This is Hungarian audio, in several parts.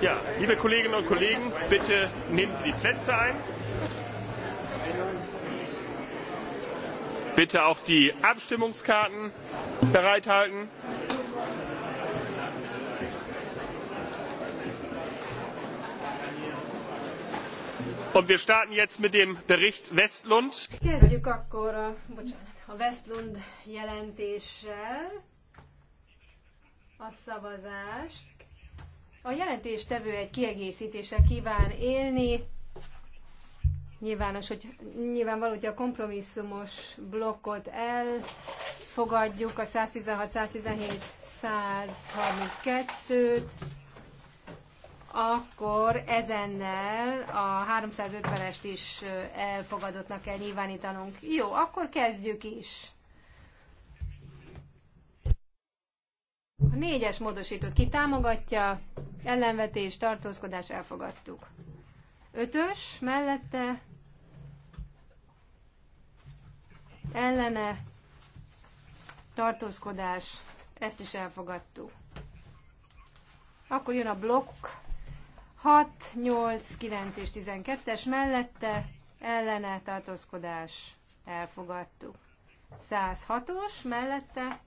Ja, liebe Kolleginnen und Kollegen, bitte nehmen Sie die Plätze ein. Bitte auch die Abstimmungskarten bereithalten. Und wir starten jetzt mit dem Bericht Westlund. Kezdjük akkor a, bocsánat, a Westlund jelentéssel a szavazást. A jelentéstevő egy kiegészítése, kíván élni. Nyilvános, hogy, nyilvánvaló, hogy a kompromisszumos blokkot elfogadjuk, a 116, 117, 132-t, akkor ezennel a 350-est is elfogadottnak kell nyilvánítanunk. Jó, akkor kezdjük is. A négyes módosított ki támogatja, ellenvetés, tartózkodás, elfogadtuk. Ötös mellette ellene tartózkodás, ezt is elfogadtuk. Akkor jön a blokk 6, 8, 9 és 12-es mellette ellene tartózkodás elfogadtuk. 106-os mellette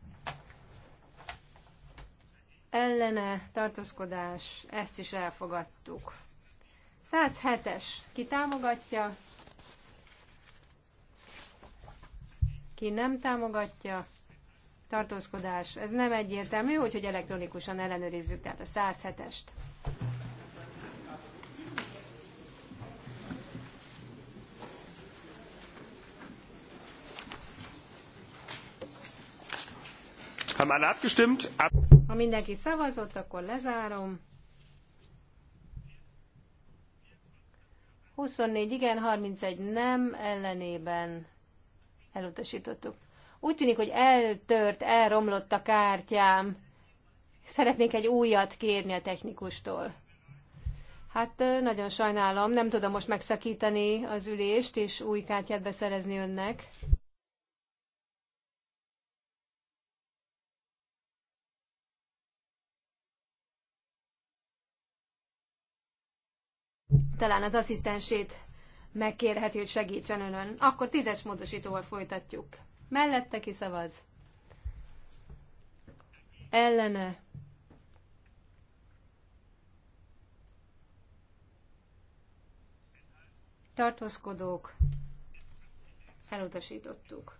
ellene tartózkodás, ezt is elfogadtuk. 107-es, ki támogatja, ki nem támogatja, tartózkodás, ez nem egyértelmű, úgyhogy elektronikusan ellenőrizzük, tehát a 107-est. Haben alle abgestimmt? Ab ha mindenki szavazott, akkor lezárom. 24 igen, 31 nem ellenében elutasítottuk. Úgy tűnik, hogy eltört, elromlott a kártyám. Szeretnék egy újat kérni a technikustól. Hát nagyon sajnálom, nem tudom most megszakítani az ülést és új kártyát beszerezni önnek. talán az asszisztensét megkérheti, hogy segítsen önön. Akkor tízes módosítóval folytatjuk. Mellette szavaz? Ellene. Tartózkodók. Elutasítottuk.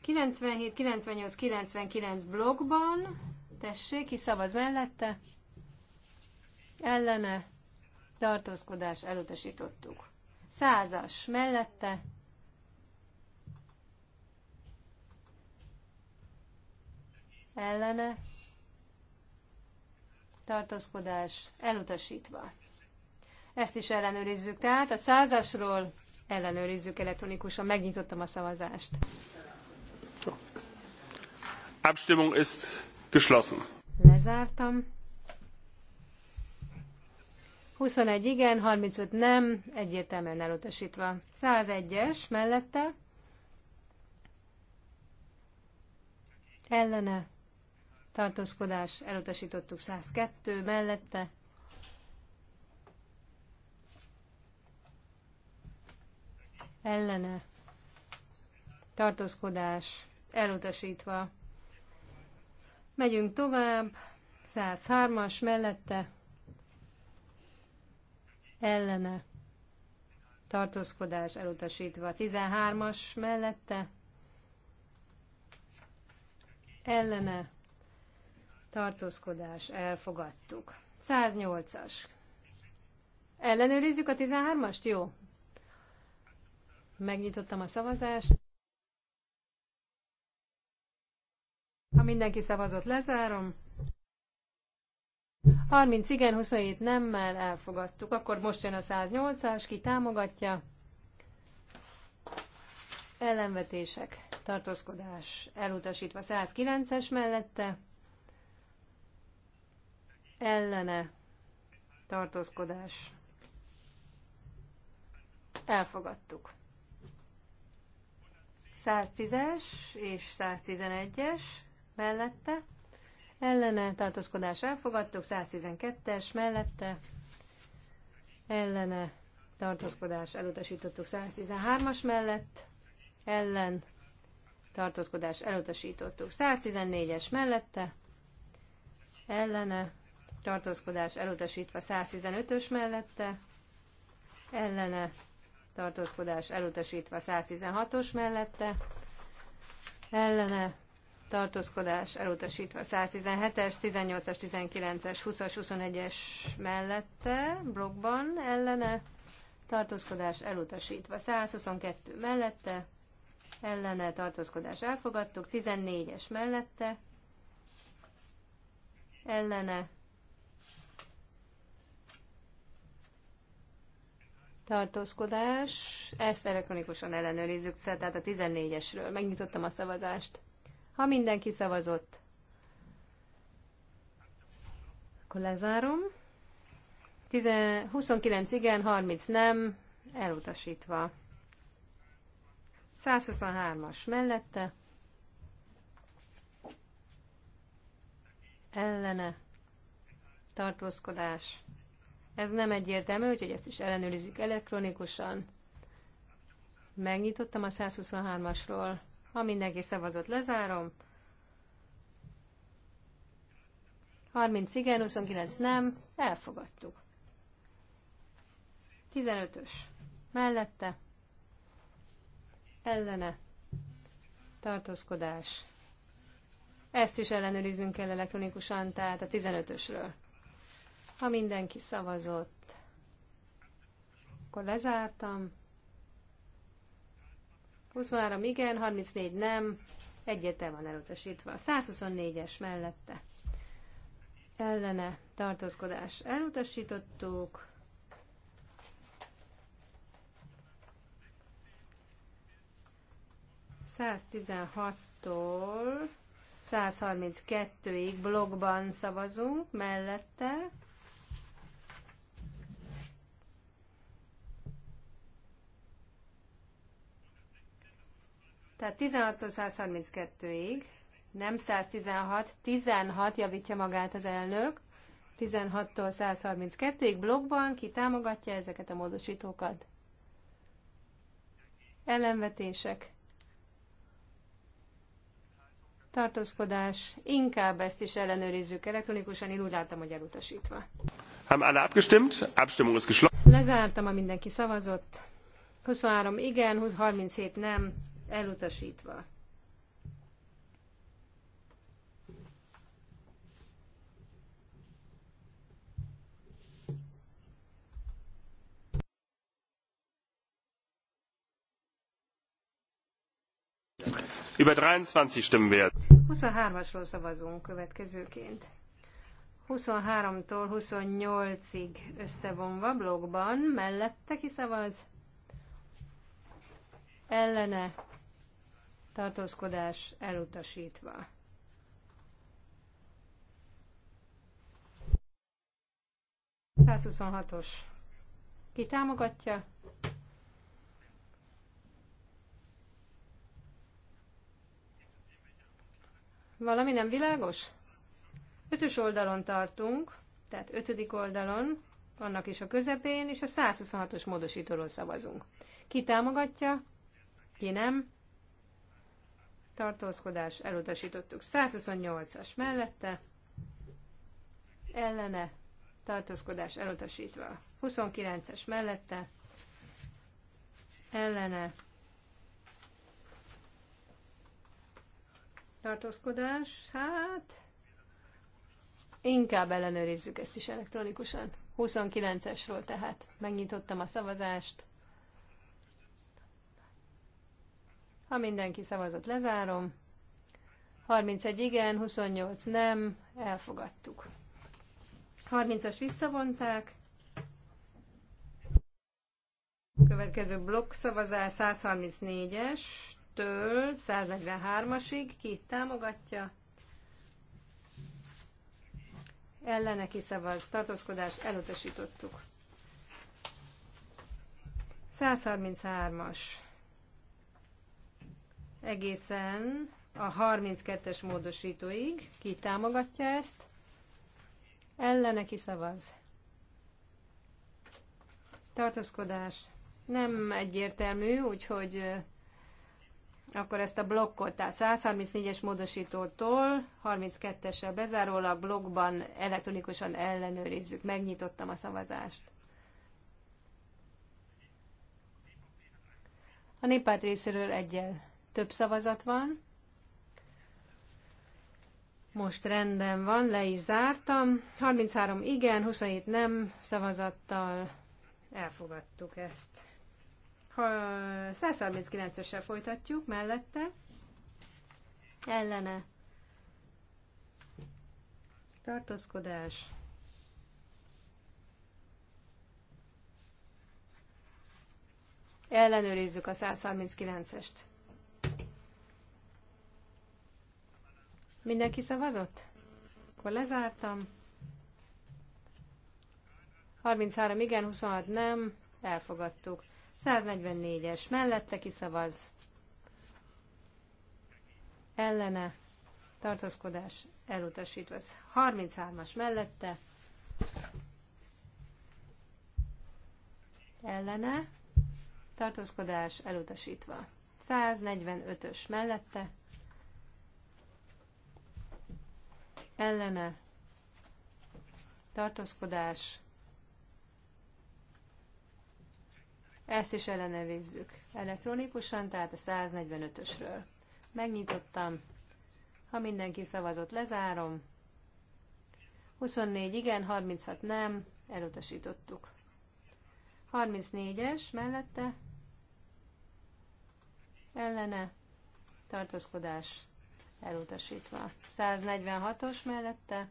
97, 98, 99 blogban. Tessék, ki szavaz mellette. Ellene tartózkodás elutasítottuk. Százas mellette ellene tartózkodás elutasítva. Ezt is ellenőrizzük. Tehát a százasról ellenőrizzük elektronikusan. Megnyitottam a szavazást. Abstimmung ist geschlossen. Lezártam. 21 igen, 35 nem, egyértelműen elutasítva. 101-es mellette. Ellene. Tartózkodás elutasítottuk 102 mellette. Ellene. Tartózkodás elutasítva. Megyünk tovább. 103-as mellette ellene tartózkodás elutasítva. 13-as mellette ellene tartózkodás elfogadtuk. 108-as. Ellenőrizzük a 13-ast? Jó. Megnyitottam a szavazást. Ha mindenki szavazott, lezárom. 30 igen, 27 nemmel elfogadtuk. Akkor most jön a 108-as, ki támogatja? Ellenvetések, tartózkodás elutasítva 109-es mellette. Ellene, tartózkodás. Elfogadtuk. 110-es és 111-es mellette ellene tartózkodás elfogadtuk, 112-es mellette ellene tartózkodás elutasítottuk, 113-as mellett ellen tartózkodás elutasítottuk, 114-es mellette ellene tartózkodás elutasítva, 115-ös mellette ellene tartózkodás elutasítva, 116-os mellette ellene tartózkodás elutasítva. 117-es, 18-as, 19-es, 20-as, 21-es mellette, blokkban ellene, tartózkodás elutasítva. 122 mellette, ellene tartózkodás elfogadtuk, 14-es mellette, ellene tartózkodás, ezt elektronikusan ellenőrizzük, tehát a 14-esről megnyitottam a szavazást. Ha mindenki szavazott, akkor lezárom. 10, 29 igen, 30 nem, elutasítva. 123-as mellette. Ellene. Tartózkodás. Ez nem egyértelmű, úgyhogy ezt is ellenőrizzük elektronikusan. Megnyitottam a 123-asról. Ha mindenki szavazott, lezárom. 30 igen, 29 nem, elfogadtuk. 15-ös. Mellette. Ellene. Tartózkodás. Ezt is ellenőriznünk kell elektronikusan, tehát a 15-ösről. Ha mindenki szavazott, akkor lezártam. 23 igen, 34 nem, egyetem van elutasítva. 124-es mellette ellene tartózkodás elutasítottuk. tól 132-ig blogban szavazunk, mellette Tehát 16-tól 132-ig, nem 116, 16 javítja magát az elnök, 16-tól 132-ig blogban ki támogatja ezeket a módosítókat. Ellenvetések. Tartózkodás. Inkább ezt is ellenőrizzük elektronikusan, én úgy láttam, hogy elutasítva. Abstimmung ist geschlossen. Lezártam, a mindenki szavazott. 23 igen, 37 nem, elutasítva. Über 23 stimmen wir. 23-asról szavazunk következőként. 23-tól 28-ig összevonva blogban mellette kiszavaz, ellene tartózkodás elutasítva. os Ki támogatja? Valami nem világos? Ötös oldalon tartunk, tehát ötödik oldalon, annak is a közepén, és a 126-os módosítóról szavazunk. Ki támogatja, ki nem, tartózkodás, elutasítottuk. 128-as mellette, ellene, tartózkodás, elutasítva. 29-es mellette, ellene, tartózkodás, hát inkább ellenőrizzük ezt is elektronikusan. 29-esről tehát megnyitottam a szavazást. Ha mindenki szavazott, lezárom. 31 igen, 28 nem, elfogadtuk. 30-as visszavonták. Következő blokk szavazás 134-es től 143-asig. Ki támogatja? Ellene szavaz Tartózkodás elutasítottuk. 133-as egészen a 32-es módosítóig. Ki támogatja ezt? Ellene ki szavaz? Tartózkodás nem egyértelmű, úgyhogy akkor ezt a blokkot, tehát 134-es módosítótól 32-essel bezárólag blokkban elektronikusan ellenőrizzük. Megnyitottam a szavazást. A néppárt részéről egyel több szavazat van. Most rendben van, le is zártam. 33 igen, 27 nem szavazattal elfogadtuk ezt. 139-essel folytatjuk mellette. Ellene. Tartózkodás. Ellenőrizzük a 139-est. Mindenki szavazott? Akkor lezártam. 33 igen, 26 nem, elfogadtuk. 144-es mellette kiszavaz. Ellene, tartózkodás elutasítva. 33-as mellette. Ellene, tartózkodás elutasítva. 145-ös mellette ellene tartózkodás. Ezt is ellenőrizzük elektronikusan, tehát a 145-ösről. Megnyitottam. Ha mindenki szavazott, lezárom. 24 igen, 36 nem, elutasítottuk. 34-es mellette ellene tartózkodás elutasítva. 146-os mellette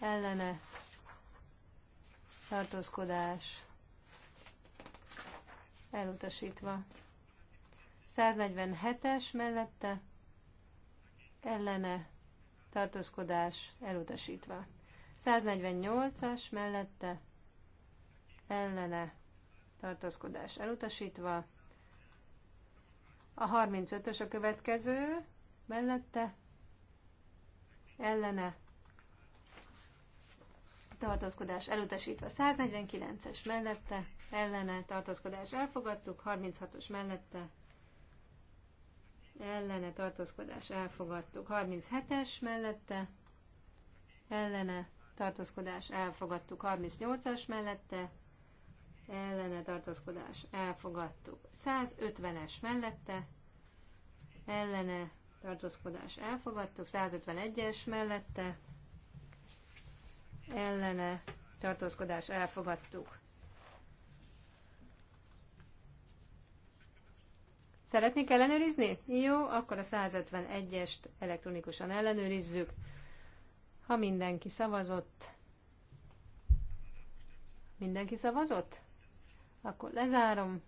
ellene tartózkodás elutasítva. 147-es mellette ellene tartózkodás elutasítva. 148-as mellette ellene tartózkodás elutasítva. A 35-ös a következő, mellette, ellene, tartózkodás elutasítva 149-es mellette, ellene, tartózkodás elfogadtuk, 36-os mellette, ellene, tartózkodás elfogadtuk, 37-es mellette, ellene, tartózkodás elfogadtuk, 38-as mellette, ellene tartózkodás elfogadtuk. 150-es mellette ellene tartózkodás elfogadtuk. 151-es mellette ellene tartózkodás elfogadtuk. Szeretnék ellenőrizni? Jó, akkor a 151-est elektronikusan ellenőrizzük. Ha mindenki szavazott. Mindenki szavazott? Akkor lezárom.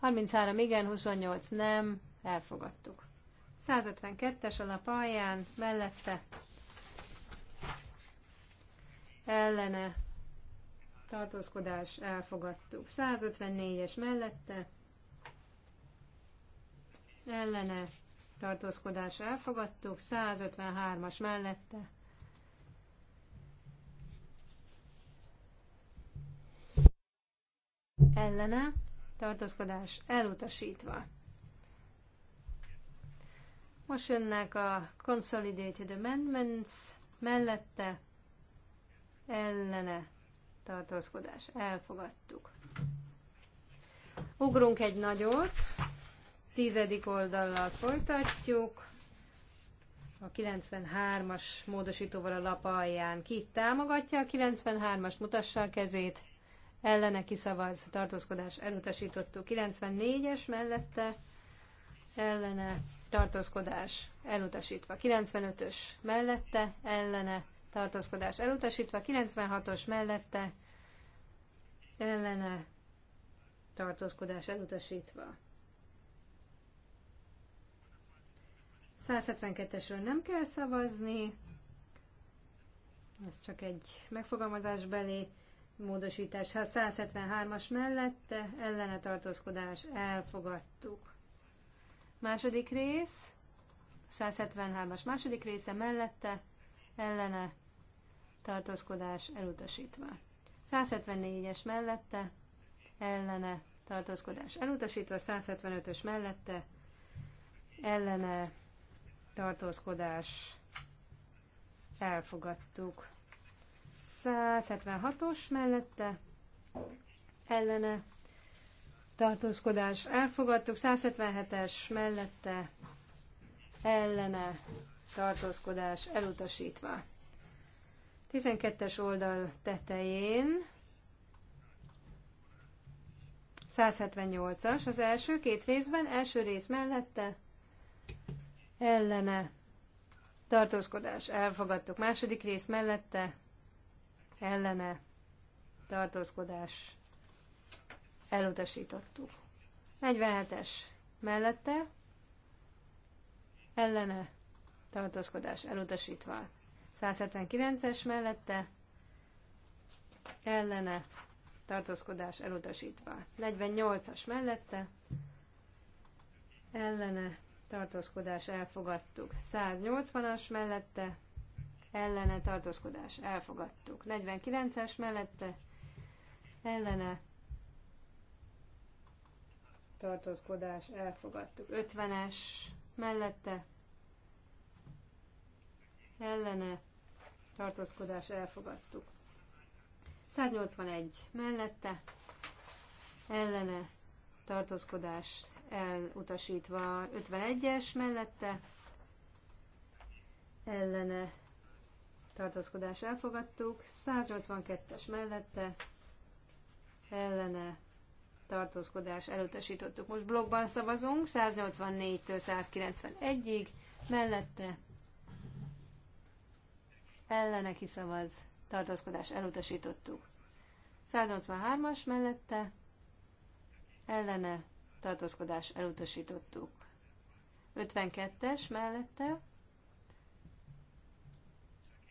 33 igen, 28 nem, elfogadtuk. 152-es a alap alján, mellette, ellene, tartózkodás, elfogadtuk. 154-es mellette, ellene, tartózkodás, elfogadtuk. 153-as mellette, ellene, tartózkodás elutasítva. Most jönnek a Consolidated Amendments mellette, ellene, tartózkodás. Elfogadtuk. Ugrunk egy nagyot, tizedik oldallal folytatjuk, a 93-as módosítóval a lap alján. Ki támogatja a 93-ast, mutassa a kezét, ellene kiszavaz, tartózkodás elutasítottuk. 94-es mellette ellene tartózkodás elutasítva. 95-ös mellette ellene tartózkodás elutasítva. 96-os mellette ellene tartózkodás elutasítva. 172-esről nem kell szavazni, ez csak egy megfogalmazásbeli módosítás 173-as hát mellette, ellene tartózkodás elfogadtuk. Második rész, 173-as második része mellette, ellene tartózkodás elutasítva. 174-es mellette, ellene tartózkodás elutasítva, 175-ös mellette, ellene tartózkodás elfogadtuk. 176-os mellette ellene tartózkodás elfogadtuk, 177-es mellette ellene tartózkodás elutasítva. 12-es oldal tetején 178-as az első két részben, első rész mellette ellene tartózkodás elfogadtuk, második rész mellette ellene tartózkodás elutasítottuk. 47-es mellette ellene tartózkodás elutasítva. 179-es mellette ellene tartózkodás elutasítva. 48-as mellette ellene tartózkodás elfogadtuk. 180-as mellette ellene tartózkodás elfogadtuk. 49-es mellette ellene tartózkodás elfogadtuk. 50-es mellette ellene tartózkodás elfogadtuk. 181 mellette ellene tartózkodás elutasítva 51-es mellette ellene tartózkodás elfogadtuk, 182-es mellette ellene tartózkodás elutasítottuk. Most blogban szavazunk, 184-től 191-ig, mellette ellene kiszavaz, tartózkodás elutasítottuk. 183-as mellette ellene tartózkodás elutasítottuk. 52-es mellette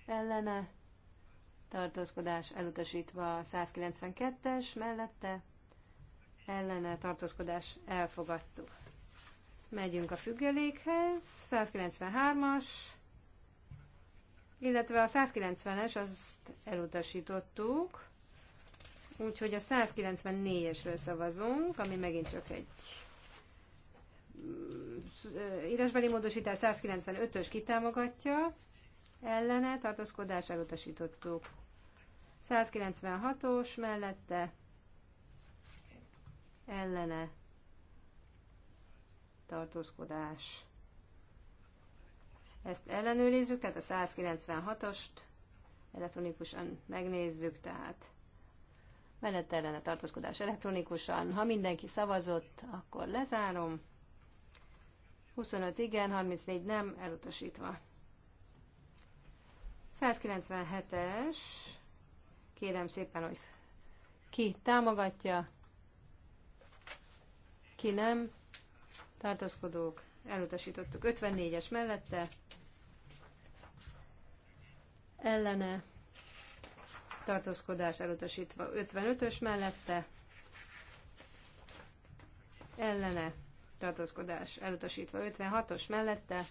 ellene, tartózkodás elutasítva 192-es mellette, ellene tartózkodás elfogadtuk. Megyünk a függelékhez, 193-as, illetve a 190-es azt elutasítottuk, úgyhogy a 194-esről szavazunk, ami megint csak egy mm, írásbeli módosítás 195-ös kitámogatja, ellene tartózkodás elutasítottuk. 196-os mellette ellene tartózkodás. Ezt ellenőrizzük, tehát a 196-ost elektronikusan megnézzük, tehát mellette ellene tartózkodás elektronikusan. Ha mindenki szavazott, akkor lezárom. 25 igen, 34 nem, elutasítva. 197-es, kérem szépen, hogy ki támogatja, ki nem, tartozkodók, elutasítottuk 54-es mellette, ellene, tartózkodás elutasítva 55-ös mellette, ellene, tartózkodás elutasítva 56-os mellette,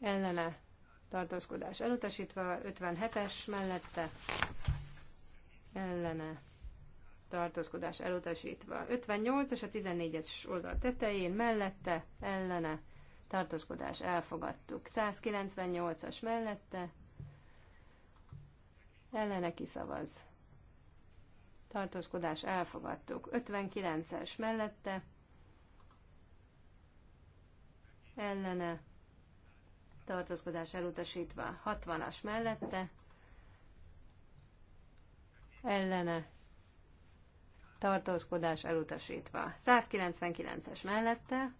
ellene, tartózkodás elutasítva, 57-es mellette ellene tartózkodás elutasítva. 58 és a 14-es oldal tetején mellette ellene tartózkodás elfogadtuk. 198-as mellette ellene kiszavaz. Tartózkodás elfogadtuk. 59-es mellette ellene tartózkodás elutasítva 60-as mellette, ellene tartózkodás elutasítva 199-es mellette,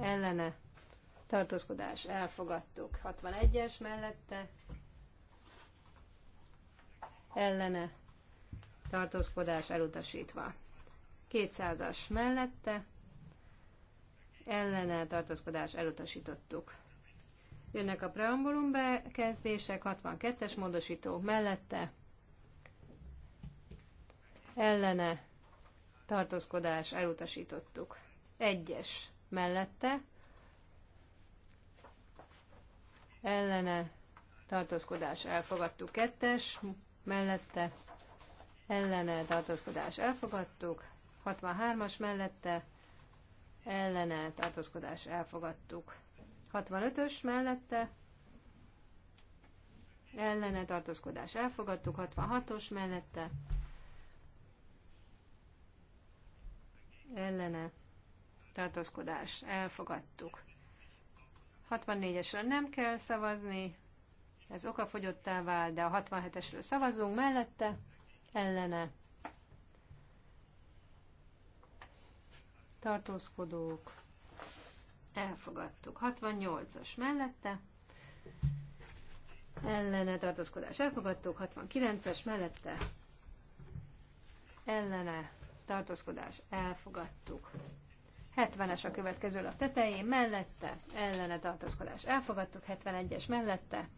ellene tartózkodás elfogadtuk 61-es mellette, ellene tartózkodás elutasítva 200-as mellette, ellene tartózkodás elutasítottuk. Jönnek a preambulum bekezdések, 62-es módosító mellette, ellene tartózkodás elutasítottuk. Egyes mellette, ellene tartózkodás elfogadtuk. Kettes mellette, ellene tartózkodás elfogadtuk. 63-as mellette, ellene tartózkodás elfogadtuk. 65-ös mellette ellene tartózkodás elfogadtuk, 66-os mellette ellene tartózkodás elfogadtuk. 64-esről nem kell szavazni, ez okafogyottá vált, de a 67-esről szavazunk mellette, ellene tartózkodók, elfogadtuk. 68-as mellette, ellene tartózkodás elfogadtuk, 69-es mellette, ellene tartózkodás elfogadtuk. 70-es a következő a tetején, mellette, ellene tartózkodás elfogadtuk, 71-es mellette,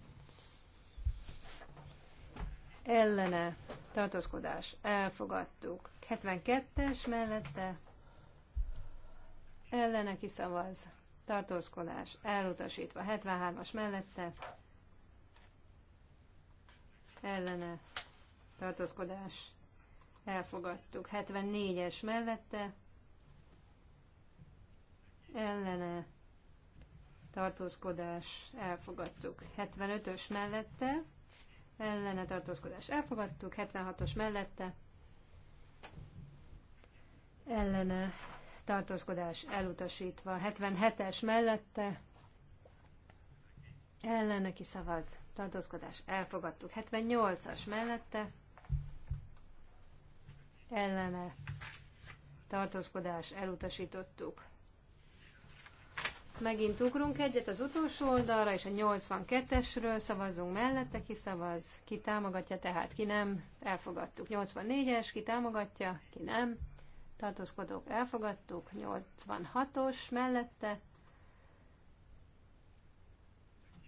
ellene tartózkodás elfogadtuk, 72-es mellette, ellene kiszavaz, tartózkodás elutasítva 73-as mellette, ellene tartózkodás elfogadtuk 74-es mellette, ellene tartózkodás elfogadtuk 75-ös mellette, ellene tartózkodás elfogadtuk 76-os mellette, ellene tartózkodás elutasítva. 77-es mellette ellene kiszavaz, tartózkodás elfogadtuk. 78-as mellette ellene tartózkodás elutasítottuk. Megint ugrunk egyet az utolsó oldalra, és a 82-esről szavazzunk mellette, ki szavaz, ki támogatja, tehát ki nem, elfogadtuk. 84-es, ki támogatja, ki nem, tartózkodók elfogadtuk, 86-os mellette,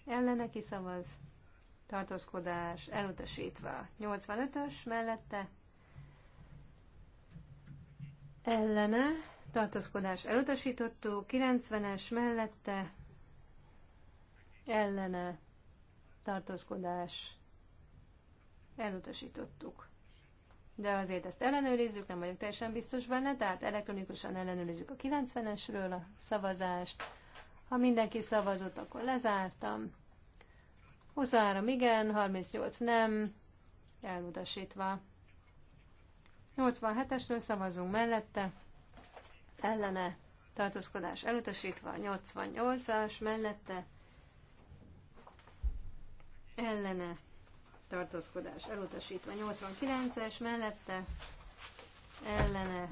ellene kiszavaz, tartózkodás elutasítva, 85-ös mellette, ellene, tartózkodás elutasítottuk, 90-es mellette, ellene, tartózkodás elutasítottuk de azért ezt ellenőrizzük, nem vagyok teljesen biztos benne, tehát elektronikusan ellenőrizzük a 90-esről a szavazást. Ha mindenki szavazott, akkor lezártam. 23 igen, 38 nem, elutasítva. 87-esről szavazunk mellette, ellene, tartózkodás elutasítva, 88-as mellette, ellene, tartózkodás elutasítva. 89-es mellette ellene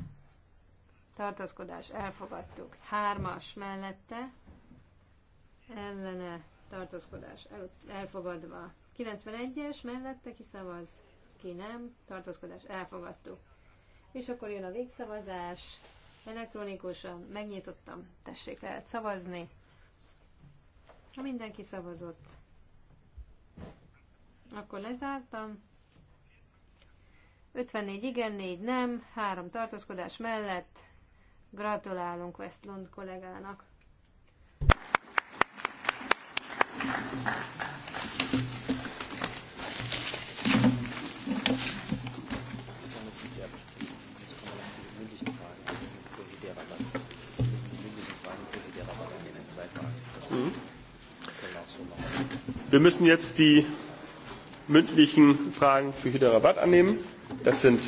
tartózkodás elfogadtuk. 3-as mellette ellene tartózkodás el, elfogadva. 91-es mellette kiszavaz, ki nem, tartózkodás elfogadtuk. És akkor jön a végszavazás, elektronikusan megnyitottam, tessék lehet szavazni. Ha mindenki szavazott, akkor lezártam. 54 igen, 4 nem, 3 tartózkodás mellett. Gratulálunk Westlund kollégának. Wir müssen jetzt die mündlichen Fragen für Hyderabad annehmen. Das sind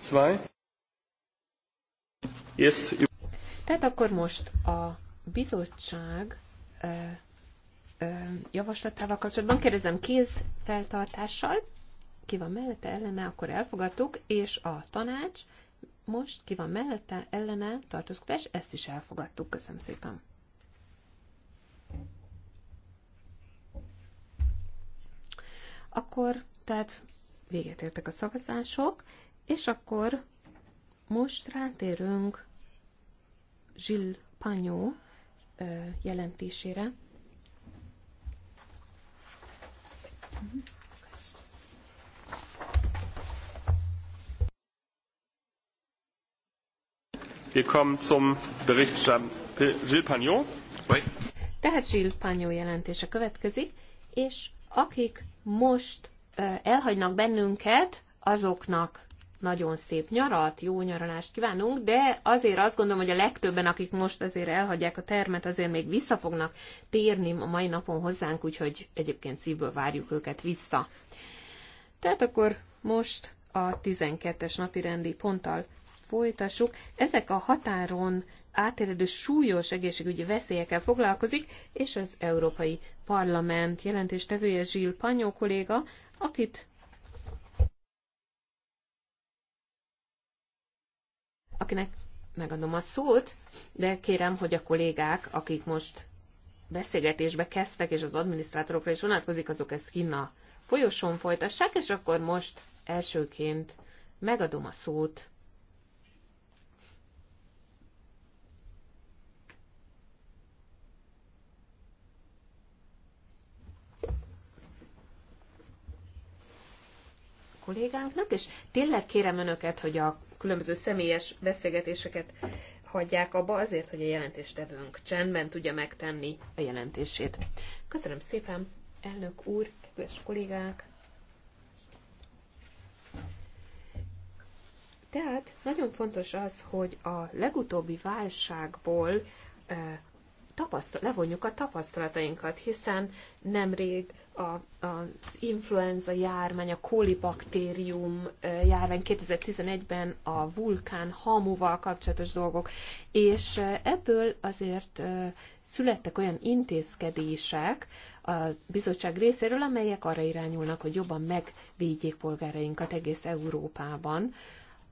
zwei. Tehát akkor most a bizottság ö, ö, javaslatával kapcsolatban kérdezem kézfeltartással, ki van mellette, ellene, akkor elfogadtuk, és a tanács most ki van mellette, ellene, tartózkodás, ezt is elfogadtuk. Köszönöm szépen. Akkor tehát véget értek a szavazások, és akkor most rátérünk Zsill Panyó jelentésére. Wir kommen zum Bericht Gilles Pagnot. Oui. Tehát Gilles Pagnot jelentése következik, és akik most elhagynak bennünket, azoknak nagyon szép nyarat, jó nyaralást kívánunk, de azért azt gondolom, hogy a legtöbben, akik most azért elhagyják a termet, azért még vissza fognak térni a mai napon hozzánk, úgyhogy egyébként szívből várjuk őket vissza. Tehát akkor most a 12-es napi rendi ponttal folytassuk. Ezek a határon átterjedő súlyos egészségügyi veszélyekkel foglalkozik, és az Európai Parlament jelentéstevője Zsil Panyó kolléga, akit akinek megadom a szót, de kérem, hogy a kollégák, akik most beszélgetésbe kezdtek, és az adminisztrátorokra is vonatkozik, azok ezt kinn folyosón folytassák, és akkor most elsőként megadom a szót kollégánknak, és tényleg kérem önöket, hogy a különböző személyes beszélgetéseket hagyják abba azért, hogy a jelentéstevőnk csendben tudja megtenni a jelentését. Köszönöm szépen, elnök úr, kedves kollégák! Tehát nagyon fontos az, hogy a legutóbbi válságból eh, tapasztal- levonjuk a tapasztalatainkat, hiszen nemrég a, az influenza járvány, a kolibaktérium járvány 2011-ben a vulkán hamuval kapcsolatos dolgok, és ebből azért születtek olyan intézkedések a bizottság részéről, amelyek arra irányulnak, hogy jobban megvédjék polgárainkat egész Európában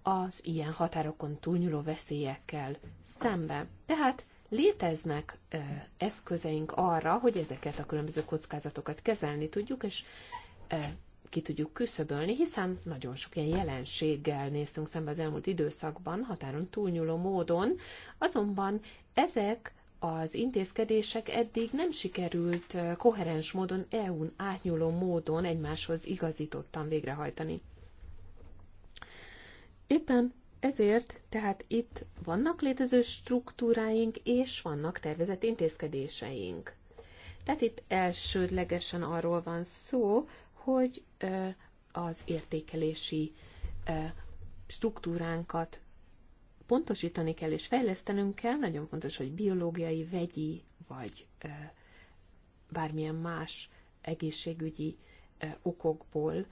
az ilyen határokon túlnyúló veszélyekkel szemben. Tehát léteznek eszközeink arra, hogy ezeket a különböző kockázatokat kezelni tudjuk, és ki tudjuk küszöbölni, hiszen nagyon sok ilyen jelenséggel néztünk szembe az elmúlt időszakban, határon túlnyúló módon, azonban ezek az intézkedések eddig nem sikerült koherens módon, EU-n átnyúló módon egymáshoz igazítottan végrehajtani. Éppen ezért tehát itt vannak létező struktúráink, és vannak tervezett intézkedéseink. Tehát itt elsődlegesen arról van szó, hogy az értékelési struktúránkat pontosítani kell és fejlesztenünk kell. Nagyon fontos, hogy biológiai, vegyi vagy bármilyen más egészségügyi okokból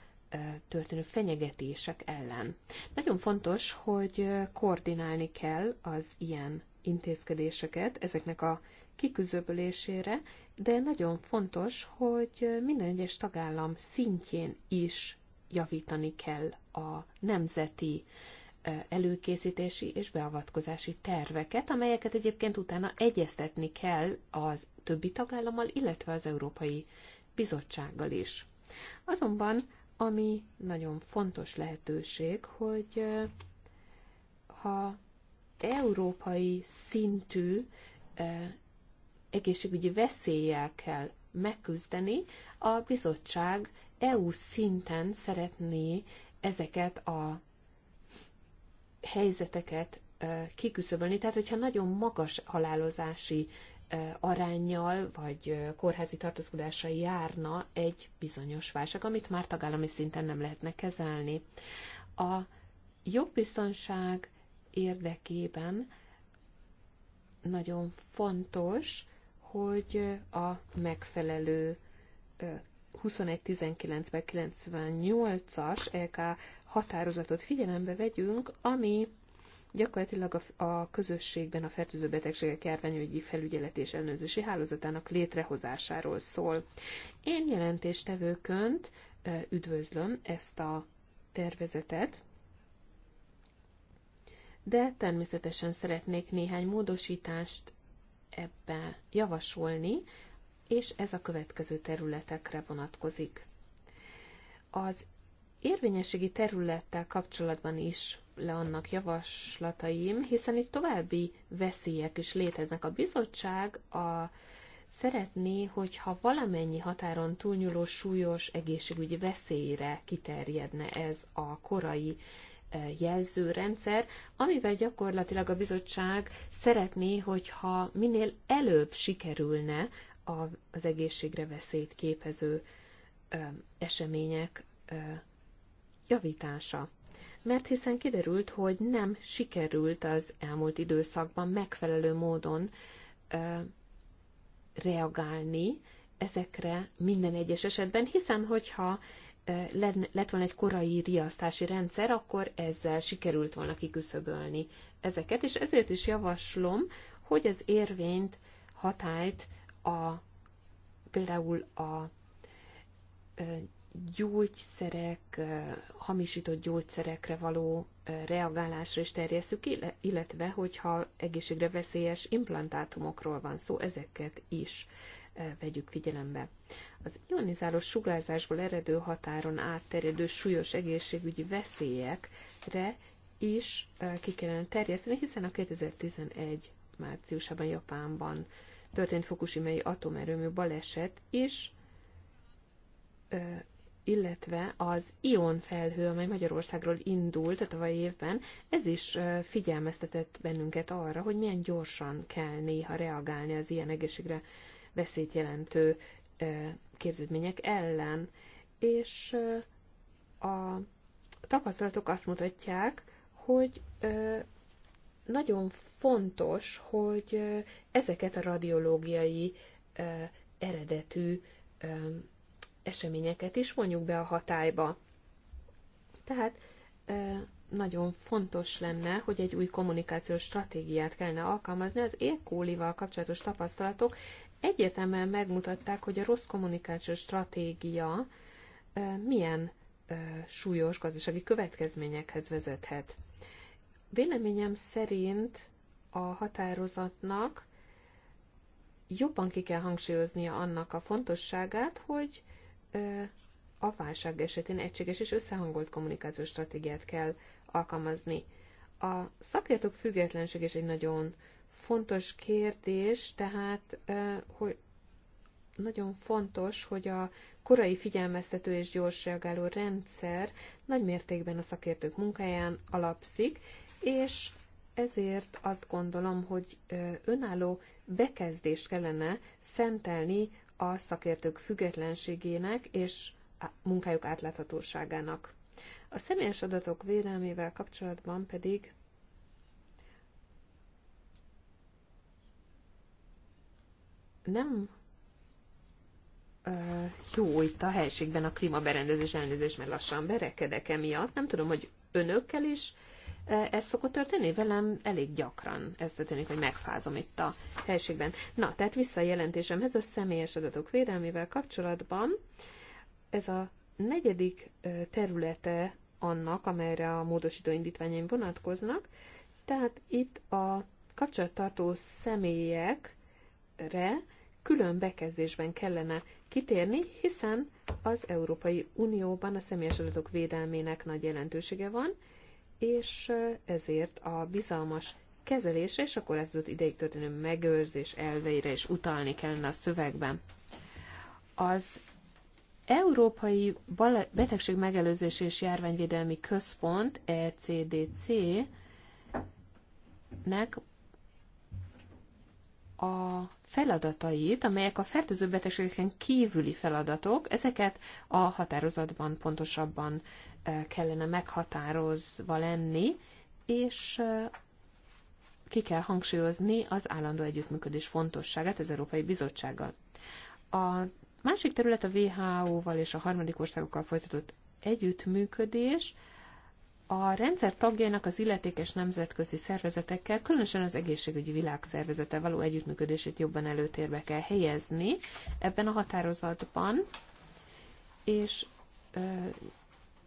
történő fenyegetések ellen. Nagyon fontos, hogy koordinálni kell az ilyen intézkedéseket ezeknek a kiküzöbölésére, de nagyon fontos, hogy minden egyes tagállam szintjén is javítani kell a nemzeti előkészítési és beavatkozási terveket, amelyeket egyébként utána egyeztetni kell az többi tagállammal, illetve az Európai Bizottsággal is. Azonban ami nagyon fontos lehetőség, hogy ha európai szintű egészségügyi veszéllyel kell megküzdeni, a bizottság EU szinten szeretné ezeket a helyzeteket kiküszöbölni. Tehát, hogyha nagyon magas halálozási arányjal vagy kórházi tartózkodással járna egy bizonyos válság, amit már tagállami szinten nem lehetne kezelni. A jogbiztonság érdekében nagyon fontos, hogy a megfelelő 2119 98-as LK határozatot figyelembe vegyünk, ami gyakorlatilag a, a közösségben a fertőző betegségek járványügyi felügyeleti és ellenőrzési hálózatának létrehozásáról szól. Én jelentéstevőkönt üdvözlöm ezt a tervezetet, de természetesen szeretnék néhány módosítást ebbe javasolni, és ez a következő területekre vonatkozik. Az érvényességi területtel kapcsolatban is le annak javaslataim, hiszen itt további veszélyek is léteznek. A bizottság a szeretné, hogyha valamennyi határon túlnyúló súlyos egészségügyi veszélyre kiterjedne ez a korai e, jelzőrendszer, amivel gyakorlatilag a bizottság szeretné, hogyha minél előbb sikerülne az egészségre veszélyt képező e, események e, javítása mert hiszen kiderült, hogy nem sikerült az elmúlt időszakban megfelelő módon ö, reagálni ezekre minden egyes esetben, hiszen hogyha lett volna egy korai riasztási rendszer, akkor ezzel sikerült volna kiküszöbölni ezeket, és ezért is javaslom, hogy az érvényt, hatályt a, például a gyógyszerek, hamisított gyógyszerekre való reagálásra is terjesszük, illetve hogyha egészségre veszélyes implantátumokról van szó, ezeket is vegyük figyelembe. Az ionizáló sugárzásból eredő határon átterjedő súlyos egészségügyi veszélyekre is ki kellene terjeszteni, hiszen a 2011 márciusában Japánban történt Fukushima-i atomerőmű baleset is illetve az ion felhő, amely Magyarországról indult a tavaly évben, ez is figyelmeztetett bennünket arra, hogy milyen gyorsan kell néha reagálni az ilyen egészségre veszélyt jelentő képződmények ellen. És a tapasztalatok azt mutatják, hogy nagyon fontos, hogy ezeket a radiológiai eredetű eseményeket is vonjuk be a hatályba. Tehát nagyon fontos lenne, hogy egy új kommunikációs stratégiát kellene alkalmazni. Az érkólival kapcsolatos tapasztalatok egyértelműen megmutatták, hogy a rossz kommunikációs stratégia milyen súlyos gazdasági következményekhez vezethet. Véleményem szerint a határozatnak jobban ki kell hangsúlyoznia annak a fontosságát, hogy a válság esetén egységes és összehangolt kommunikációs stratégiát kell alkalmazni. A szakértők függetlenség is egy nagyon fontos kérdés, tehát hogy nagyon fontos, hogy a korai figyelmeztető és gyors reagáló rendszer nagy mértékben a szakértők munkáján alapszik, és ezért azt gondolom, hogy önálló bekezdést kellene szentelni a szakértők függetlenségének és munkájuk átláthatóságának. A személyes adatok védelmével kapcsolatban pedig nem uh, jó itt a helységben a klímaberendezés elnézés, mert lassan berekedek emiatt. Nem tudom, hogy önökkel is ez szokott történni? Velem elég gyakran ez történik, hogy megfázom itt a helységben. Na, tehát vissza a jelentésemhez a személyes adatok védelmével kapcsolatban. Ez a negyedik területe annak, amelyre a módosító indítványaim vonatkoznak. Tehát itt a kapcsolattartó személyekre külön bekezdésben kellene kitérni, hiszen az Európai Unióban a személyes adatok védelmének nagy jelentősége van, és ezért a bizalmas kezelése, és akkor ez az ideig történő megőrzés elveire is utalni kellene a szövegben. Az Európai Betegség Megelőzés és Járványvédelmi Központ ECDC nek a feladatait, amelyek a fertőző betegségeken kívüli feladatok, ezeket a határozatban pontosabban e, kellene meghatározva lenni, és e, ki kell hangsúlyozni az állandó együttműködés fontosságát az Európai Bizottsággal. A másik terület a WHO-val és a harmadik országokkal folytatott együttműködés, a rendszer tagjainak az illetékes nemzetközi szervezetekkel, különösen az egészségügyi világszervezete való együttműködését jobban előtérbe kell helyezni ebben a határozatban, és uh,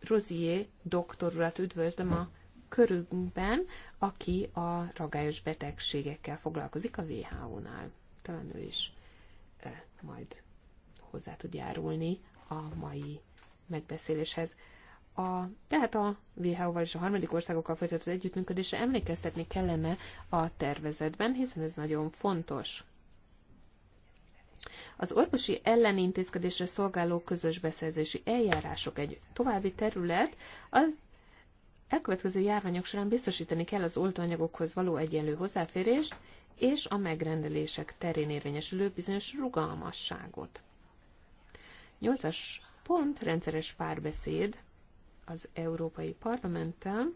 Rozié doktorulat üdvözlöm a körünkben, aki a ragályos betegségekkel foglalkozik a WHO-nál. Talán ő is uh, majd hozzá tud járulni a mai megbeszéléshez a, tehát a WHO-val és a harmadik országokkal folytatott együttműködésre emlékeztetni kellene a tervezetben, hiszen ez nagyon fontos. Az orvosi ellenintézkedésre szolgáló közös beszerzési eljárások egy további terület, az elkövetkező járványok során biztosítani kell az oltóanyagokhoz való egyenlő hozzáférést és a megrendelések terén érvényesülő bizonyos rugalmasságot. 8 pont rendszeres párbeszéd az Európai Parlamenttel,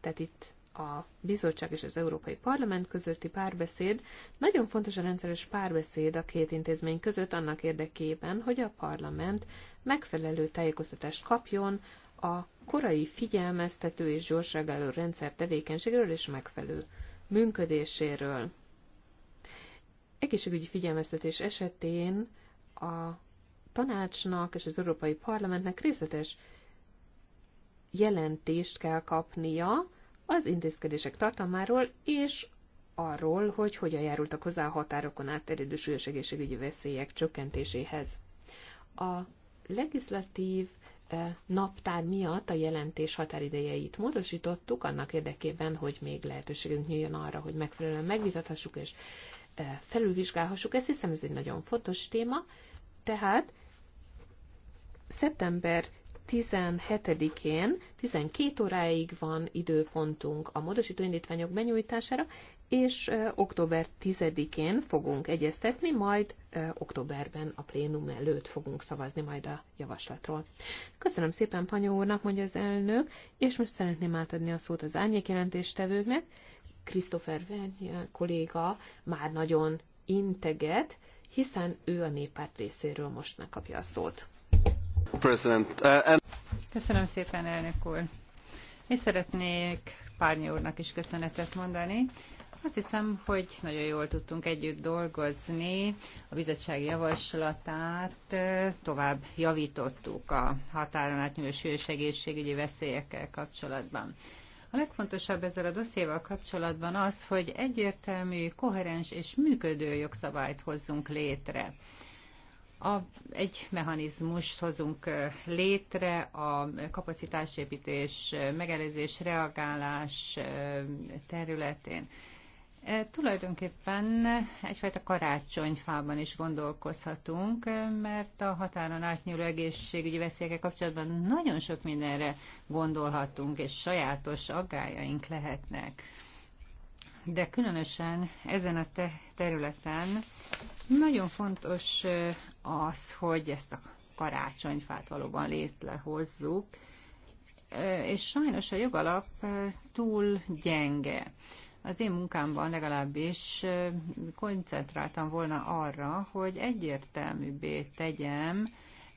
tehát itt a bizottság és az Európai Parlament közötti párbeszéd. Nagyon fontos a rendszeres párbeszéd a két intézmény között annak érdekében, hogy a parlament megfelelő tájékoztatást kapjon a korai figyelmeztető és gyorságáló rendszer tevékenységről és megfelelő működéséről. Egészségügyi figyelmeztetés esetén a tanácsnak és az Európai Parlamentnek részletes jelentést kell kapnia az intézkedések tartalmáról, és arról, hogy hogyan járultak hozzá a határokon átterjedő súlyos egészségügyi veszélyek csökkentéséhez. A legislatív eh, naptár miatt a jelentés határidejeit módosítottuk, annak érdekében, hogy még lehetőségünk nyíljon arra, hogy megfelelően megvitathassuk és eh, felülvizsgálhassuk ezt, hiszem ez egy nagyon fontos téma. Tehát szeptember 17-én 12 óráig van időpontunk a módosító indítványok benyújtására, és október 10-én fogunk egyeztetni, majd októberben a plénum előtt fogunk szavazni majd a javaslatról. Köszönöm szépen Panyó úrnak, mondja az elnök, és most szeretném átadni a szót az jelentéstevőknek. Christopher Vernia kolléga már nagyon integet, hiszen ő a néppárt részéről most megkapja a szót. President, uh, and Köszönöm szépen, elnök úr. És szeretnék Párnyi úrnak is köszönetet mondani. Azt hiszem, hogy nagyon jól tudtunk együtt dolgozni. A bizottság javaslatát tovább javítottuk a határon átnyúló súlyos egészségügyi veszélyekkel kapcsolatban. A legfontosabb ezzel a dosszéval kapcsolatban az, hogy egyértelmű, koherens és működő jogszabályt hozzunk létre a, egy mechanizmust hozunk létre a kapacitásépítés, megelőzés, reagálás területén. Tulajdonképpen egyfajta karácsonyfában is gondolkozhatunk, mert a határon átnyúló egészségügyi veszélyekkel kapcsolatban nagyon sok mindenre gondolhatunk, és sajátos aggájaink lehetnek. De különösen ezen a területen nagyon fontos az, hogy ezt a karácsonyfát valóban létre és sajnos a jogalap túl gyenge. Az én munkámban legalábbis koncentráltam volna arra, hogy egyértelműbbé tegyem,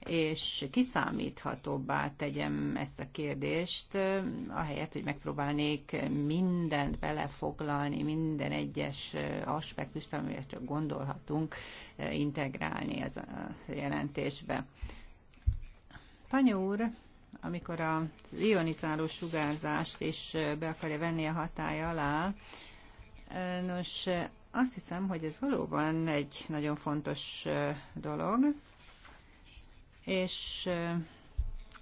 és kiszámíthatóbbá tegyem ezt a kérdést, ahelyett, hogy megpróbálnék mindent belefoglalni, minden egyes aspektust, amire csak gondolhatunk, integrálni ez a jelentésbe. Panyó úr, amikor a ionizáló sugárzást is be akarja venni a hatája alá, nos, azt hiszem, hogy ez valóban egy nagyon fontos dolog, és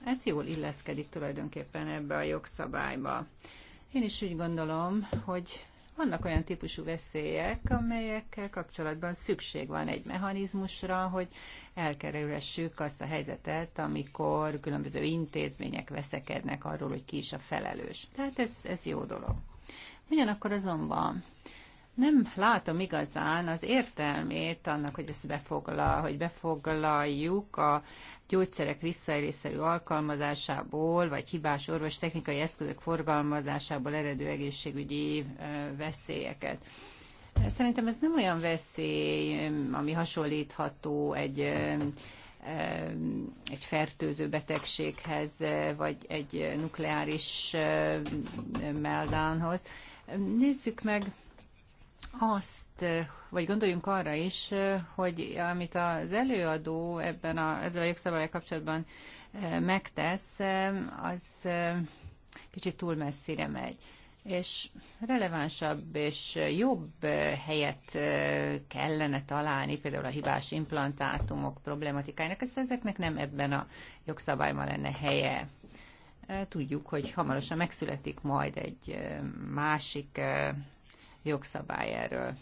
ez jól illeszkedik tulajdonképpen ebbe a jogszabályba. Én is úgy gondolom, hogy vannak olyan típusú veszélyek, amelyekkel kapcsolatban szükség van egy mechanizmusra, hogy elkerülhessük azt a helyzetet, amikor különböző intézmények veszekednek arról, hogy ki is a felelős. Tehát ez, ez jó dolog. Ugyanakkor azonban nem látom igazán az értelmét annak, hogy ezt befoglal, hogy befoglaljuk a gyógyszerek visszaélésszerű alkalmazásából, vagy hibás orvos technikai eszközök forgalmazásából eredő egészségügyi veszélyeket. Szerintem ez nem olyan veszély, ami hasonlítható egy egy fertőző betegséghez, vagy egy nukleáris meldánhoz. Nézzük meg azt, vagy gondoljunk arra is, hogy amit az előadó ebben a, ezzel a jogszabályok kapcsolatban eh, megtesz, eh, az eh, kicsit túl messzire megy és relevánsabb és jobb helyet kellene találni, például a hibás implantátumok problématikájának, ezt ezeknek nem ebben a jogszabályban lenne helye. Tudjuk, hogy hamarosan megszületik majd egy másik jogszabály erről.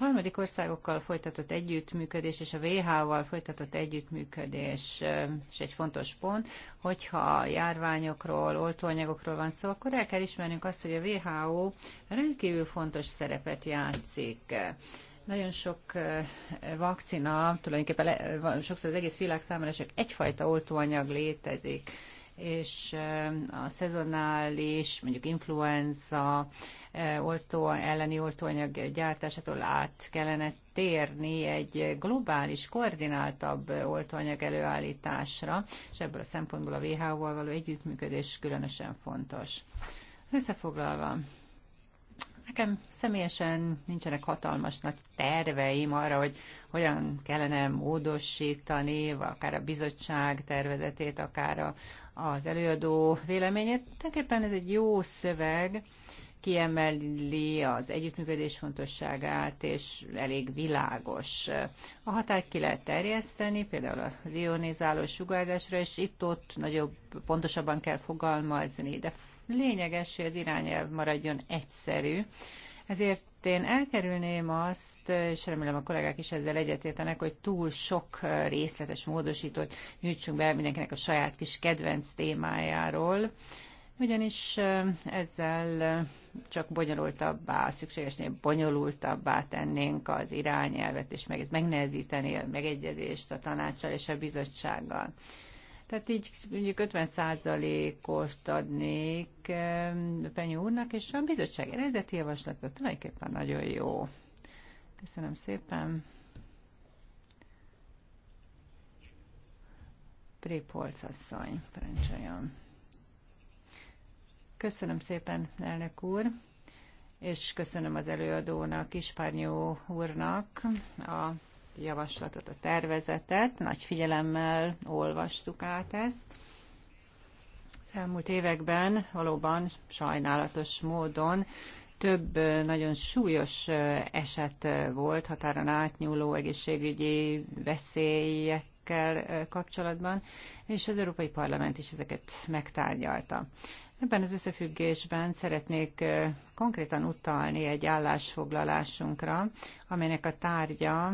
A harmadik országokkal folytatott együttműködés és a WHO-val folytatott együttműködés eh, és egy fontos pont, hogyha járványokról, oltóanyagokról van szó, akkor el kell ismernünk azt, hogy a WHO rendkívül fontos szerepet játszik. Nagyon sok eh, vakcina, tulajdonképpen sokszor az egész világ számára csak egyfajta oltóanyag létezik és a szezonális, mondjuk influenza oltó, elleni oltóanyag gyártásától át kellene térni egy globális, koordináltabb oltóanyag előállításra, és ebből a szempontból a WHO-val való együttműködés különösen fontos. Összefoglalva, Nekem személyesen nincsenek hatalmas nagy terveim arra, hogy hogyan kellene módosítani, akár a bizottság tervezetét, akár a, az előadó véleményét. Tulajdonképpen ez egy jó szöveg, kiemeli az együttműködés fontosságát, és elég világos. A hatályt ki lehet terjeszteni, például a ionizáló sugárzásra, és itt-ott nagyobb, pontosabban kell fogalmazni, de lényeges, hogy az irányelv maradjon egyszerű. Ezért én elkerülném azt, és remélem a kollégák is ezzel egyetértenek, hogy túl sok részletes módosítót nyújtsunk be mindenkinek a saját kis kedvenc témájáról, ugyanis eh, ezzel eh, csak bonyolultabbá, szükségesnél bonyolultabbá tennénk az irányelvet, és meg ez megnehezíteni a megegyezést a tanácssal és a bizottsággal. Tehát így mondjuk 50 százalékost adnék Penyú úrnak, és a bizottság eredeti javaslata tulajdonképpen nagyon jó. Köszönöm szépen. Prépolc asszony, parancsoljon. Köszönöm szépen, elnök úr, és köszönöm az előadónak, Ispárnyó úrnak a javaslatot, a tervezetet, nagy figyelemmel olvastuk át ezt. Az elmúlt években valóban sajnálatos módon több nagyon súlyos eset volt határon átnyúló egészségügyi veszélyekkel kapcsolatban, és az Európai Parlament is ezeket megtárgyalta. Ebben az összefüggésben szeretnék konkrétan utalni egy állásfoglalásunkra, amelynek a tárgya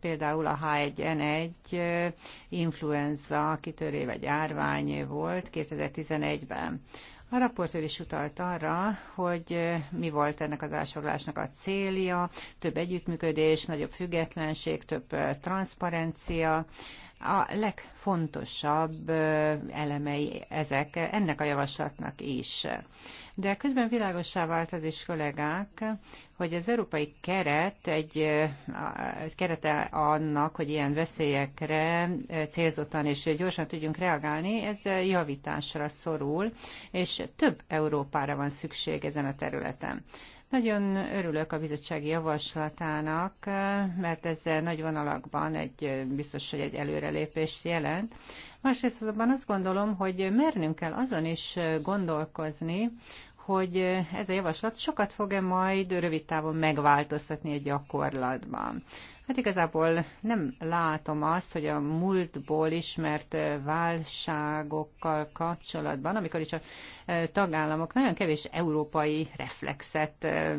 például a H1N1 influenza kitöré vagy járvány volt 2011-ben. A raportőr is utalt arra, hogy mi volt ennek az állásfoglalásnak a célja, több együttműködés, nagyobb függetlenség, több transzparencia, a legfontosabb elemei ezek ennek a javaslatnak is. De közben világosá vált az is kollégák, hogy az európai keret egy kerete annak, hogy ilyen veszélyekre célzottan és gyorsan tudjunk reagálni, ez javításra szorul, és több Európára van szükség ezen a területen. Nagyon örülök a bizottsági javaslatának, mert ezzel nagy vonalakban egy biztos, hogy egy előrelépést jelent. Másrészt azonban azt gondolom, hogy mernünk kell azon is gondolkozni, hogy ez a javaslat sokat fog-e majd rövid távon megváltoztatni a gyakorlatban. Hát igazából nem látom azt, hogy a múltból ismert eh, válságokkal kapcsolatban, amikor is a eh, tagállamok nagyon kevés európai reflexet, eh,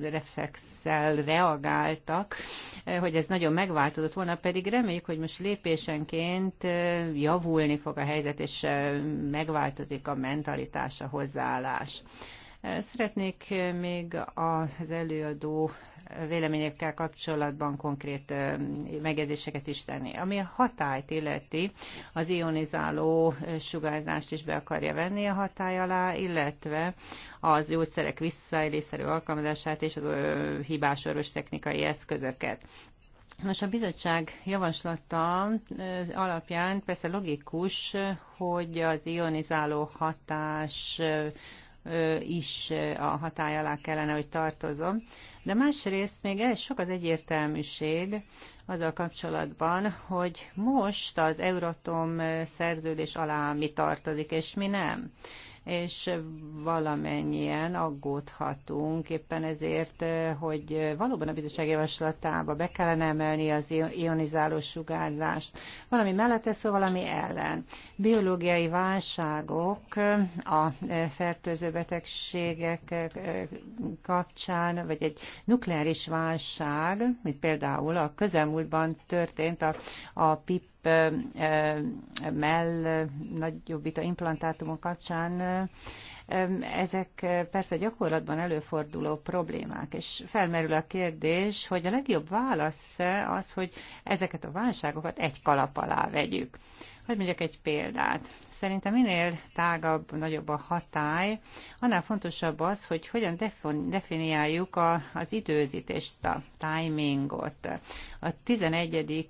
reflexel reagáltak, hogy ez nagyon megváltozott volna, pedig reméljük, hogy most lépésenként javulni fog a helyzet, és megváltozik a mentalitás, a hozzáállás. Szeretnék még az előadó véleményekkel kapcsolatban konkrét megjegyzéseket is tenni. Ami a hatályt illeti, az ionizáló sugárzást is be akarja venni a hatály alá, illetve az gyógyszerek visszaélészerű alkalmazását és a hibás orvos technikai eszközöket. Most a bizottság javaslata alapján persze logikus, hogy az ionizáló hatás is a hatály alá kellene, hogy tartozom. De másrészt még ez sok az egyértelműség azzal kapcsolatban, hogy most az Euratom szerződés alá mi tartozik, és mi nem és valamennyien aggódhatunk éppen ezért, eh, hogy valóban a bizottság javaslatába be kellene emelni az ionizáló sugárzást. Valami mellette szó, valami ellen. Biológiai válságok eh, a eh, fertőző betegségek kapcsán, vagy egy nukleáris válság, mint például a közelmúltban történt a, a PIP mell vita implantátumok kapcsán ezek persze gyakorlatban előforduló problémák, és felmerül a kérdés, hogy a legjobb válasz az, hogy ezeket a válságokat egy kalap alá vegyük. Hogy mondjak egy példát. Szerintem minél tágabb, nagyobb a hatály, annál fontosabb az, hogy hogyan definiáljuk a, az időzítést, a timingot. A 11.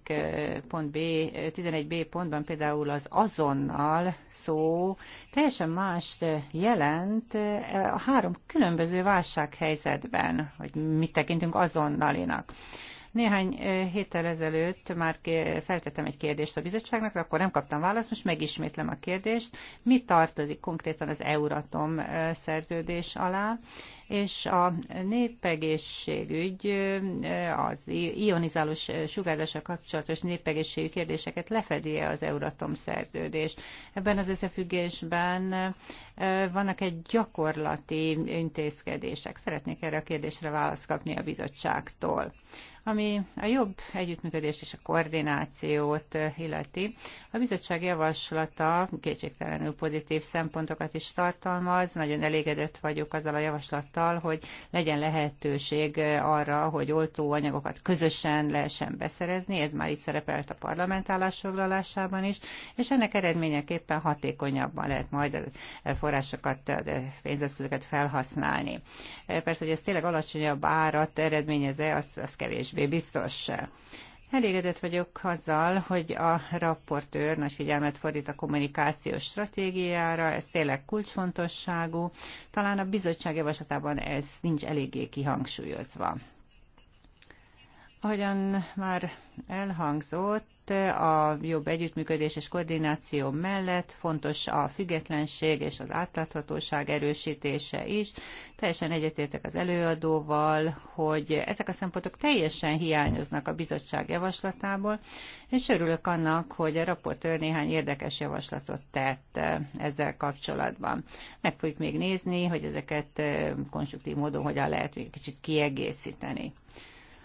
pont B, 11b pontban például az azonnal szó teljesen más jelent a három különböző válsághelyzetben, hogy mit tekintünk azonnalinak. Néhány eh, héttel ezelőtt már feltettem egy kérdést a bizottságnak, akkor nem kaptam választ, most megismétlem a kérdést. Mi tartozik konkrétan az Euratom eh, szerződés alá? és a népegészségügy eh, az ionizálós sugárzással kapcsolatos népegészségügy kérdéseket lefedi -e az Euratom szerződés. Ebben az összefüggésben vannak egy gyakorlati intézkedések. Szeretnék erre a kérdésre választ kapni a bizottságtól. Ami a jobb együttműködést és a koordinációt eh, illeti, a bizottság javaslata kétségtelenül pozitív szempontokat is tartalmaz. Nagyon elégedett vagyok azzal a javaslattal, hogy legyen lehetőség eh, arra, hogy oltóanyagokat közösen lehessen beszerezni. Ez már itt szerepelt a parlament állásfoglalásában is, és ennek eredményeképpen hatékonyabban lehet majd a eh, forrásokat, a pénzeszközöket felhasználni. Persze, hogy ez tényleg alacsonyabb árat eredményeze, az, az kevésbé többé biztos. Elégedett vagyok azzal, hogy a rapportőr nagy figyelmet fordít a kommunikációs stratégiára, ez tényleg kulcsfontosságú. Talán a bizottság javaslatában ez nincs eléggé kihangsúlyozva. Ahogyan már elhangzott, a jobb együttműködés és koordináció mellett fontos a függetlenség és az átláthatóság erősítése is. Teljesen egyetértek az előadóval, hogy ezek a szempontok teljesen hiányoznak a bizottság javaslatából, és örülök annak, hogy a raportőr néhány érdekes javaslatot tett eh, ezzel kapcsolatban. Meg fogjuk még nézni, hogy ezeket eh, konstruktív módon hogyan lehet még kicsit kiegészíteni.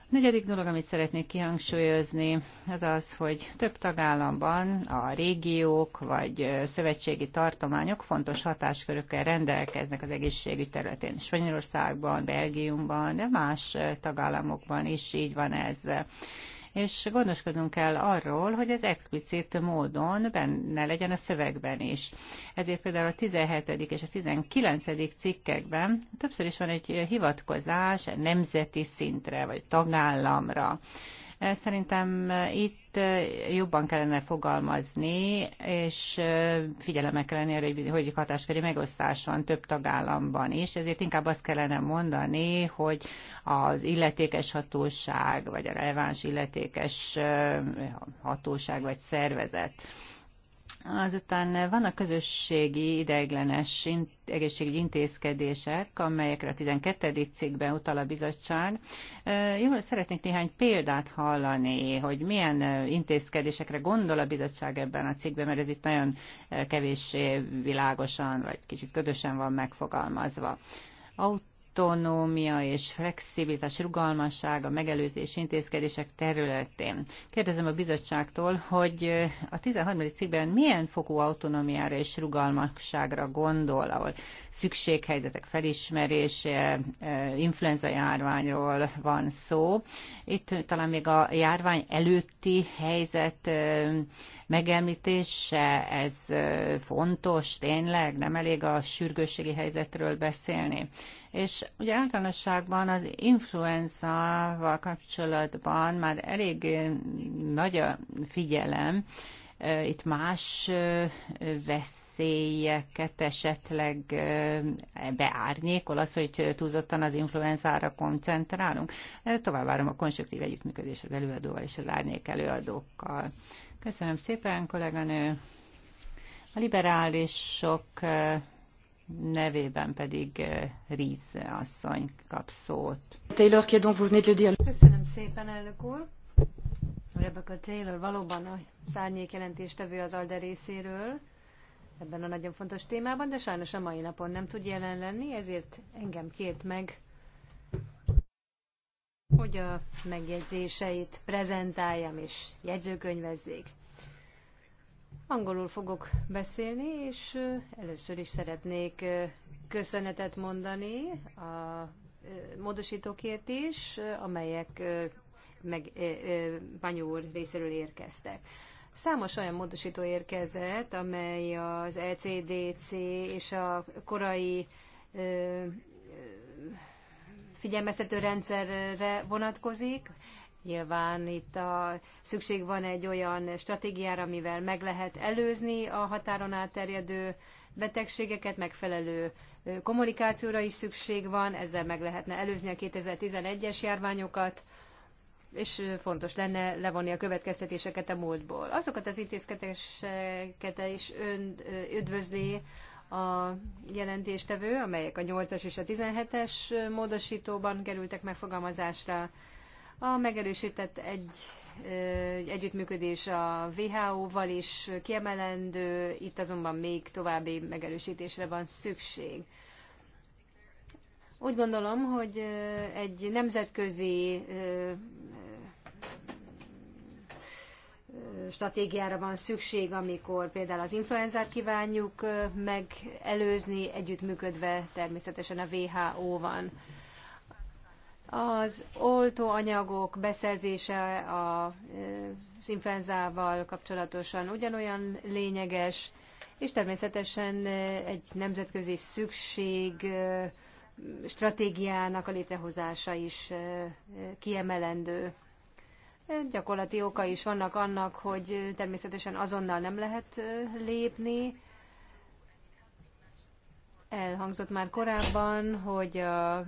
Negyedik dolog, amit szeretnék kihangsúlyozni, az az, hogy több tagállamban a régiók vagy szövetségi tartományok fontos hatáskörökkel rendelkeznek az egészségügy területén. Spanyolországban, Belgiumban, de más tagállamokban is így van ez és gondoskodnunk kell arról, hogy ez explicit módon benne legyen a szövegben is. Ezért például a 17. és a 19. cikkekben többször is van egy hivatkozás nemzeti szintre, vagy tagállamra. Szerintem eh, itt eh, jobban kellene fogalmazni, és eh, figyelemmel kell lenni hogy, hogy hatásköri megosztás van több tagállamban is, ezért inkább azt kellene mondani, hogy az illetékes hatóság, vagy a releváns illetékes hatóság, vagy szervezet Azután vannak közösségi ideiglenes egészségügyi intézkedések, amelyekre a 12. cikkben utal a bizottság. Jól szeretnék néhány példát hallani, hogy milyen intézkedésekre gondol a bizottság ebben a cikkben, mert ez itt nagyon kevéssé világosan, vagy kicsit ködösen van megfogalmazva. Aut autonómia és flexibilitás, rugalmasság a megelőzés intézkedések területén. Kérdezem a bizottságtól, hogy a 13. cikkben milyen fokú autonómiára és rugalmasságra gondol, ahol szükséghelyzetek felismerése, influenza járványról van szó. Itt talán még a járvány előtti helyzet megemlítése, ez fontos, tényleg nem elég a sürgősségi helyzetről beszélni. És ugye általánosságban az influenzával kapcsolatban már elég nagy a figyelem, itt más veszélyeket esetleg beárnyékol az, hogy túlzottan az influenzára koncentrálunk. Tovább várom a konstruktív együttműködés az előadóval és az árnyék előadókkal. Köszönöm szépen, kolléganő. A liberálisok nevében pedig Riz asszony kap szót. Taylor, ki donc vous venez de le dire. Köszönöm szépen, elnök úr. Rebecca Taylor valóban a szárnyék jelentéstevő az Alde részéről ebben a nagyon fontos témában, de sajnos a mai napon nem tud jelen lenni, ezért engem kért meg hogy a megjegyzéseit prezentáljam és jegyzőkönyvezzék. Angolul fogok beszélni, és először is szeretnék köszönetet mondani a módosítókért is, amelyek meg Banyú úr részéről érkeztek. Számos olyan módosító érkezett, amely az ECDC és a korai figyelmeztető rendszerre vonatkozik. Nyilván itt a, szükség van egy olyan stratégiára, amivel meg lehet előzni a határon átterjedő betegségeket, megfelelő kommunikációra is szükség van, ezzel meg lehetne előzni a 2011-es járványokat, és fontos lenne levonni a következtetéseket a múltból. Azokat az intézkedéseket is ön üdvözli, a jelentéstevő, amelyek a 8-as és a 17-es módosítóban kerültek megfogalmazásra. A megerősített egy együttműködés a WHO-val is kiemelendő, itt azonban még további megerősítésre van szükség. Úgy gondolom, hogy egy nemzetközi stratégiára van szükség, amikor például az influenzát kívánjuk megelőzni, együttműködve természetesen a WHO-van. Az oltóanyagok beszerzése az influenzával kapcsolatosan ugyanolyan lényeges, és természetesen egy nemzetközi szükség stratégiának a létrehozása is kiemelendő. Gyakorlati oka is vannak annak, hogy természetesen azonnal nem lehet lépni. Elhangzott már korábban, hogy a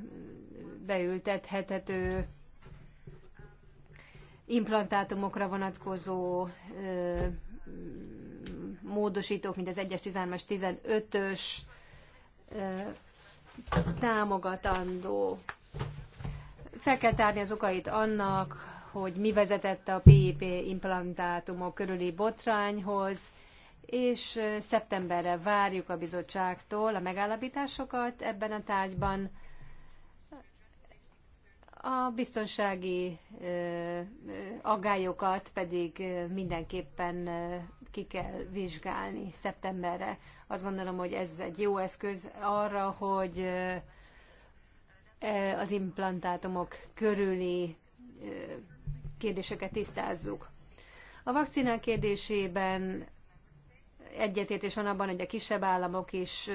beültethető implantátumokra vonatkozó módosítók, mint az 1-es, 13-as, 15-ös támogatandó. Fel kell tárni az okait annak, hogy mi vezetett a PIP implantátumok körüli botrányhoz, és szeptemberre várjuk a bizottságtól a megállapításokat ebben a tárgyban. A biztonsági aggályokat pedig mindenképpen ki kell vizsgálni szeptemberre. Azt gondolom, hogy ez egy jó eszköz arra, hogy az implantátumok körüli kérdéseket tisztázzuk. A vakcinák kérdésében egyetértés van abban, hogy a kisebb államok is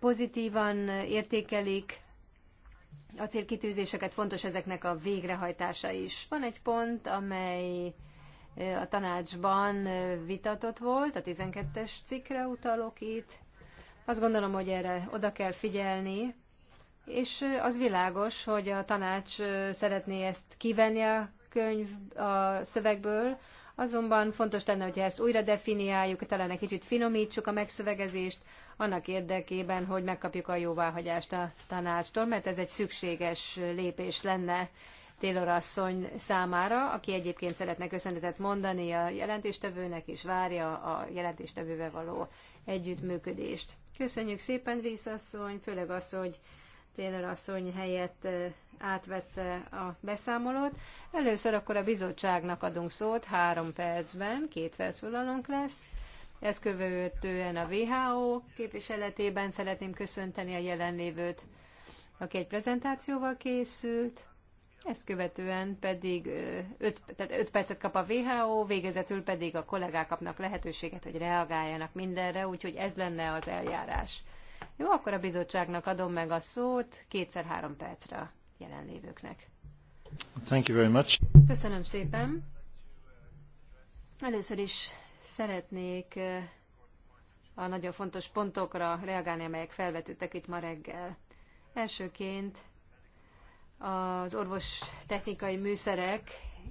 pozitívan értékelik a célkitűzéseket, fontos ezeknek a végrehajtása is. Van egy pont, amely a tanácsban vitatott volt, a 12-es cikkre utalok itt. Azt gondolom, hogy erre oda kell figyelni, és az világos, hogy a tanács szeretné ezt kivenni a könyv a szövegből, azonban fontos lenne, hogyha ezt újra definiáljuk, talán egy kicsit finomítsuk a megszövegezést, annak érdekében, hogy megkapjuk a jóváhagyást a tanácstól, mert ez egy szükséges lépés lenne Taylor asszony számára, aki egyébként szeretne köszönetet mondani a jelentéstevőnek, és várja a jelentéstevővel való együttműködést. Köszönjük szépen, Rész asszony, főleg az, hogy Taylor asszony helyett átvette a beszámolót. Először akkor a bizottságnak adunk szót, három percben, két felszólalónk lesz. Ezt követően a WHO képviseletében szeretném köszönteni a jelenlévőt, aki egy prezentációval készült. Ezt követően pedig 5, tehát öt percet kap a WHO, végezetül pedig a kollégák kapnak lehetőséget, hogy reagáljanak mindenre, úgyhogy ez lenne az eljárás. Jó, akkor a bizottságnak adom meg a szót kétszer-három percre a jelenlévőknek. Thank you very much. Köszönöm szépen. Először is szeretnék eh, a nagyon fontos pontokra reagálni, amelyek felvetődtek itt ma reggel. Elsőként az orvos technikai műszerek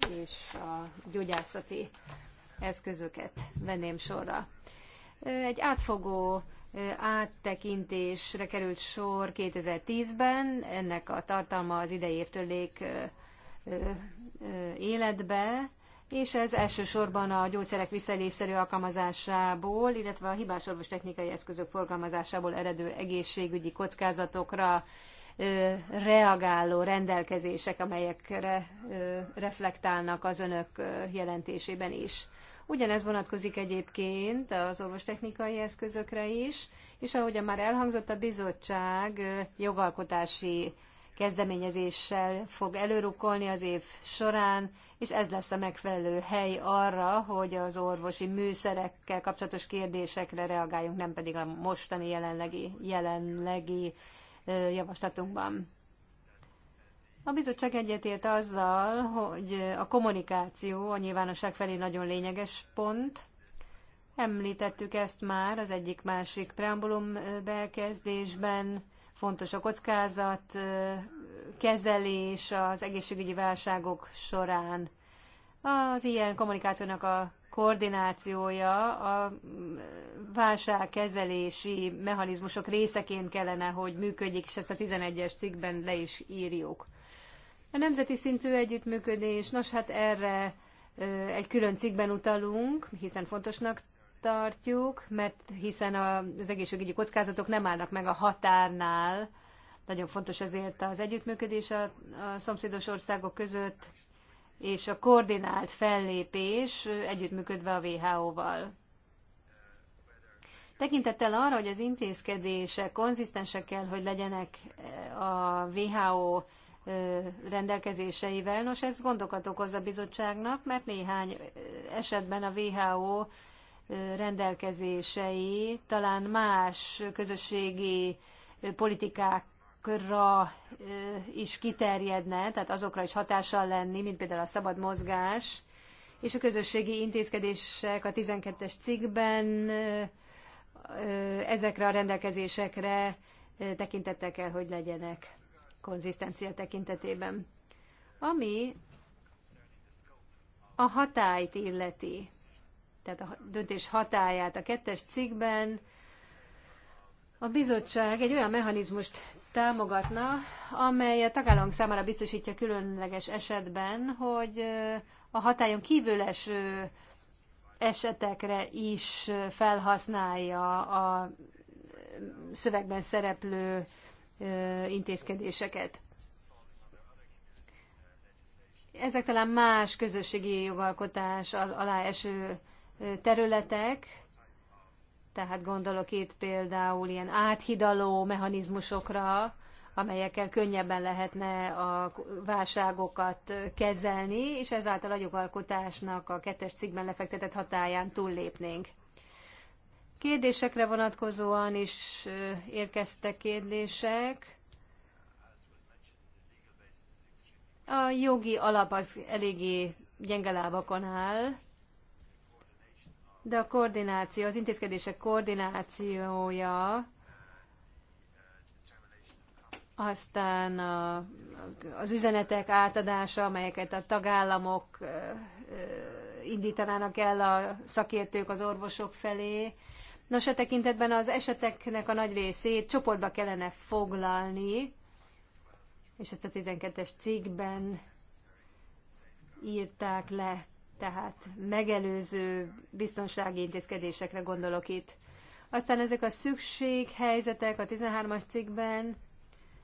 és a gyógyászati eszközöket venném sorra. Eh, egy átfogó áttekintésre került sor 2010-ben, ennek a tartalma az idei évtől lég életbe, és ez elsősorban a gyógyszerek visszaélésszerű alkalmazásából, illetve a hibás orvostechnikai eszközök forgalmazásából eredő egészségügyi kockázatokra reagáló rendelkezések, amelyekre reflektálnak az önök jelentésében is. Ugyanez vonatkozik egyébként az orvostechnikai eszközökre is, és ahogyan már elhangzott, a bizottság jogalkotási kezdeményezéssel fog előrukkolni az év során, és ez lesz a megfelelő hely arra, hogy az orvosi műszerekkel kapcsolatos kérdésekre reagáljunk, nem pedig a mostani jelenlegi, jelenlegi javaslatunkban. A bizottság egyetért azzal, hogy a kommunikáció a nyilvánosság felé nagyon lényeges pont. Említettük ezt már az egyik-másik preambulum bekezdésben. Fontos a kockázat kezelés az egészségügyi válságok során. Az ilyen kommunikációnak a koordinációja a válságkezelési mechanizmusok részeként kellene, hogy működjék, és ezt a 11-es cikkben le is írjuk. A nemzeti szintű együttműködés, nos hát erre egy külön cikkben utalunk, hiszen fontosnak tartjuk, mert hiszen az egészségügyi kockázatok nem állnak meg a határnál. Nagyon fontos ezért az együttműködés a, a szomszédos országok között, és a koordinált fellépés együttműködve a WHO-val. Tekintettel arra, hogy az intézkedések konzisztensek kell, hogy legyenek a WHO rendelkezéseivel. Nos, ez gondokat okoz a bizottságnak, mert néhány esetben a WHO rendelkezései talán más közösségi politikákra is kiterjedne, tehát azokra is hatással lenni, mint például a szabad mozgás, és a közösségi intézkedések a 12-es cikkben ezekre a rendelkezésekre tekintettel kell, hogy legyenek konzisztencia tekintetében. Ami a hatályt illeti, tehát a döntés hatáját a kettes cikkben, a bizottság egy olyan mechanizmust támogatna, amely a tagállamok számára biztosítja különleges esetben, hogy a hatályon kívüles esetekre is felhasználja a szövegben szereplő intézkedéseket. Ezek talán más közösségi jogalkotás alá eső területek, tehát gondolok itt például ilyen áthidaló mechanizmusokra, amelyekkel könnyebben lehetne a válságokat kezelni, és ezáltal a jogalkotásnak a kettes cikkben lefektetett hatáján túllépnénk kérdésekre vonatkozóan is érkeztek kérdések. A jogi alap az eléggé gyenge lábakon áll, de a koordináció, az intézkedések koordinációja, aztán a, az üzenetek átadása, amelyeket a tagállamok indítanának el a szakértők az orvosok felé, Nos, a e tekintetben az eseteknek a nagy részét csoportba kellene foglalni, és ezt a 12-es cikkben írták le, tehát megelőző biztonsági intézkedésekre gondolok itt. Aztán ezek a szükséghelyzetek a 13-as cikkben,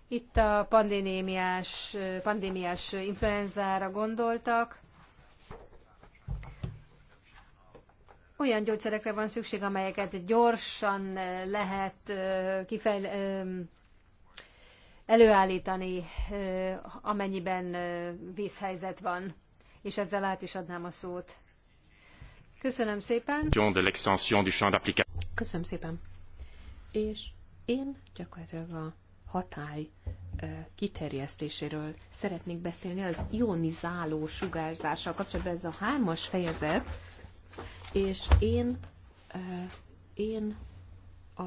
itt a pandémiás, pandémiás influenzára gondoltak, olyan gyógyszerekre van szükség, amelyeket gyorsan eh, lehet eh, kifejl, eh, előállítani, amennyiben vészhelyzet van. És ezzel át is adnám a szót. Köszönöm szépen. Köszönöm szépen. És én gyakorlatilag a hatály kiterjesztéséről szeretnék beszélni az ionizáló sugárzással kapcsolatban. Ez a hármas fejezet, és én, én a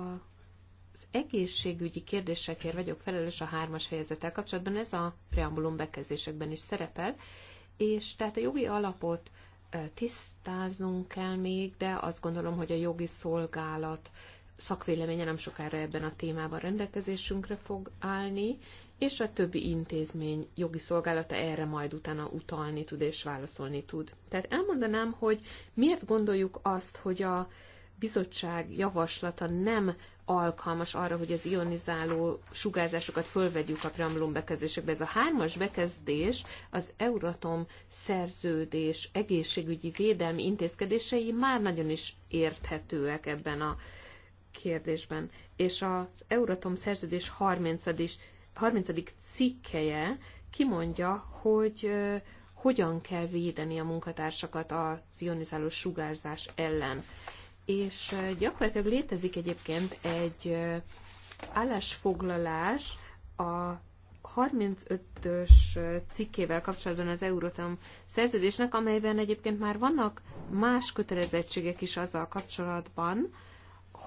az egészségügyi kérdésekért vagyok felelős a hármas fejezettel kapcsolatban, ez a preambulum bekezdésekben is szerepel, és tehát a jogi alapot tisztáznunk kell még, de azt gondolom, hogy a jogi szolgálat szakvéleménye nem sokára ebben a témában rendelkezésünkre fog állni, és a többi intézmény jogi szolgálata erre majd utána utalni tud és válaszolni tud. Tehát elmondanám, hogy miért gondoljuk azt, hogy a bizottság javaslata nem alkalmas arra, hogy az ionizáló sugárzásokat fölvegyük a preambulum bekezdésekbe. Ez a hármas bekezdés az Euratom szerződés egészségügyi védelmi intézkedései már nagyon is érthetőek ebben a kérdésben. És az Euratom szerződés 30. 30. cikkeje kimondja, hogy hogyan kell védeni a munkatársakat a zionizáló sugárzás ellen. És gyakorlatilag létezik egyébként egy állásfoglalás a 35-ös cikkével kapcsolatban az Eurotom szerződésnek, amelyben egyébként már vannak más kötelezettségek is azzal kapcsolatban,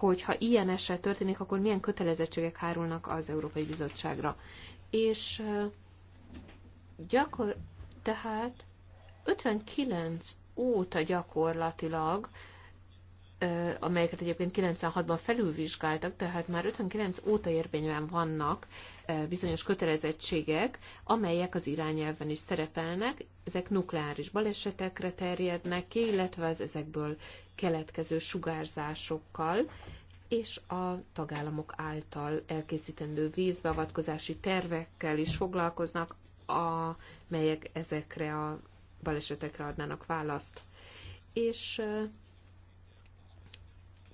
hogyha ilyen eset történik, akkor milyen kötelezettségek hárulnak az Európai Bizottságra. És gyakor, tehát 59 óta gyakorlatilag amelyeket egyébként 96-ban felülvizsgáltak, tehát már 59 óta érvényben vannak bizonyos kötelezettségek, amelyek az irányelven is szerepelnek, ezek nukleáris balesetekre terjednek ki, illetve az ezekből keletkező sugárzásokkal, és a tagállamok által elkészítendő vízbeavatkozási tervekkel is foglalkoznak, amelyek ezekre a balesetekre adnának választ. És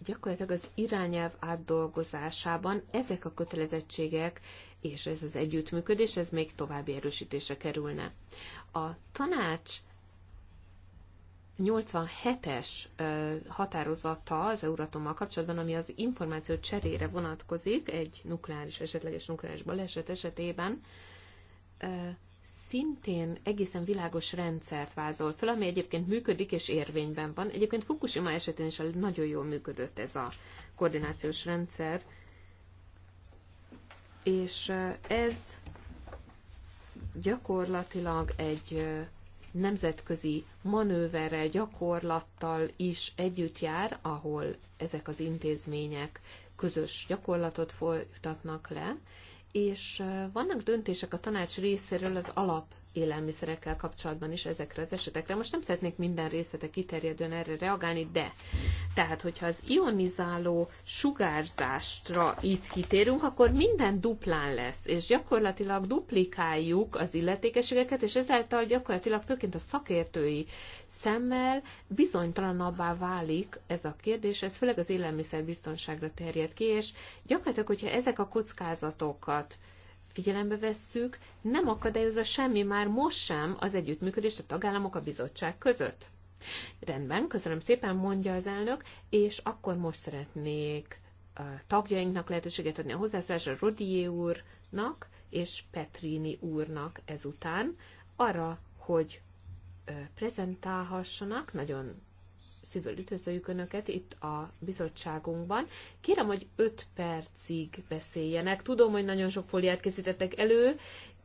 gyakorlatilag az irányelv átdolgozásában ezek a kötelezettségek és ez az együttműködés, ez még további erősítése kerülne. A tanács 87-es határozata az Euratommal kapcsolatban, ami az információ cserére vonatkozik egy nukleáris, esetleges nukleáris baleset esetében, szintén egészen világos rendszert vázol fel, ami egyébként működik és érvényben van. Egyébként Fukushima esetén is nagyon jól működött ez a koordinációs rendszer, és ez gyakorlatilag egy nemzetközi manőverrel, gyakorlattal is együtt jár, ahol ezek az intézmények közös gyakorlatot folytatnak le, és vannak döntések a tanács részéről az alap élelmiszerekkel kapcsolatban is ezekre az esetekre. Most nem szeretnék minden részletek kiterjedően erre reagálni, de tehát, hogyha az ionizáló sugárzástra itt kitérünk, akkor minden duplán lesz, és gyakorlatilag duplikáljuk az illetékességeket, és ezáltal gyakorlatilag főként a szakértői szemmel bizonytalanabbá válik ez a kérdés, ez főleg az élelmiszerbiztonságra terjed ki, és gyakorlatilag, hogyha ezek a kockázatokat figyelembe vesszük, nem akadályozza semmi már most sem az együttműködést a tagállamok a bizottság között. Rendben, köszönöm szépen, mondja az elnök, és akkor most szeretnék a tagjainknak lehetőséget adni a hozzászólásra Rodié úrnak és Petrini úrnak ezután arra, hogy prezentálhassanak nagyon szívből üdvözöljük Önöket itt a bizottságunkban. Kérem, hogy 5 percig beszéljenek. Tudom, hogy nagyon sok fóliát készítettek elő,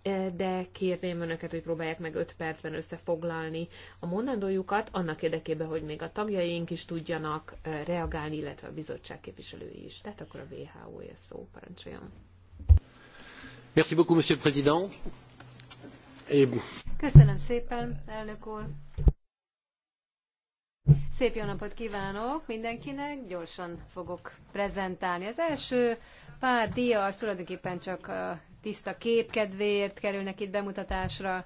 e, de kérném önöket, hogy próbálják meg 5 percben összefoglalni a mondandójukat, annak érdekében, hogy még a tagjaink is tudjanak e, reagálni, illetve a bizottság képviselői is. Tehát akkor a WHO-ja szó, parancsoljon. Merci beaucoup, monsieur le président. Köszönöm szépen, elnök úr. Szép jó napot kívánok mindenkinek, gyorsan fogok prezentálni. Az első pár dia az tulajdonképpen csak a tiszta képkedvéért kerülnek itt bemutatásra.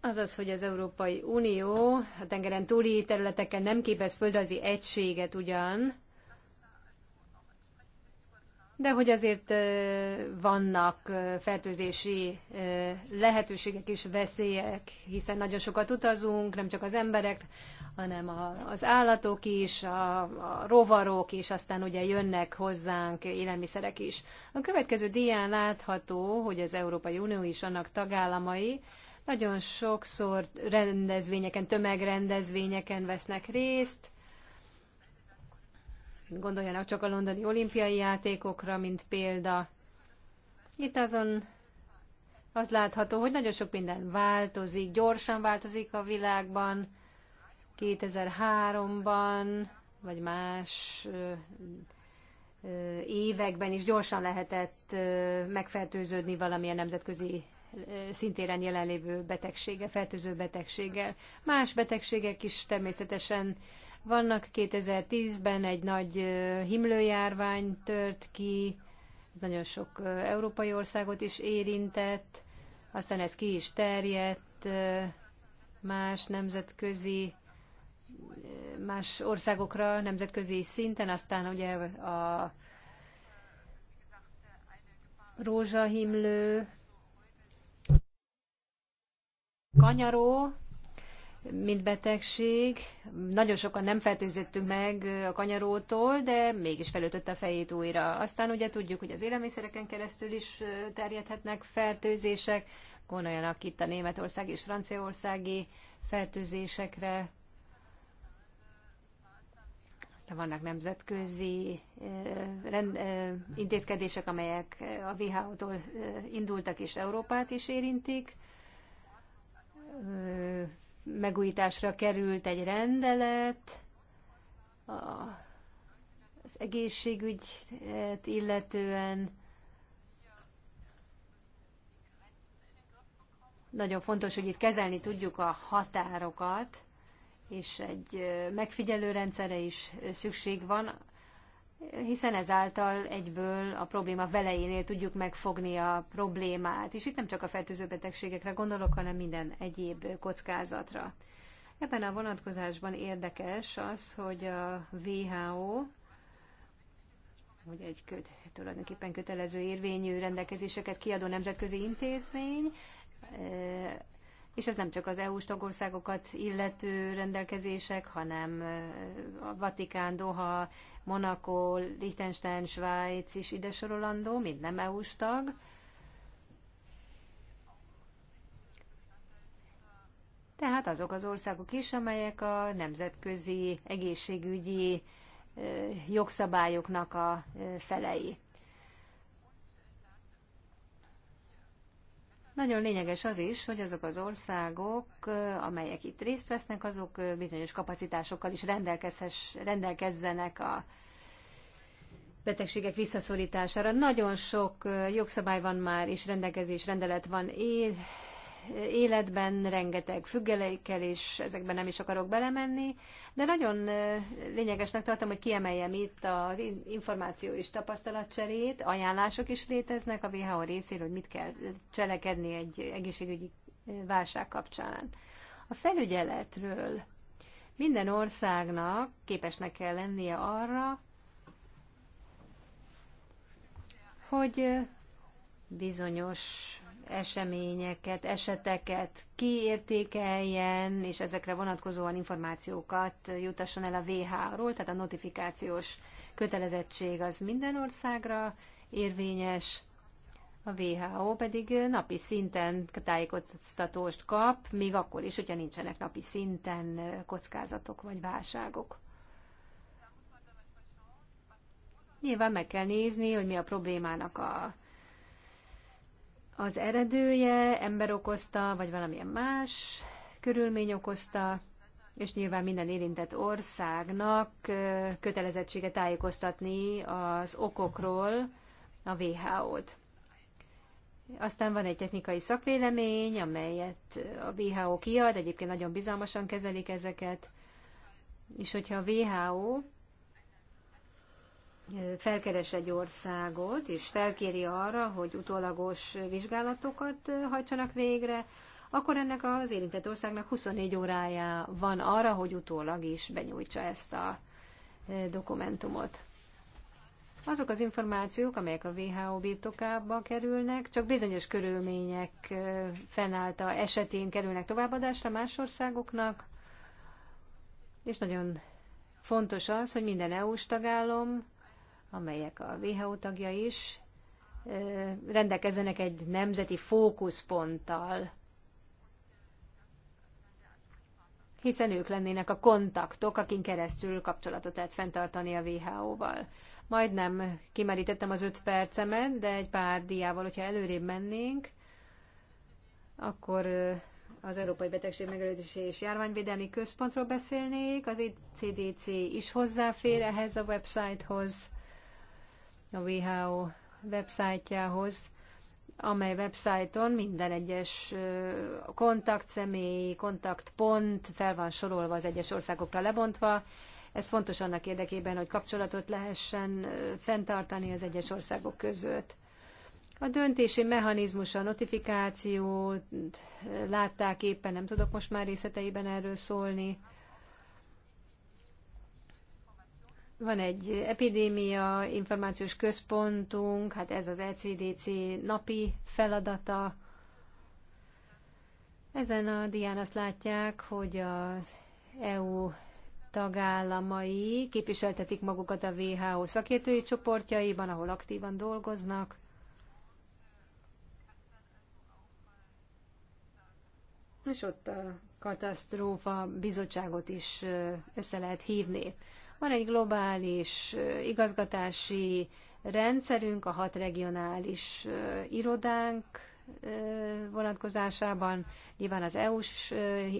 Azaz, hogy az Európai Unió a tengeren túli területeken nem képez földrajzi egységet ugyan, de hogy azért vannak fertőzési lehetőségek és veszélyek, hiszen nagyon sokat utazunk, nem csak az emberek, hanem az állatok is, a, rovarok, és aztán ugye jönnek hozzánk élelmiszerek is. A következő dián látható, hogy az Európai Unió is annak tagállamai, nagyon sokszor rendezvényeken, tömegrendezvényeken vesznek részt, Gondoljanak csak a londoni olimpiai játékokra, mint példa. Itt azon az látható, hogy nagyon sok minden változik, gyorsan változik a világban. 2003-ban, vagy más években is gyorsan lehetett megfertőződni valamilyen nemzetközi szintéren jelenlévő betegsége, fertőző betegséggel. Más betegségek is természetesen vannak 2010-ben egy nagy himlőjárvány tört ki, ez nagyon sok európai országot is érintett, aztán ez ki is terjedt más nemzetközi más országokra nemzetközi szinten, aztán ugye a rózsahimlő, kanyaró, mint betegség. Nagyon sokan nem fertőzöttünk meg a kanyarótól, de mégis felütötte a fejét újra. Aztán ugye tudjuk, hogy az élelmiszereken keresztül is terjedhetnek fertőzések, gondoljanak itt a Németország és Franciaországi fertőzésekre. Aztán vannak nemzetközi rend, intézkedések, amelyek a WHO-tól indultak és Európát is érintik megújításra került egy rendelet, az egészségügyet illetően nagyon fontos, hogy itt kezelni tudjuk a határokat, és egy megfigyelő rendszerre is szükség van, hiszen ezáltal egyből a probléma velejénél tudjuk megfogni a problémát, és itt nem csak a fertőző betegségekre gondolok, hanem minden egyéb kockázatra. Ebben a vonatkozásban érdekes az, hogy a WHO, hogy egy köt, tulajdonképpen kötelező érvényű rendelkezéseket kiadó nemzetközi intézmény, és ez nem csak az EU-s tagországokat illető rendelkezések, hanem a Vatikán, Doha, Monaco, Liechtenstein, Svájc is ide sorolandó, mind nem EU-s tag. Tehát azok az országok is, amelyek a nemzetközi egészségügyi jogszabályoknak a felei. Nagyon lényeges az is, hogy azok az országok, amelyek itt részt vesznek, azok bizonyos kapacitásokkal is rendelkezzenek a betegségek visszaszorítására. Nagyon sok jogszabály van már, és rendelkezés, rendelet van él, életben, rengeteg függelékkel, és ezekben nem is akarok belemenni, de nagyon lényegesnek tartom, hogy kiemeljem itt az információ és tapasztalatcserét, ajánlások is léteznek a WHO részéről, hogy mit kell cselekedni egy egészségügyi válság kapcsán. A felügyeletről minden országnak képesnek kell lennie arra, hogy bizonyos eseményeket, eseteket kiértékeljen, és ezekre vonatkozóan információkat jutasson el a WHO-ról, tehát a notifikációs kötelezettség az minden országra érvényes, a WHO pedig napi szinten tájékoztatóst kap, még akkor is, hogyha nincsenek napi szinten kockázatok vagy válságok. Nyilván meg kell nézni, hogy mi a problémának a az eredője ember okozta, vagy valamilyen más körülmény okozta, és nyilván minden érintett országnak kötelezettsége tájékoztatni az okokról a WHO-t. Aztán van egy technikai szakvélemény, amelyet a WHO kiad, egyébként nagyon bizalmasan kezelik ezeket, és hogyha a WHO felkeres egy országot, és felkéri arra, hogy utólagos vizsgálatokat hajtsanak végre, akkor ennek az érintett országnak 24 órája van arra, hogy utólag is benyújtsa ezt a e, dokumentumot. Azok az információk, amelyek a WHO birtokába kerülnek, csak bizonyos körülmények e, fennállta esetén kerülnek továbbadásra más országoknak, és nagyon fontos az, hogy minden EU-s tagállam amelyek a WHO tagja is, rendelkezzenek egy nemzeti fókuszponttal, hiszen ők lennének a kontaktok, akin keresztül kapcsolatot lehet fenntartani a WHO-val. Majdnem kimerítettem az öt percemet, de egy pár diával, hogyha előrébb mennénk, akkor az Európai Betegség Megelőzési és Járványvédelmi Központról beszélnék. Az ICDC is hozzáfér ehhez a websitehoz a WHO websájtjához, amely websájton minden egyes kontaktszemély, kontaktpont fel van sorolva az egyes országokra lebontva. Ez fontos annak érdekében, hogy kapcsolatot lehessen fenntartani az egyes országok között. A döntési mechanizmus, a notifikációt látták éppen, nem tudok most már részleteiben erről szólni. Van egy epidémia információs központunk, hát ez az ECDC napi feladata. Ezen a dián azt látják, hogy az EU tagállamai képviseltetik magukat a WHO szakértői csoportjaiban, ahol aktívan dolgoznak. És ott a katasztrófa bizottságot is össze lehet hívni. Van egy globális igazgatási rendszerünk, a hat regionális irodánk vonatkozásában, nyilván az EU-s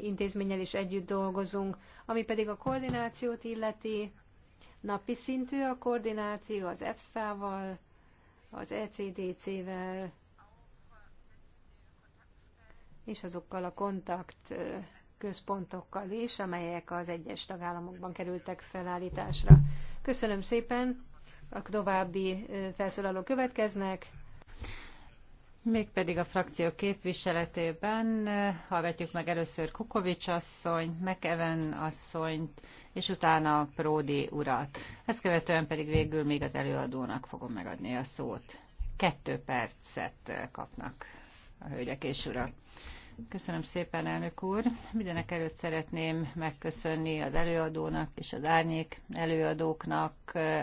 intézménnyel is együtt dolgozunk, ami pedig a koordinációt illeti, napi szintű a koordináció az EFSA-val, az ECDC-vel, és azokkal a kontakt központokkal is, amelyek az egyes tagállamokban kerültek felállításra. Köszönöm szépen, a további felszólalók következnek. Mégpedig a frakció képviseletében hallgatjuk meg először Kukovics asszonyt, McEwen asszonyt, és utána Pródi urat. Ezt követően pedig végül még az előadónak fogom megadni a szót. Kettő percet kapnak a hölgyek és urak. Köszönöm szépen, elnök úr. Mindenek előtt szeretném megköszönni az előadónak és az árnyék előadóknak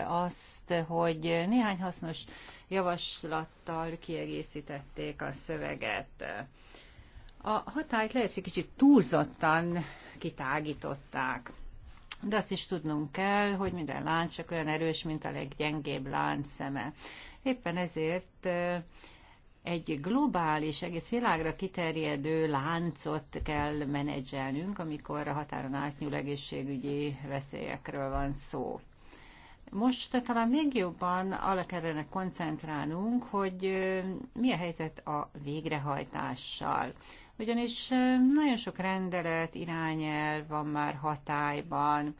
azt, hogy néhány hasznos javaslattal kiegészítették a szöveget. A hatályt lehet, hogy kicsit túlzottan kitágították. De azt is tudnunk kell, hogy minden lánc csak olyan erős, mint a leggyengébb láncszeme. Éppen ezért egy globális, egész világra kiterjedő láncot kell menedzselnünk, amikor a határon átnyúl egészségügyi veszélyekről van szó. Most talán még jobban arra kellene koncentrálnunk, hogy mi a helyzet a végrehajtással. Ugyanis nagyon sok rendelet, irányel van már hatályban,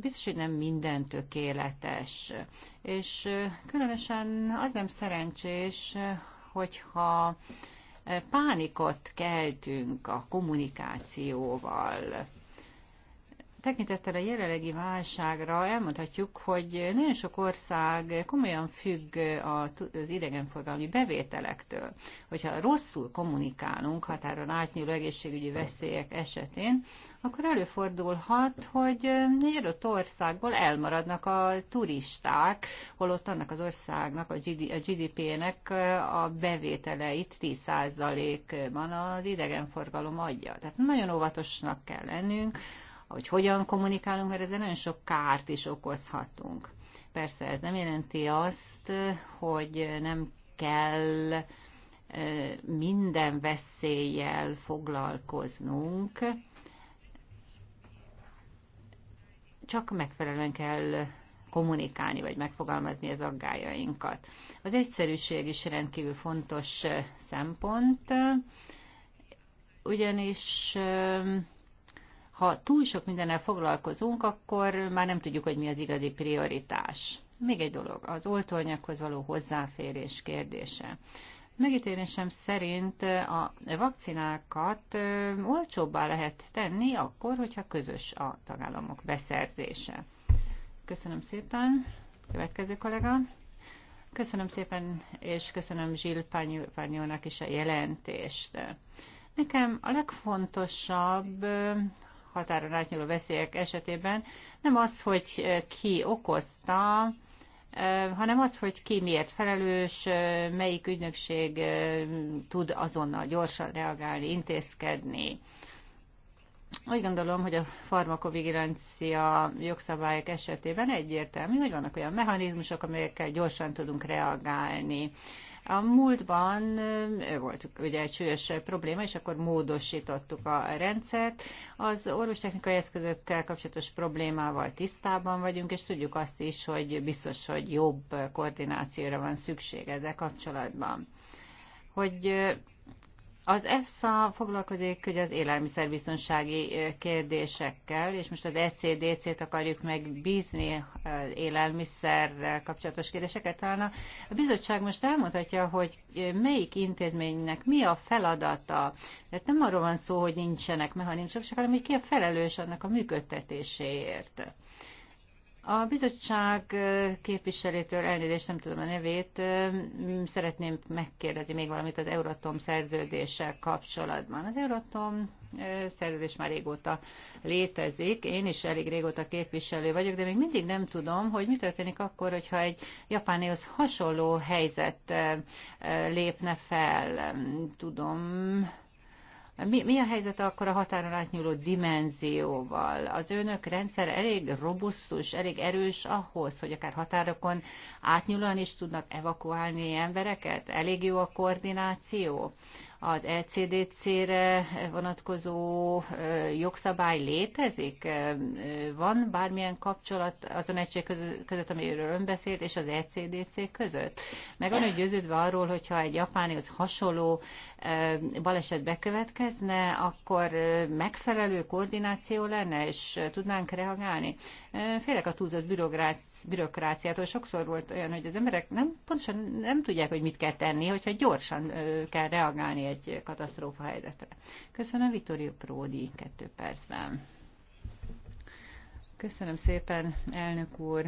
biztos, hogy nem minden tökéletes. És különösen az nem szerencsés, hogyha eh, pánikot keltünk a kommunikációval. Tekintettel a jelenlegi válságra elmondhatjuk, hogy nagyon sok ország komolyan függ az idegenforgalmi bevételektől. Hogyha rosszul kommunikálunk határon átnyúló egészségügyi veszélyek esetén, akkor előfordulhat, hogy egy adott országból elmaradnak a turisták, holott annak az országnak, a GDP-nek a bevételeit 10%-ban az idegenforgalom adja. Tehát nagyon óvatosnak kell lennünk, hogy hogyan kommunikálunk, mert ezzel nagyon sok kárt is okozhatunk. Persze ez nem jelenti azt, hogy nem kell minden veszéllyel foglalkoznunk, csak megfelelően kell kommunikálni, vagy megfogalmazni az aggájainkat. Az egyszerűség is rendkívül fontos szempont, ugyanis ha túl sok mindennel foglalkozunk, akkor már nem tudjuk, hogy mi az igazi prioritás. Még egy dolog, az oltóanyaghoz való hozzáférés kérdése. Megítélésem szerint eh, a vakcinákat eh, olcsóbbá lehet tenni akkor, hogyha közös a tagállamok beszerzése. Köszönöm szépen. Következő kollega. Köszönöm szépen, és köszönöm Zsill Pányónak is a jelentést. Nekem a legfontosabb eh, határon átnyúló veszélyek esetében nem az, hogy ki okozta, hanem az, hogy ki miért felelős, melyik ügynökség tud azonnal gyorsan reagálni, intézkedni. Úgy gondolom, hogy a farmakovigilancia jogszabályok esetében egyértelmű, hogy vannak olyan mechanizmusok, amelyekkel gyorsan tudunk reagálni. A múltban volt ugye egy súlyos probléma, és akkor módosítottuk a rendszert. Az orvostechnikai eszközökkel kapcsolatos problémával tisztában vagyunk, és tudjuk azt is, hogy biztos, hogy jobb koordinációra van szükség ezzel kapcsolatban. Hogy az EFSA foglalkozik hogy az élelmiszerbiztonsági kérdésekkel, és most az ECDC-t akarjuk megbízni élelmiszerrel kapcsolatos kérdéseket. Talán a bizottság most elmondhatja, hogy melyik intézménynek mi a feladata. De hát nem arról van szó, hogy nincsenek mechanizmusok, hanem hogy ki a felelős annak a működtetéséért. A bizottság képviselőtől elnézést, nem tudom a nevét, szeretném megkérdezni még valamit az Euratom szerződéssel kapcsolatban. Az Euratom szerződés már régóta létezik, én is elég régóta képviselő vagyok, de még mindig nem tudom, hogy mi történik akkor, hogyha egy japánéhoz hasonló helyzet lépne fel. Tudom, mi, mi a helyzet akkor a határon átnyúló dimenzióval? Az önök rendszer elég robusztus, elég erős ahhoz, hogy akár határokon átnyúlóan is tudnak evakuálni embereket? Elég jó a koordináció? Az ECDC-re vonatkozó jogszabály létezik? Van bármilyen kapcsolat azon egység között, amiről ön beszélt, és az ECDC között? Meg van egy győződve arról, hogyha egy japánihoz hasonló baleset bekövetkezne, akkor megfelelő koordináció lenne, és tudnánk reagálni. Félek a túlzott bürokráciától. Sokszor volt olyan, hogy az emberek nem, pontosan nem tudják, hogy mit kell tenni, hogyha gyorsan kell reagálni egy katasztrófa helyzetre. Köszönöm, Vittorio Pródi, kettő percben. Köszönöm szépen, elnök úr.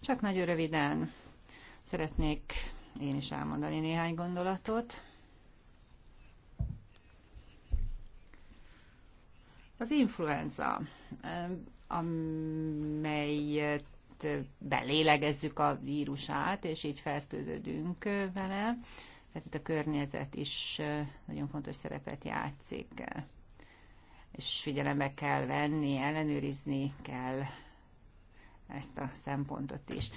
Csak nagyon röviden szeretnék én is elmondani néhány gondolatot. Az influenza, amelyet belélegezzük a vírusát, és így fertőződünk vele, tehát itt a környezet is nagyon fontos szerepet játszik, és figyelembe kell venni, ellenőrizni kell ezt a szempontot is.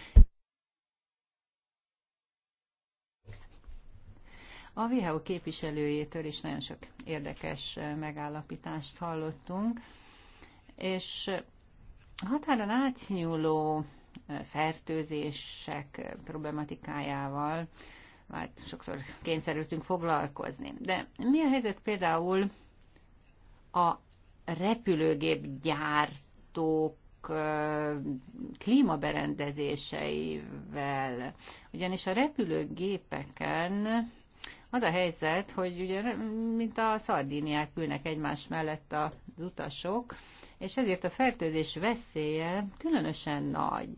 A WHO képviselőjétől is nagyon sok érdekes megállapítást hallottunk, és határon átnyúló fertőzések problematikájával majd hát sokszor kényszerültünk foglalkozni. De mi a helyzet például a repülőgép gyártók klímaberendezéseivel? Ugyanis a repülőgépeken az a helyzet, hogy ugye mint a szardíniák ülnek egymás mellett az utasok, és ezért a fertőzés veszélye különösen nagy.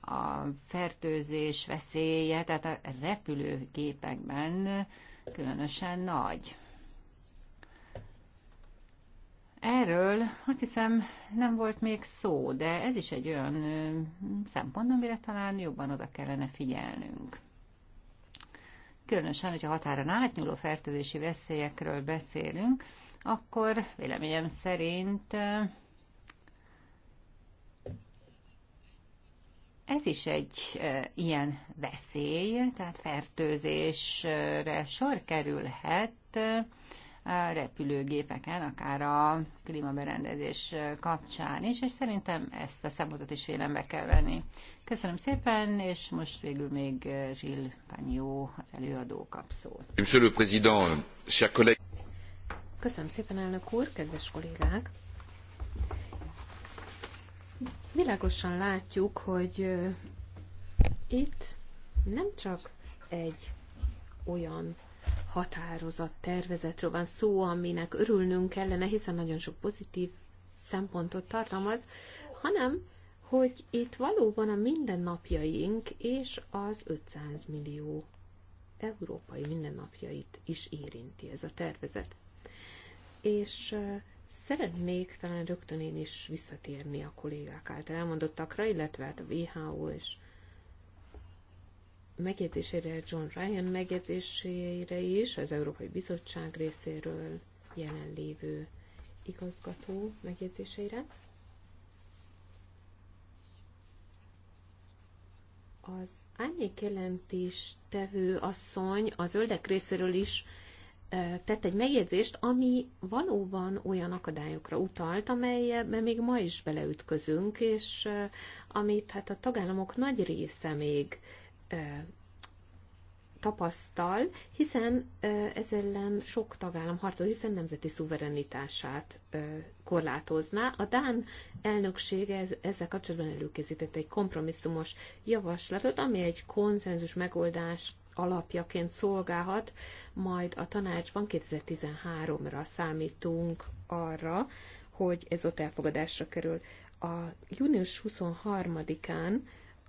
A fertőzés veszélye, tehát a repülőgépekben különösen nagy. Erről azt hiszem nem volt még szó, de ez is egy olyan szempont, amire talán jobban oda kellene figyelnünk különösen, hogyha határon átnyúló fertőzési veszélyekről beszélünk, akkor véleményem szerint eh, ez is egy eh, ilyen veszély, tehát fertőzésre sor kerülhet, eh, repülőgépeken, akár a klímaberendezés kapcsán is, és szerintem ezt a szempontot is vélembe kell venni. Köszönöm szépen, és most végül még Zsill eh, Pányó, az előadó kap szót. Monsieur le Président, chers collègues. Köszönöm szépen, elnök úr, kedves kollégák! Világosan látjuk, hogy eh, itt nem csak egy olyan határozat tervezetről van szó, aminek örülnünk kellene, hiszen nagyon sok pozitív szempontot tartalmaz, hanem hogy itt valóban a mindennapjaink és az 500 millió európai mindennapjait is érinti ez a tervezet. És szeretnék talán rögtön én is visszatérni a kollégák által elmondottakra, illetve hát a WHO és megjegyzésére, John Ryan megjegyzésére is, az Európai Bizottság részéről jelenlévő igazgató megjegyzéseire. Az árnyék jelentés tevő asszony a zöldek részéről is tett egy megjegyzést, ami valóban olyan akadályokra utalt, amelyben még ma is beleütközünk, és amit hát a tagállamok nagy része még tapasztal, hiszen ez ellen sok tagállam harcol, hiszen nemzeti szuverenitását korlátozná. A Dán elnöksége ezzel kapcsolatban előkészített egy kompromisszumos javaslatot, ami egy konszenzus megoldás alapjaként szolgálhat, majd a tanácsban 2013-ra számítunk arra, hogy ez ott elfogadásra kerül. A június 23-án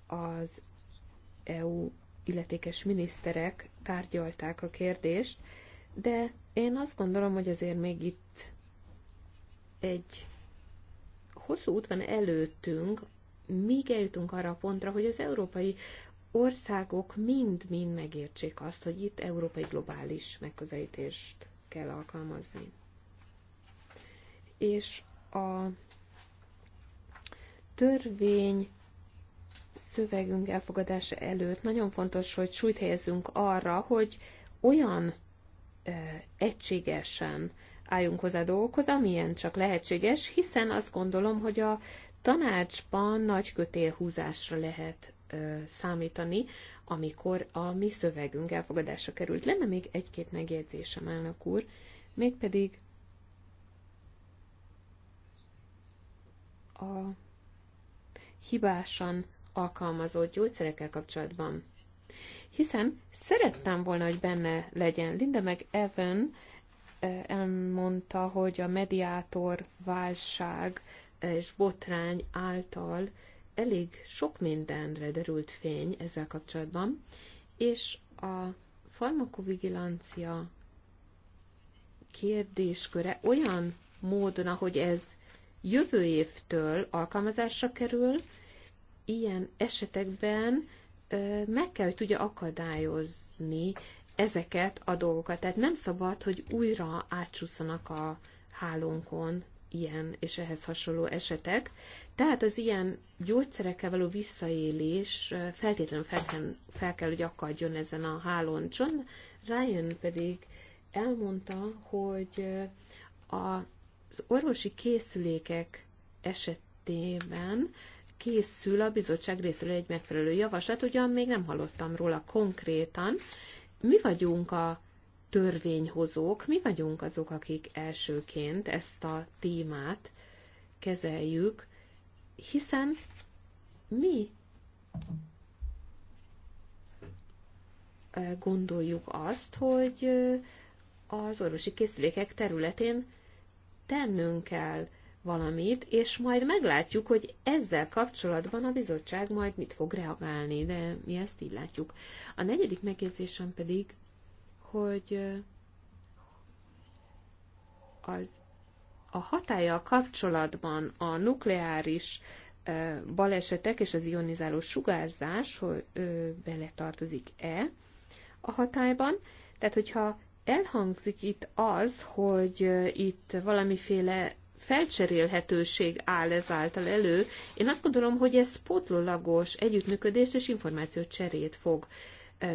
az EU illetékes miniszterek tárgyalták a kérdést, de én azt gondolom, hogy azért még itt egy hosszú út van előttünk, míg eljutunk arra a pontra, hogy az európai országok mind-mind megértsék azt, hogy itt európai globális megközelítést kell alkalmazni. És a törvény szövegünk elfogadása előtt nagyon fontos, hogy súlyt helyezünk arra, hogy olyan ö, egységesen álljunk hozzá a dolgokhoz, amilyen csak lehetséges, hiszen azt gondolom, hogy a tanácsban nagy kötélhúzásra lehet ö, számítani, amikor a mi szövegünk elfogadása került. Lenne még egy-két megjegyzésem, elnök úr, mégpedig a hibásan alkalmazott gyógyszerekkel kapcsolatban. Hiszen szerettem volna, hogy benne legyen. Linda meg Evan eh, elmondta, hogy a mediátor válság és botrány által elég sok mindenre derült fény ezzel kapcsolatban, és a farmakovigilancia kérdésköre olyan módon, ahogy ez jövő évtől alkalmazásra kerül, ilyen esetekben meg kell, hogy tudja akadályozni ezeket a dolgokat. Tehát nem szabad, hogy újra átsúszanak a hálónkon ilyen és ehhez hasonló esetek. Tehát az ilyen gyógyszerekkel való visszaélés feltétlenül fel kell, fel kell hogy akadjon ezen a hálón. Ryan pedig elmondta, hogy az orvosi készülékek esetében készül a bizottság részéről egy megfelelő javaslat, ugyan még nem hallottam róla konkrétan. Mi vagyunk a törvényhozók, mi vagyunk azok, akik elsőként ezt a témát kezeljük, hiszen mi eh, gondoljuk azt, hogy eh, az orvosi készülékek területén tennünk kell valamit, és majd meglátjuk, hogy ezzel kapcsolatban a bizottság majd mit fog reagálni, de mi ezt így látjuk. A negyedik megjegyzésem pedig, hogy az a hatája kapcsolatban a nukleáris balesetek és az ionizáló sugárzás, hogy beletartozik-e a hatályban. Tehát, hogyha elhangzik itt az, hogy itt valamiféle felcserélhetőség áll ezáltal elő. Én azt gondolom, hogy ez pótlólagos együttműködést és cserét fog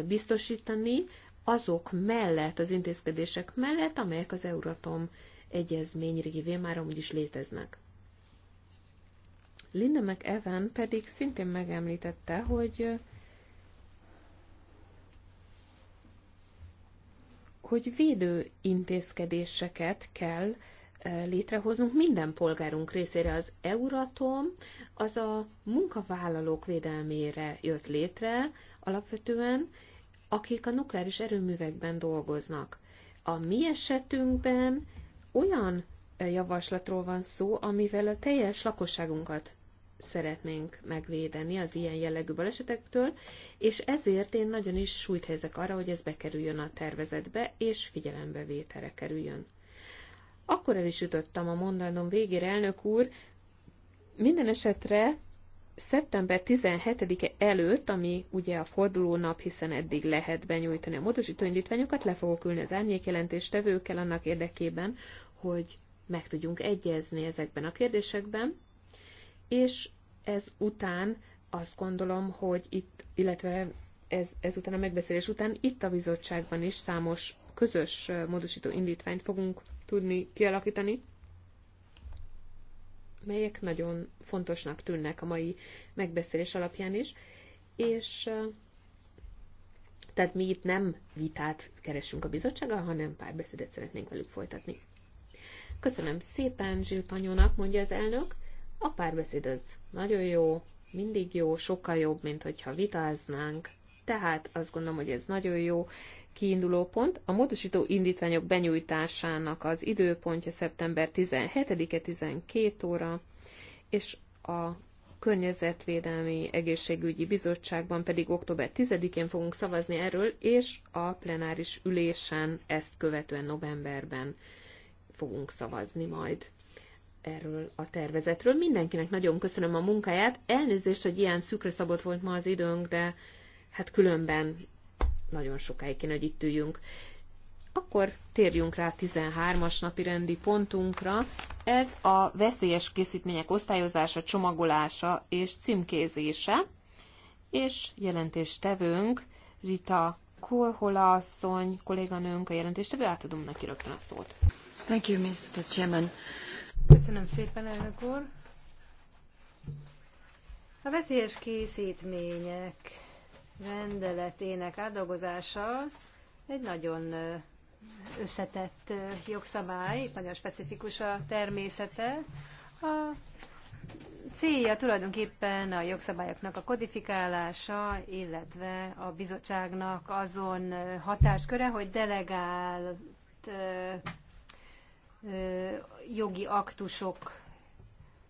biztosítani azok mellett, az intézkedések mellett, amelyek az Euratom egyezmény régivé már amúgy is léteznek. Linda McEwan pedig szintén megemlítette, hogy hogy védő intézkedéseket kell létrehozunk minden polgárunk részére. Az Euratom az a munkavállalók védelmére jött létre alapvetően, akik a nukleáris erőművekben dolgoznak. A mi esetünkben olyan javaslatról van szó, amivel a teljes lakosságunkat szeretnénk megvédeni az ilyen jellegű balesetektől, és ezért én nagyon is súlyt helyezek arra, hogy ez bekerüljön a tervezetbe, és figyelembevételre kerüljön. Akkor el is ütöttem a mondanom végére, elnök úr. Minden esetre szeptember 17-e előtt, ami ugye a fordulónap, hiszen eddig lehet benyújtani a módosítóindítványokat, le fogok ülni az tevőkkel annak érdekében, hogy meg tudjunk egyezni ezekben a kérdésekben, és ez után azt gondolom, hogy itt, illetve ez, ezután a megbeszélés után itt a bizottságban is számos közös módosító indítványt fogunk tudni kialakítani, melyek nagyon fontosnak tűnnek a mai megbeszélés alapján is, és tehát mi itt nem vitát keresünk a bizottsággal, hanem párbeszédet szeretnénk velük folytatni. Köszönöm szépen Zsilpanyónak, mondja az elnök. A párbeszéd az nagyon jó, mindig jó, sokkal jobb, mint hogyha vitáznánk. Tehát azt gondolom, hogy ez nagyon jó, kiinduló pont. A módosító indítványok benyújtásának az időpontja szeptember 17-e 12 óra, és a Környezetvédelmi Egészségügyi Bizottságban pedig október 10-én fogunk szavazni erről, és a plenáris ülésen ezt követően novemberben fogunk szavazni majd erről a tervezetről. Mindenkinek nagyon köszönöm a munkáját. Elnézést, hogy ilyen szükre szabott volt ma az időnk, de hát különben nagyon sokáig kéne, hogy itt üljünk. Akkor térjünk rá 13-as napi rendi pontunkra. Ez a veszélyes készítmények osztályozása, csomagolása és címkézése. És jelentéstevőnk Rita Kulhola asszony, kolléganőnk a jelentéstevő, átadom neki rögtön a szót. Thank you, Mr. Chairman. Köszönöm szépen, elnök úr. A veszélyes készítmények rendeletének átdolgozása egy nagyon összetett jogszabály, és nagyon specifikus a természete. A célja tulajdonképpen a jogszabályoknak a kodifikálása, illetve a bizottságnak azon hatásköre, hogy delegált jogi aktusok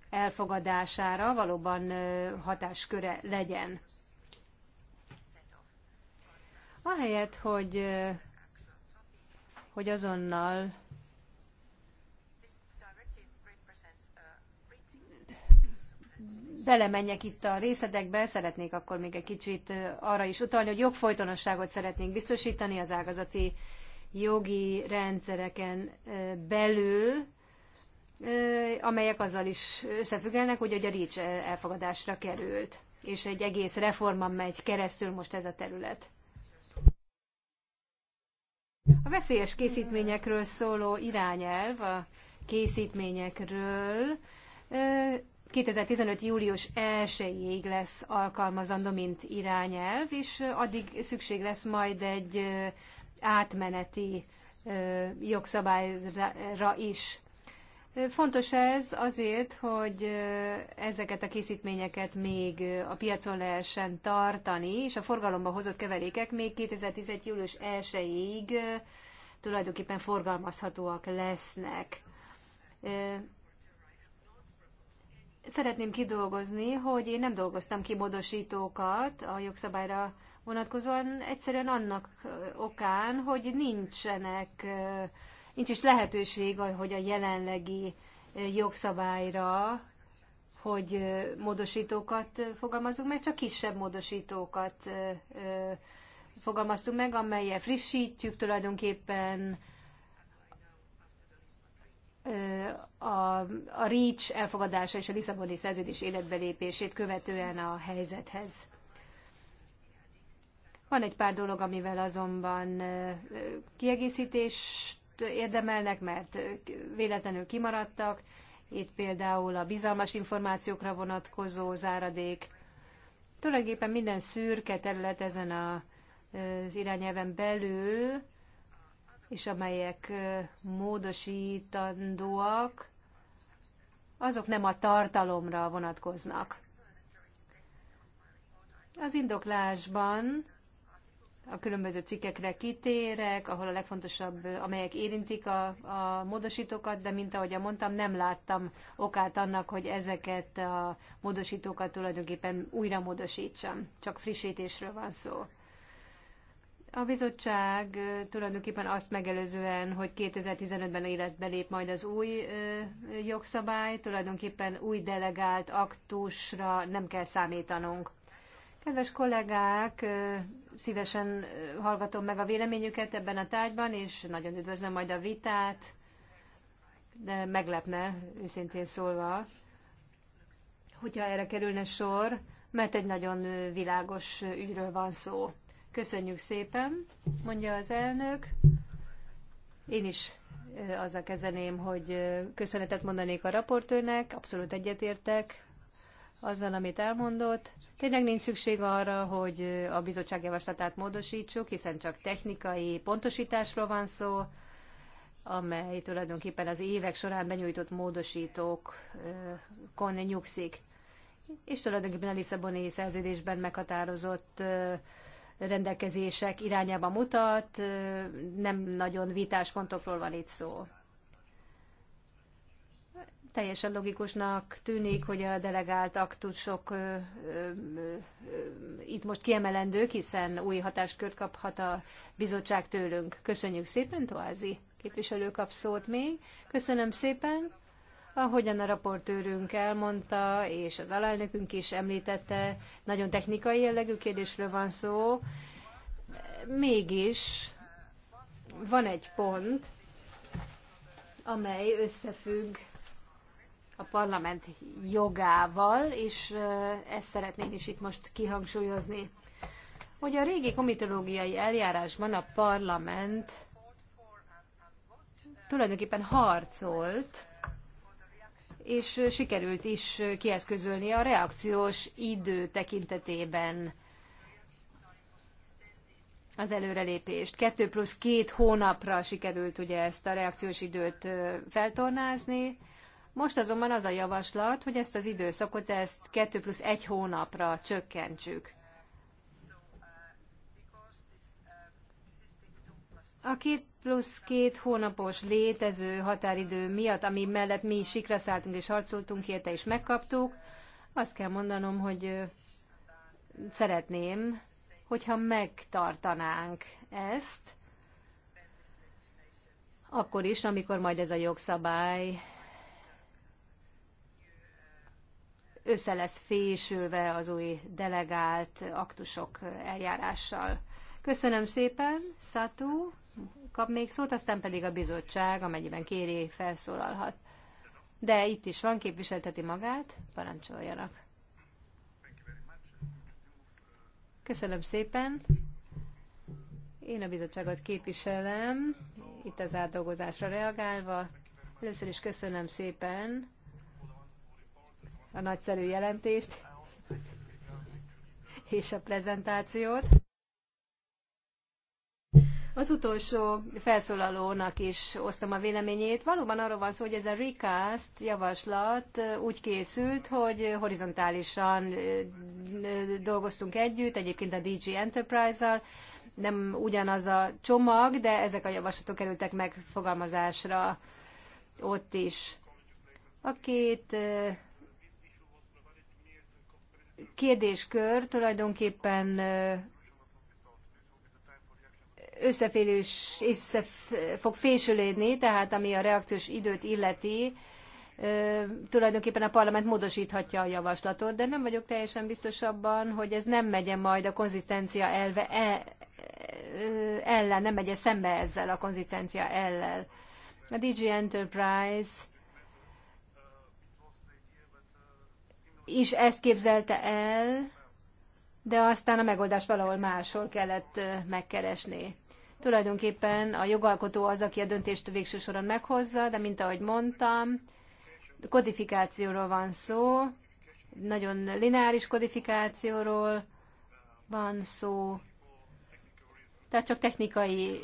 elfogadására valóban hatásköre legyen. Ahelyett, hogy, hogy azonnal belemenjek itt a részletekbe, szeretnék akkor még egy kicsit arra is utalni, hogy jogfolytonosságot szeretnénk biztosítani az ágazati jogi rendszereken belül, amelyek azzal is összefüggelnek, hogy a RICS elfogadásra került, és egy egész reforma megy keresztül most ez a terület. A veszélyes készítményekről szóló irányelv a készítményekről 2015. július 1-ig lesz alkalmazandó, mint irányelv, és addig szükség lesz majd egy átmeneti jogszabályra is. Fontos ez azért, hogy ezeket a készítményeket még a piacon lehessen tartani, és a forgalomba hozott keverékek még 2011. július 1-ig tulajdonképpen forgalmazhatóak lesznek. Szeretném kidolgozni, hogy én nem dolgoztam ki módosítókat a jogszabályra vonatkozóan, egyszerűen annak okán, hogy nincsenek Nincs is lehetőség, hogy a jelenlegi eh, jogszabályra, hogy eh, módosítókat eh, fogalmazunk meg, csak kisebb módosítókat fogalmaztunk meg, amelyet frissítjük tulajdonképpen a, a REACH elfogadása és a Lisszaboni szerződés életbelépését követően a helyzethez. Van egy pár dolog, amivel azonban kiegészítést érdemelnek, mert véletlenül kimaradtak. Itt például a bizalmas információkra vonatkozó záradék. Tulajdonképpen minden szürke terület ezen a, az irányelven belül, és amelyek módosítandóak, azok nem a tartalomra vonatkoznak. Az indoklásban a különböző cikkekre kitérek, ahol a legfontosabb, amelyek érintik a, a módosítókat, de mint ahogy mondtam, nem láttam okát annak, hogy ezeket a módosítókat tulajdonképpen újra módosítsam. Csak frissítésről van szó. A bizottság tulajdonképpen azt megelőzően, hogy 2015-ben életbe lép majd az új jogszabály, tulajdonképpen új delegált aktusra nem kell számítanunk. Kedves kollégák, szívesen hallgatom meg a véleményüket ebben a tárgyban, és nagyon üdvözlöm majd a vitát, de meglepne, őszintén szólva, hogyha erre kerülne sor, mert egy nagyon világos ügyről van szó. Köszönjük szépen, mondja az elnök. Én is azzal kezdeném, hogy köszönetet mondanék a raportőrnek, abszolút egyetértek azzal, amit elmondott. Tényleg nincs szükség arra, hogy a bizottság javaslatát módosítsuk, hiszen csak technikai pontosításról van szó, amely tulajdonképpen az évek során benyújtott módosítókon nyugszik. És tulajdonképpen a Lisszaboni szerződésben meghatározott rendelkezések irányába mutat, nem nagyon vitás van itt szó. Teljesen logikusnak tűnik, hogy a delegált aktusok ö, ö, ö, itt most kiemelendők, hiszen új hatáskört kaphat a bizottság tőlünk. Köszönjük szépen, Toázi képviselő kap szót még. Köszönöm szépen. Ahogyan a raportőrünk elmondta, és az alelnökünk is említette, nagyon technikai jellegű kérdésről van szó. Mégis van egy pont, amely összefügg a parlament jogával, és ezt szeretném is itt most kihangsúlyozni, hogy a régi komitológiai eljárásban a parlament tulajdonképpen harcolt, és sikerült is kieszközölni a reakciós idő tekintetében az előrelépést. Kettő plusz két hónapra sikerült ugye ezt a reakciós időt feltornázni, most azonban az a javaslat, hogy ezt az időszakot, ezt 2 plusz 1 hónapra csökkentsük. A két plusz két hónapos létező határidő miatt, ami mellett mi is sikra szálltunk és harcoltunk érte és megkaptuk, azt kell mondanom, hogy szeretném, hogyha megtartanánk ezt, akkor is, amikor majd ez a jogszabály össze lesz fésülve az új delegált aktusok eljárással. Köszönöm szépen, Szatú. Kap még szót, aztán pedig a bizottság, amennyiben kéri, felszólalhat. De itt is van, képviselteti magát, parancsoljanak. Köszönöm szépen. Én a bizottságot képviselem, itt az átdolgozásra reagálva. Először is köszönöm szépen a nagyszerű jelentést és a prezentációt. Az utolsó felszólalónak is osztom a véleményét. Valóban arról van szó, hogy ez a recast javaslat úgy készült, hogy horizontálisan dolgoztunk együtt, egyébként a DG enterprise al nem ugyanaz a csomag, de ezek a javaslatok kerültek megfogalmazásra ott is. A két kérdéskör tulajdonképpen összefélő és össze fog fésülődni, tehát ami a reakciós időt illeti, tulajdonképpen a parlament módosíthatja a javaslatot, de nem vagyok teljesen biztos abban, hogy ez nem megye majd a konzisztencia elve e, ellen, nem megye szembe ezzel a konzisztencia ellen. A DG Enterprise is ezt képzelte el, de aztán a megoldást valahol máshol kellett megkeresni. Tulajdonképpen a jogalkotó az, aki a döntést végső soron meghozza, de mint ahogy mondtam, kodifikációról van szó, nagyon lineáris kodifikációról van szó, tehát csak technikai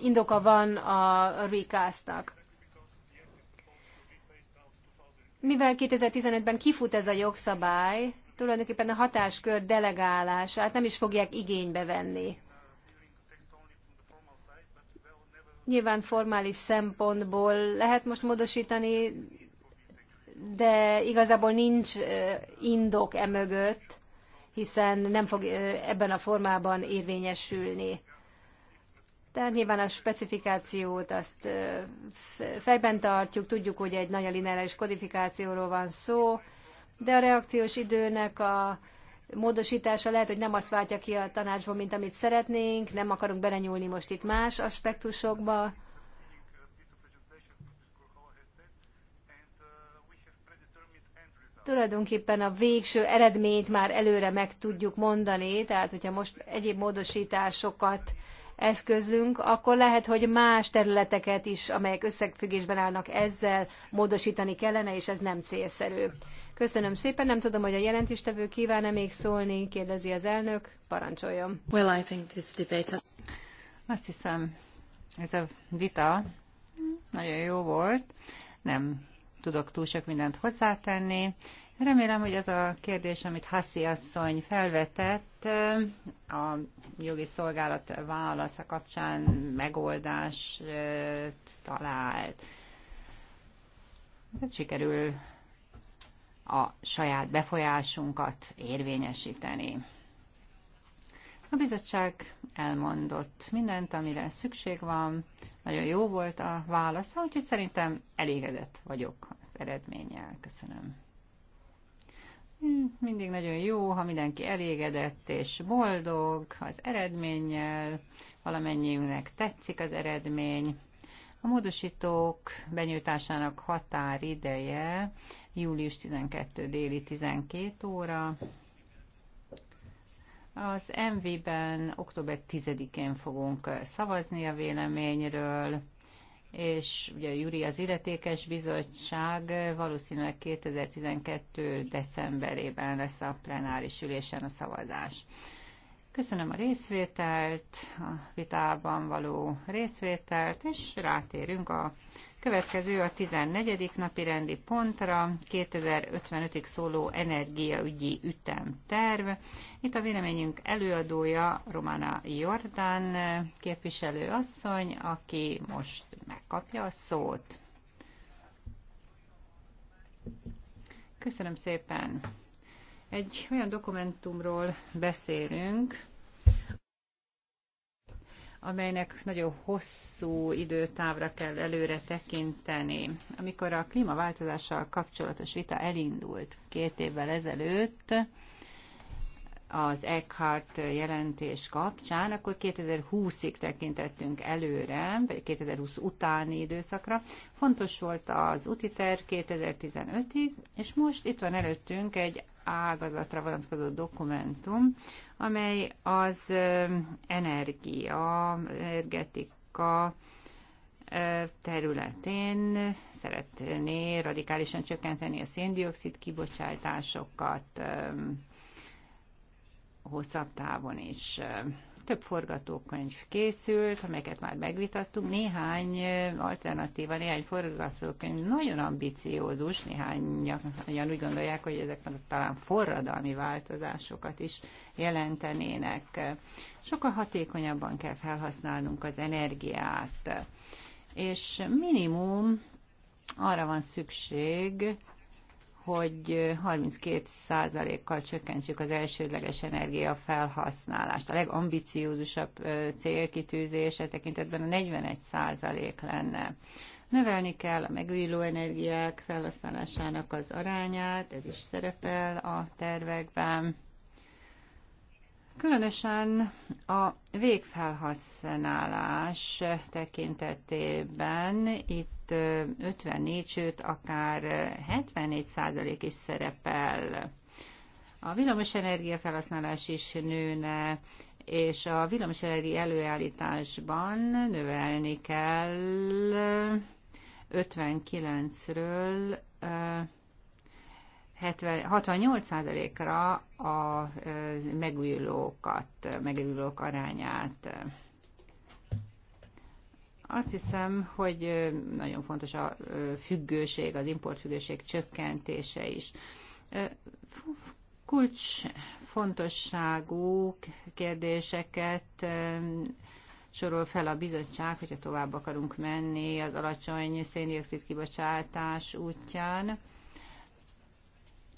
indoka van a recast-nak. Mivel 2015-ben kifut ez a jogszabály, tulajdonképpen a hatáskör delegálását nem is fogják igénybe venni. Nyilván formális szempontból lehet most módosítani, de igazából nincs indok emögött, hiszen nem fog ebben a formában érvényesülni. Tehát nyilván a specifikációt azt fejben tartjuk, tudjuk, hogy egy nagyon lineáris kodifikációról van szó, de a reakciós időnek a módosítása lehet, hogy nem azt váltja ki a tanácsból, mint amit szeretnénk, nem akarunk belenyúlni most itt más aspektusokba. Tulajdonképpen a végső eredményt már előre meg tudjuk mondani, tehát hogyha most egyéb módosításokat eszközlünk, akkor lehet, hogy más területeket is, amelyek összefüggésben állnak ezzel, módosítani kellene, és ez nem célszerű. Köszönöm szépen, nem tudom, hogy a jelentéstevő kíván-e még szólni, kérdezi az elnök, parancsoljon. Well, I think this debate has... Azt hiszem, ez a vita nagyon jó volt, nem tudok túl sok mindent hozzátenni, Remélem, hogy az a kérdés, amit Hassi asszony felvetett, a jogi szolgálat válasza kapcsán megoldást talált. Tehát sikerül a saját befolyásunkat érvényesíteni. A bizottság elmondott mindent, amire szükség van, nagyon jó volt a válasza, úgyhogy szerintem elégedett vagyok az eredménnyel. Köszönöm mindig nagyon jó, ha mindenki elégedett és boldog az eredménnyel, valamennyiünknek tetszik az eredmény. A módosítók benyújtásának határideje július 12 déli 12 óra. Az MV-ben október 10-én fogunk szavazni a véleményről és ugye a Júri az illetékes bizottság valószínűleg 2012. decemberében lesz a plenáris ülésen a szavazás. Köszönöm a részvételt, a vitában való részvételt, és rátérünk a következő, a 14. napi rendi pontra, 2055-ig szóló energiaügyi ütemterv. Itt a véleményünk előadója Romana Jordán képviselőasszony, aki most megkapja a szót. Köszönöm szépen. Egy olyan dokumentumról beszélünk, amelynek nagyon hosszú időtávra kell előre tekinteni. Amikor a klímaváltozással kapcsolatos vita elindult két évvel ezelőtt, az Eckhart jelentés kapcsán, akkor 2020-ig tekintettünk előre, vagy 2020 utáni időszakra. Fontos volt az útiterv 2015-ig, és most itt van előttünk egy ágazatra vonatkozó dokumentum, amely az energia, energetika területén szeretné radikálisan csökkenteni a széndiokszid kibocsátásokat, hosszabb távon is. Több forgatókönyv készült, amelyeket már megvitattunk. Néhány alternatíva, néhány forgatókönyv nagyon ambiciózus, néhányan úgy gondolják, hogy ezek talán forradalmi változásokat is jelentenének. Sokkal hatékonyabban kell felhasználnunk az energiát, és minimum arra van szükség, hogy 32%-kal csökkentsük az elsődleges energia felhasználást. A legambiciózusabb célkitűzése tekintetben a 41% lenne. Növelni kell a megújuló energiák felhasználásának az arányát, ez is szerepel a tervekben Különösen a végfelhasználás tekintetében itt 54, sőt akár 74 százalék is szerepel. A villamosenergia felhasználás is nőne, és a villamosenergia előállításban növelni kell 59-ről 68%-ra a megújulókat, megújulók arányát. Azt hiszem, hogy nagyon fontos a függőség, az importfüggőség csökkentése is. Kulcs fontosságú kérdéseket sorol fel a bizottság, hogyha tovább akarunk menni az alacsony széndiokszid kibocsátás útján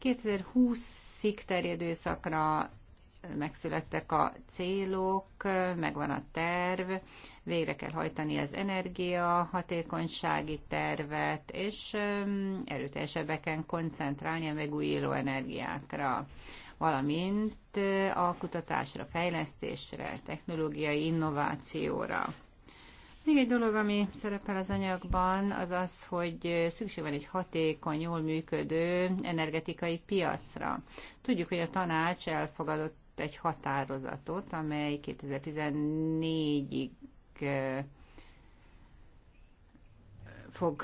2020-ig terjedő szakra megszülettek a célok, megvan a terv, végre kell hajtani az energia hatékonysági tervet, és um, erőteljesebben koncentrálni a megújuló energiákra, valamint uh, a kutatásra, fejlesztésre, technológiai innovációra. Még egy dolog, ami szerepel az anyagban, az az, hogy szükség van egy hatékony, jól működő energetikai piacra. Tudjuk, hogy a tanács elfogadott egy határozatot, amely 2014-ig eh, fog,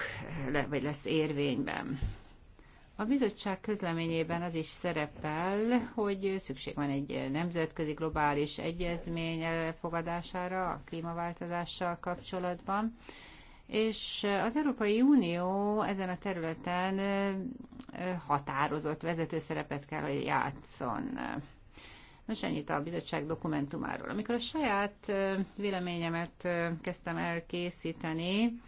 vagy lesz érvényben. A bizottság közleményében az is szerepel, hogy szükség van egy nemzetközi globális egyezmény elfogadására a klímaváltozással kapcsolatban, és az Európai Unió ezen a területen határozott vezető szerepet kell, hogy játszon. Nos, ennyit a bizottság dokumentumáról. Amikor a saját véleményemet kezdtem elkészíteni.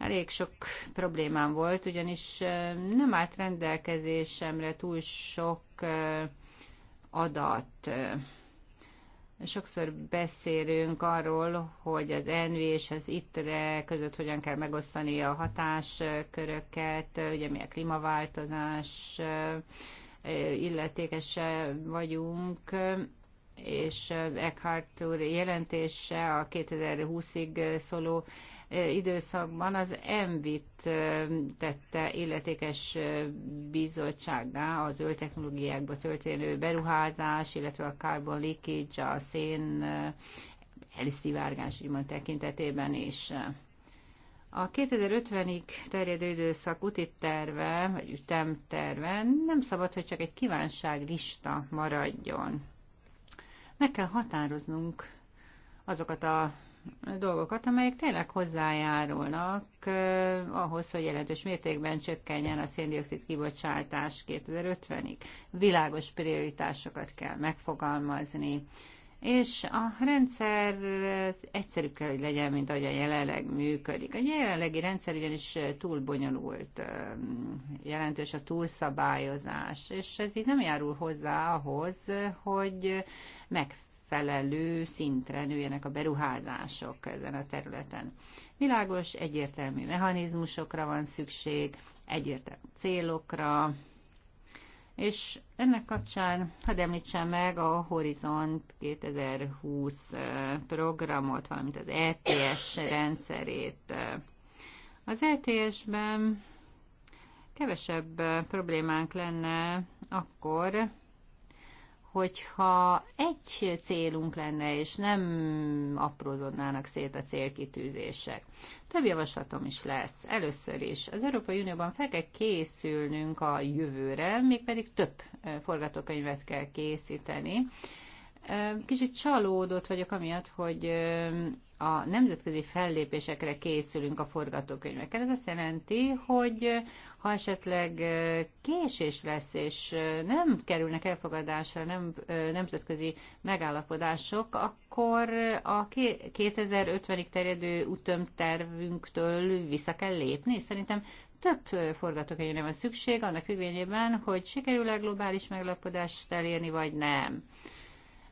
Elég sok problémám volt, ugyanis nem állt rendelkezésemre túl sok adat. Sokszor beszélünk arról, hogy az NV és az ITRE között hogyan kell megosztani a hatásköröket, ugye mi a klímaváltozás, illetékese vagyunk, és Eckhart úr jelentése a 2020-ig szóló időszakban az ENVIT tette illetékes bizottságá a zöld technológiákba történő beruházás, illetve a carbon leakage, a szén elszivárgás úgymond tekintetében is. A 2050-ig terjedő időszak úti terve, vagy ütemterve nem szabad, hogy csak egy kívánság lista maradjon. Meg kell határoznunk azokat a dolgokat, amelyek tényleg hozzájárulnak ahhoz, hogy jelentős mértékben csökkenjen a széndiokszid kibocsátás 2050-ig. Világos prioritásokat kell megfogalmazni, és a rendszer egyszerűbb kell, hogy legyen, mint ahogy a jelenleg működik. A jelenlegi rendszer ugyanis túl bonyolult, jelentős a túlszabályozás, és ez így nem járul hozzá ahhoz, hogy meg megfelelő szintre nőjenek a beruházások ezen a területen. Világos, egyértelmű mechanizmusokra van szükség, egyértelmű célokra, és ennek kapcsán hadd említsem meg a Horizont 2020 programot, valamint az ETS rendszerét. Az ETS-ben kevesebb problémánk lenne akkor, hogyha egy célunk lenne, és nem aprózódnának szét a célkitűzések. Több javaslatom is lesz. Először is az Európai Unióban fel kell készülnünk a jövőre, mégpedig több eh, forgatókönyvet kell készíteni, Kicsit csalódott vagyok amiatt, hogy a nemzetközi fellépésekre készülünk a forgatókönyvekkel. Ez azt jelenti, hogy ha esetleg késés lesz, és nem kerülnek elfogadásra nem, nemzetközi megállapodások, akkor a 2050-ig terjedő ütömtervünktől vissza kell lépni. Szerintem több forgatókönyvre van szükség annak függvényében, hogy sikerül-e globális megállapodást elérni, vagy nem.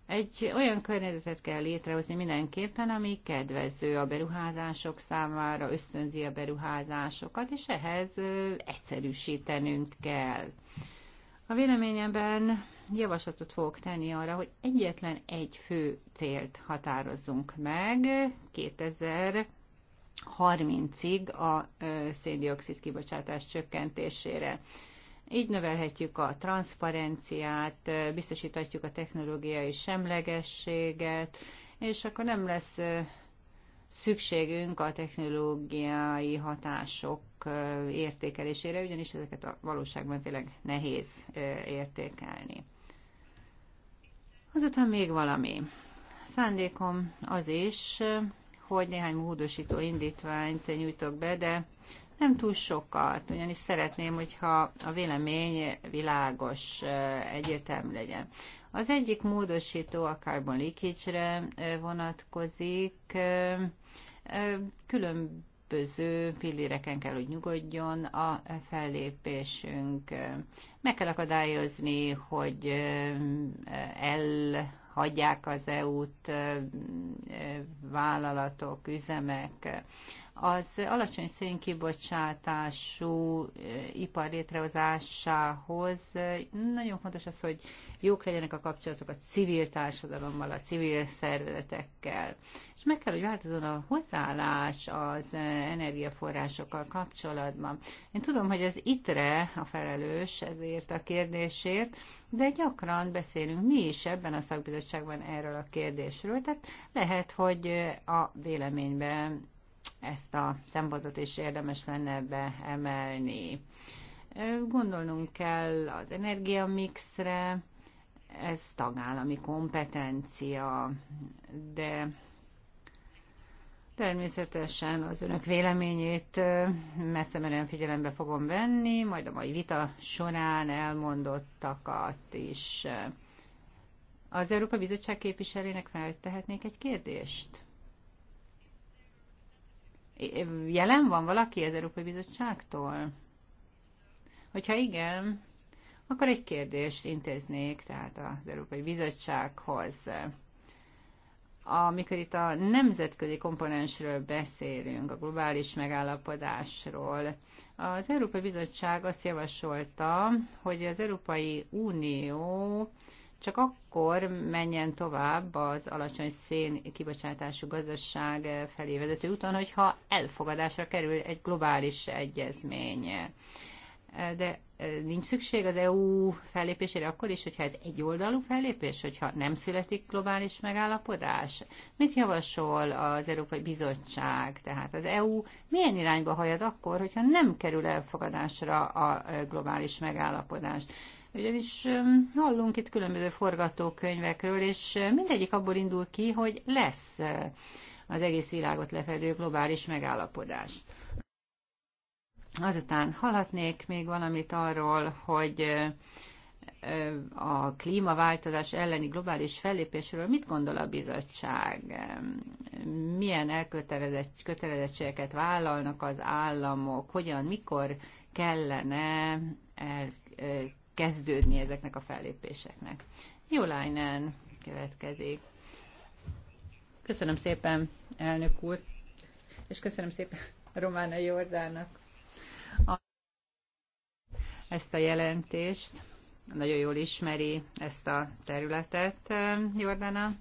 Egy olyan környezetet kell létrehozni mindenképpen, ami kedvező a beruházások számára, ösztönzi a beruházásokat, és ehhez egyszerűsítenünk kell. A véleményemben javaslatot fogok tenni arra, hogy egyetlen egy fő célt határozzunk meg 2030-ig a széndiokszid kibocsátás csökkentésére. Így növelhetjük a transzparenciát, biztosíthatjuk a technológiai semlegességet, és akkor nem lesz szükségünk a technológiai hatások értékelésére, ugyanis ezeket a valóságban tényleg nehéz értékelni. Azután még valami. Szándékom az is, hogy néhány módosító indítványt nyújtok be, de nem túl sokat, ugyanis szeretném, hogyha a vélemény világos, egyértelmű legyen. Az egyik módosító a carbon leakage-re vonatkozik, különböző pilléreken kell, hogy nyugodjon a fellépésünk. Meg kell akadályozni, hogy el hagyják az EU-t vállalatok, üzemek az alacsony szénkibocsátású eh, ipar létrehozásához eh, nagyon fontos az, hogy jók legyenek a kapcsolatok a civil társadalommal, a civil szervezetekkel. És meg kell, hogy változon a hozzáállás az eh, energiaforrásokkal kapcsolatban. Én tudom, hogy az ITRE a felelős ezért a kérdésért, de gyakran beszélünk mi is ebben a szakbizottságban erről a kérdésről, tehát lehet, hogy a véleményben ezt a szempontot is érdemes lenne beemelni. Gondolnunk kell az energiamixre, ez tagállami kompetencia, de természetesen az önök véleményét messze merően figyelembe fogom venni, majd a mai vita során elmondottakat is. Az Európa Bizottság képviselőnek feltehetnék egy kérdést? Jelen van valaki az Európai Bizottságtól? Hogyha igen, akkor egy kérdést intéznék tehát az Európai Bizottsághoz. Amikor itt a nemzetközi komponensről beszélünk, a globális megállapodásról, az Európai Bizottság azt javasolta, hogy az Európai Unió csak akkor menjen tovább az alacsony szén kibocsátású gazdaság felé vezető úton, hogyha elfogadásra kerül egy globális egyezmény. De e, nincs szükség az EU fellépésére akkor is, hogyha ez egyoldalú fellépés, hogyha nem születik globális megállapodás? Mit javasol az Európai Bizottság? Tehát az EU milyen irányba hajad akkor, hogyha nem kerül elfogadásra a e, globális megállapodás? Ugyanis hallunk itt különböző forgatókönyvekről, és mindegyik abból indul ki, hogy lesz az egész világot lefedő globális megállapodás. Azután haladnék még valamit arról, hogy a klímaváltozás elleni globális fellépésről mit gondol a bizottság? Milyen elkötelezett, kötelezettségeket vállalnak az államok? Hogyan, mikor kellene el, kezdődni ezeknek a fellépéseknek. Jó lájnán következik. Köszönöm szépen, elnök úr, és köszönöm szépen Romána Jordának a, ezt a jelentést. Nagyon jól ismeri ezt a területet Jordana,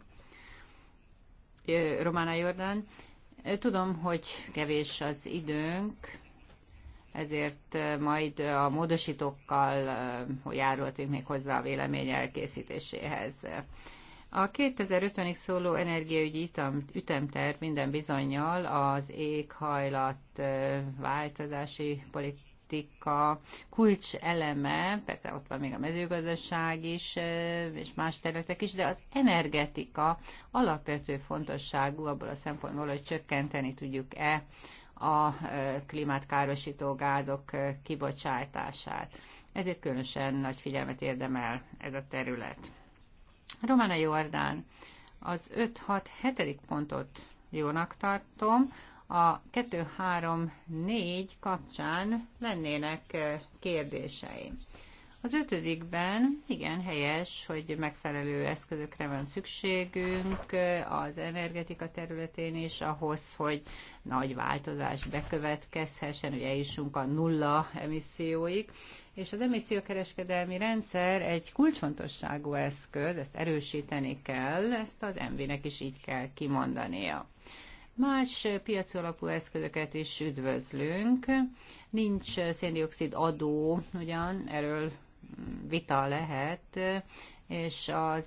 Romána Jordán. Tudom, hogy kevés az időnk, ezért majd a módosítókkal járultunk még hozzá a vélemény elkészítéséhez. A 2050-ig szóló energiaügyi ütemterv minden bizonyal az éghajlat változási politika kulcs eleme, persze ott van még a mezőgazdaság is, és más területek is, de az energetika alapvető fontosságú abból a szempontból, hogy csökkenteni tudjuk-e a klímát károsító gázok kibocsátását. Ezért különösen nagy figyelmet érdemel ez a terület. Romana Jordán az 5-6-7. pontot jónak tartom, a 2-3-4 kapcsán lennének kérdéseim. Az ötödikben igen helyes, hogy megfelelő eszközökre van szükségünk eh, az energetika területén is ahhoz, hogy nagy változás bekövetkezhessen, ugye isunk a nulla emisszióig, és az emissziókereskedelmi rendszer egy kulcsfontosságú eszköz, ezt erősíteni kell, ezt az MV-nek is így kell kimondania. Más piaci alapú eszközöket is üdvözlünk. Nincs széndiokszid adó, ugyan erről vita lehet, és az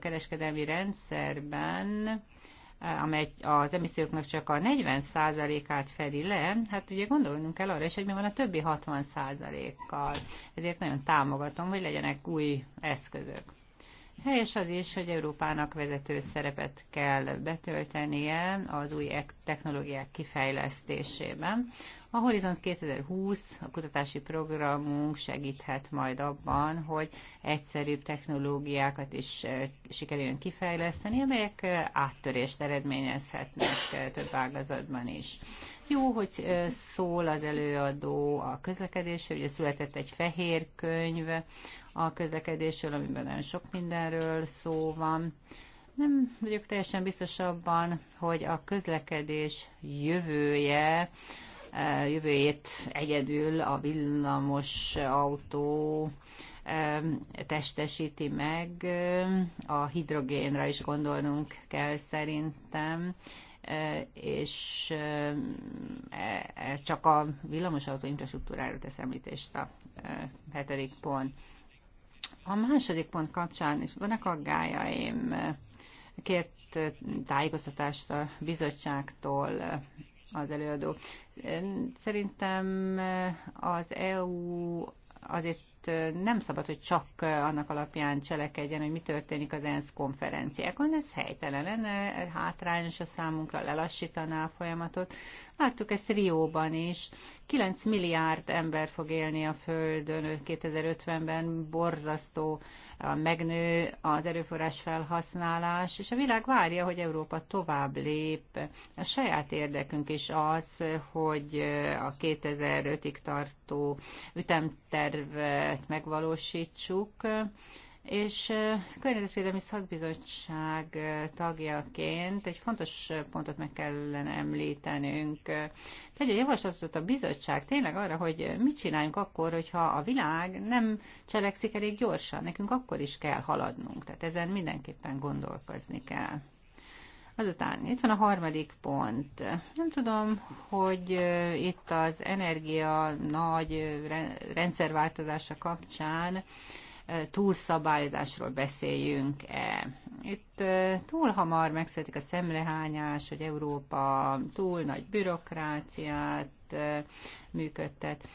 kereskedelmi rendszerben amely az emisszióknak csak a 40%-át fedi le, hát ugye gondolnunk kell arra is, hogy mi van a többi 60%-kal. Ezért nagyon támogatom, hogy legyenek új eszközök. Helyes az is, hogy Európának vezető szerepet kell betöltenie az új technológiák kifejlesztésében. A Horizont 2020, a kutatási programunk segíthet majd abban, hogy egyszerűbb technológiákat is eh, sikerüljön kifejleszteni, amelyek eh, áttörést eredményezhetnek eh, több ágazatban is. Jó, hogy szól az előadó a közlekedésről, ugye született egy fehér könyv a közlekedésről, amiben nagyon sok mindenről szó van. Nem vagyok teljesen biztos abban, hogy a közlekedés jövője jövőjét egyedül a villamos autó testesíti meg. A hidrogénra is gondolnunk kell szerintem, e, és e, e, csak a villamosautó infrastruktúrára tesz említést a hetedik pont. A második pont kapcsán is vannak aggájaim. Kért tájékoztatást a bizottságtól az előadó. Szerintem eh, az EU azért nem szabad, hogy csak annak alapján cselekedjen, hogy mi történik az ENSZ konferenciákon. Ez helytelen lenne, hátrányos a számunkra, lelassítaná a folyamatot. Láttuk ezt Rióban is. 9 milliárd ember fog élni a Földön 2050-ben, borzasztó megnő az erőforrás felhasználás, és a világ várja, hogy Európa tovább lép. A saját érdekünk is az, hogy a 2005-ig tartó ütemterv modellt megvalósítsuk, és környezetvédelmi szakbizottság tagjaként egy fontos pontot meg kellene említenünk. Tegye javaslatot a bizottság tényleg arra, hogy mit csináljunk akkor, hogyha a világ nem cselekszik elég gyorsan. Nekünk akkor is kell haladnunk, tehát ezen mindenképpen gondolkozni kell. Azután itt van a harmadik pont. Nem tudom, hogy itt az energia nagy rendszerváltozása kapcsán túlszabályozásról beszéljünk-e. Itt túl hamar megszületik a szemrehányás, hogy Európa túl nagy bürokráciát működtet.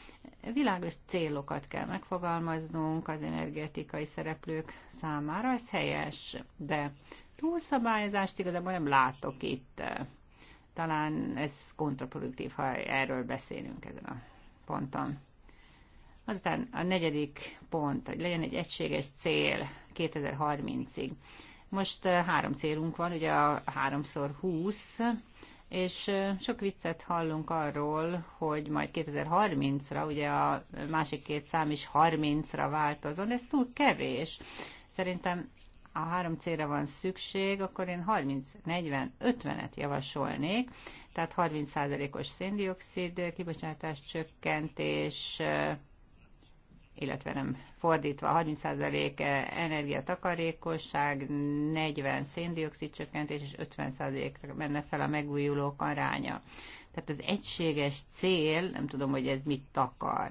Világos célokat kell megfogalmaznunk az energetikai szereplők számára, ez helyes, de túlszabályozást igazából nem látok itt. Talán ez kontraproduktív, ha erről beszélünk ezen a ponton. Azután a negyedik pont, hogy legyen egy egységes cél 2030-ig. Most három célunk van, ugye a háromszor 20 és sok viccet hallunk arról, hogy majd 2030-ra, ugye a másik két szám is 30-ra változon, ez túl kevés. Szerintem a három célra van szükség, akkor én 30-40-50-et javasolnék, tehát 30%-os széndiokszid kibocsátás csökkentés, illetve nem fordítva, 30% energiatakarékosság, 40 széndiokszid csökkentés és 50%-ra menne fel a megújulók aránya. Tehát az egységes cél, nem tudom, hogy ez mit takar.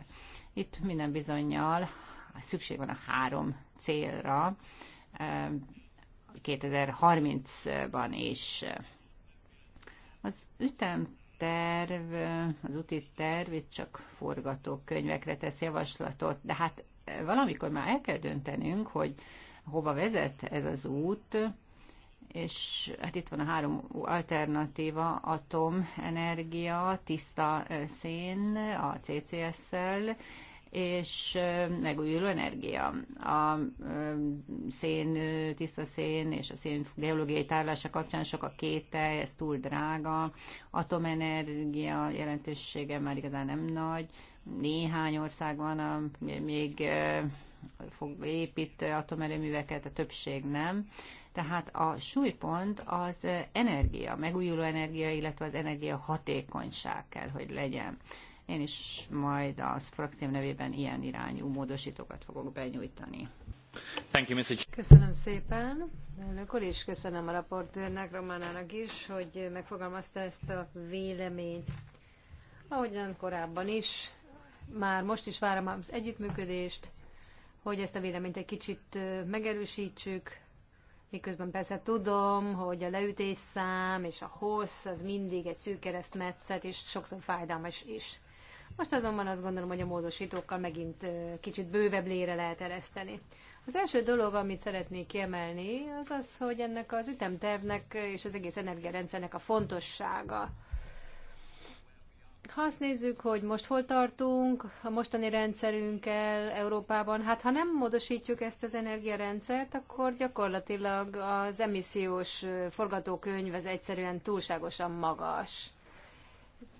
Itt minden bizonyal szükség van a három célra, 2030-ban is. Az ütemterv, az úti terv itt csak forgatókönyvekre tesz javaslatot, de hát valamikor már el kell döntenünk, hogy hova vezet ez az út, és hát itt van a három alternatíva, atomenergia, tiszta szén a CCS-szel, és megújuló energia. A szén, tiszta szén és a szén geológiai tárlása kapcsán sok a kétel, ez túl drága. Atomenergia jelentősége már igazán nem nagy. Néhány ország van, a, még fog, épít atomerőműveket, a többség nem. Tehát a súlypont az energia, megújuló energia, illetve az energia hatékonyság kell, hogy legyen. Én is majd a frakcióm nevében ilyen irányú módosítókat fogok benyújtani. Thank you, Mr. Köszönöm szépen, elnök úr, és köszönöm a raportőrnek, Románának is, hogy megfogalmazta ezt a véleményt. Ahogyan korábban is, már most is várom az együttműködést, hogy ezt a véleményt egy kicsit megerősítsük, miközben persze tudom, hogy a leütésszám és a hossz az mindig egy szűk keresztmetszet, és sokszor fájdalmas is. Most azonban azt gondolom, hogy a módosítókkal megint kicsit bővebb lére lehet ereszteni. Az első dolog, amit szeretnék kiemelni, az az, hogy ennek az ütemtervnek és az egész energiarendszernek a fontossága. Ha azt nézzük, hogy most hol tartunk a mostani rendszerünkkel Európában, hát ha nem módosítjuk ezt az energiarendszert, akkor gyakorlatilag az emissziós forgatókönyv az egyszerűen túlságosan magas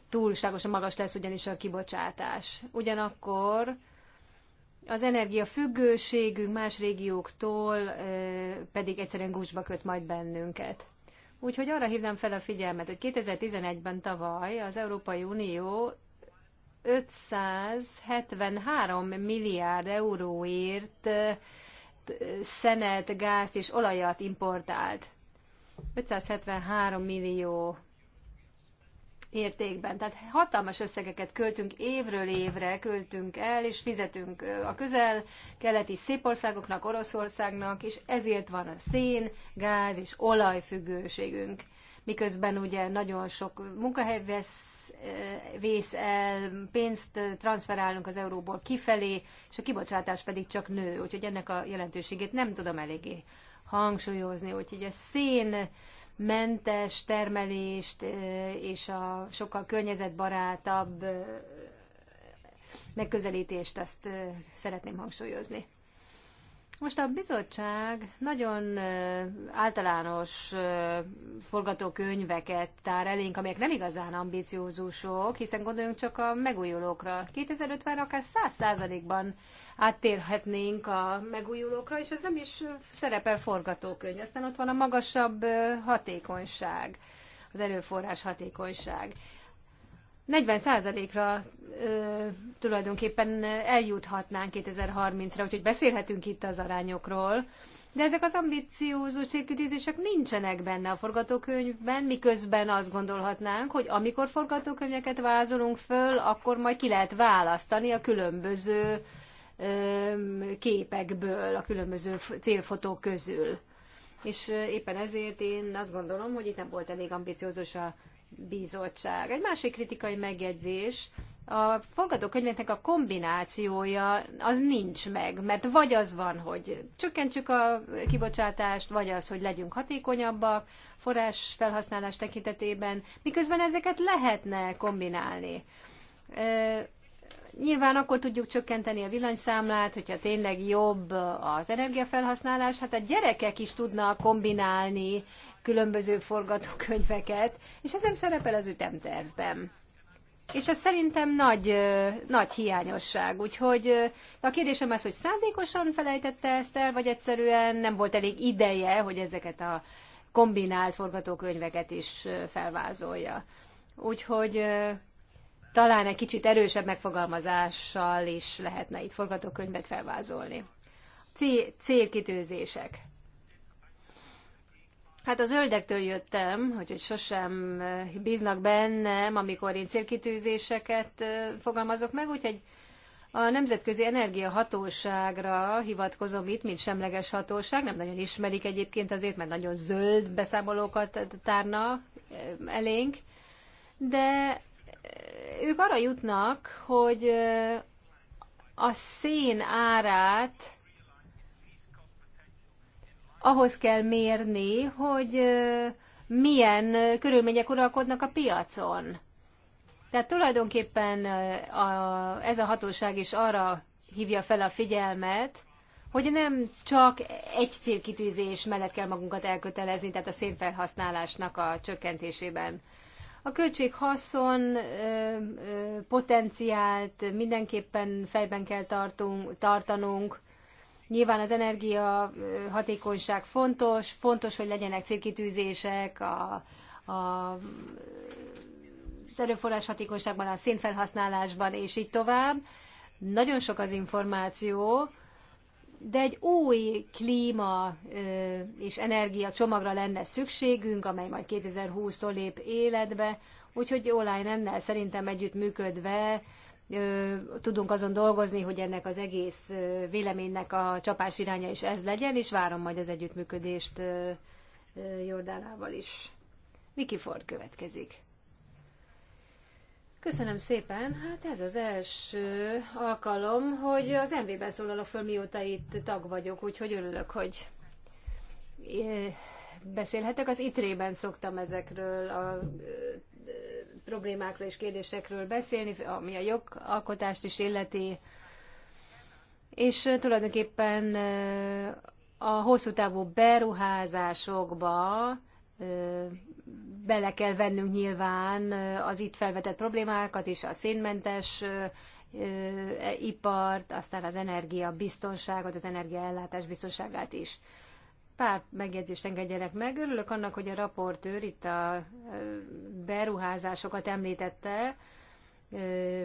túlságosan magas lesz ugyanis a kibocsátás. Ugyanakkor az energia függőségünk más régióktól pedig egyszerűen gúzsba köt majd bennünket. Úgyhogy arra hívnám fel a figyelmet, hogy 2011-ben tavaly az Európai Unió 573 milliárd euróért szenet, gázt és olajat importált. 573 millió értékben. Tehát hatalmas összegeket költünk évről évre, költünk el, és fizetünk a közel-keleti szépországoknak, Oroszországnak, és ezért van a szén, gáz és olajfüggőségünk. Miközben ugye nagyon sok munkahely vesz, vész el, pénzt transferálunk az euróból kifelé, és a kibocsátás pedig csak nő, úgyhogy ennek a jelentőségét nem tudom eléggé hangsúlyozni, úgyhogy a szén mentes termelést és a sokkal környezetbarátabb megközelítést, azt szeretném hangsúlyozni. Most a bizottság nagyon általános forgatókönyveket tár elénk, amelyek nem igazán ambiciózusok, hiszen gondoljunk csak a megújulókra. 2050-re akár 100%-ban áttérhetnénk a megújulókra, és ez nem is szerepel forgatókönyv. Aztán ott van a magasabb hatékonyság, az erőforrás hatékonyság. 40%-ra tulajdonképpen eljuthatnánk 2030-ra, úgyhogy beszélhetünk itt az arányokról, de ezek az ambiciózus célkütőzések nincsenek benne a forgatókönyvben, miközben azt gondolhatnánk, hogy amikor forgatókönyveket vázolunk föl, akkor majd ki lehet választani a különböző képekből, a különböző célfotók közül. És éppen ezért én azt gondolom, hogy itt nem volt elég ambiciózus a bizottság. Egy másik kritikai megjegyzés, a forgatókönyveknek a kombinációja az nincs meg, mert vagy az van, hogy csökkentsük a kibocsátást, vagy az, hogy legyünk hatékonyabbak forrás felhasználás tekintetében, miközben ezeket lehetne kombinálni. Nyilván akkor tudjuk csökkenteni a villanyszámlát, hogyha tényleg jobb az energiafelhasználás. Hát a gyerekek is tudnak kombinálni különböző forgatókönyveket, és ez nem szerepel az ütemtervben. És ez szerintem nagy, nagy hiányosság. Úgyhogy a kérdésem az, hogy szándékosan felejtette ezt el, vagy egyszerűen nem volt elég ideje, hogy ezeket a kombinált forgatókönyveket is felvázolja. Úgyhogy talán egy kicsit erősebb megfogalmazással is lehetne itt forgatókönyvet felvázolni. C- célkitőzések. Hát a zöldektől jöttem, hogy, hogy sosem eh, bíznak bennem, amikor én célkitűzéseket eh, fogalmazok meg, úgyhogy a Nemzetközi Energiahatóságra hivatkozom itt, mint semleges hatóság. Nem nagyon ismerik egyébként azért, mert nagyon zöld beszámolókat tárna eh, elénk. De ők arra jutnak, hogy a szén árát ahhoz kell mérni, hogy milyen körülmények uralkodnak a piacon. Tehát tulajdonképpen a, ez a hatóság is arra hívja fel a figyelmet, hogy nem csak egy célkitűzés mellett kell magunkat elkötelezni, tehát a szénfelhasználásnak a csökkentésében. A költséghaszon potenciált mindenképpen fejben kell tartunk, tartanunk, Nyilván az energia hatékonyság fontos, fontos, hogy legyenek célkitűzések, a, a, az erőforrás hatékonyságban, a szénfelhasználásban, és így tovább. Nagyon sok az információ, de egy új klíma és energia csomagra lenne szükségünk, amely majd 2020-tól lép életbe, úgyhogy online ennel szerintem együttműködve tudunk azon dolgozni, hogy ennek az egész véleménynek a csapás iránya is ez legyen, és várom majd az együttműködést Jordánával is. Miki Ford következik. Köszönöm szépen. Hát ez az első alkalom, hogy az MV-ben szólalok föl, mióta itt tag vagyok, úgyhogy örülök, hogy beszélhetek. Az itrében szoktam ezekről a problémákról és kérdésekről beszélni, ami a jogalkotást is illeti, és tulajdonképpen a hosszú távú beruházásokba bele kell vennünk nyilván az itt felvetett problémákat és a szénmentes e, ipart, aztán az energiabiztonságot, az energiaellátás biztonságát is. Pár megjegyzést engedjenek meg. Örülök annak, hogy a raportőr itt a beruházásokat említette,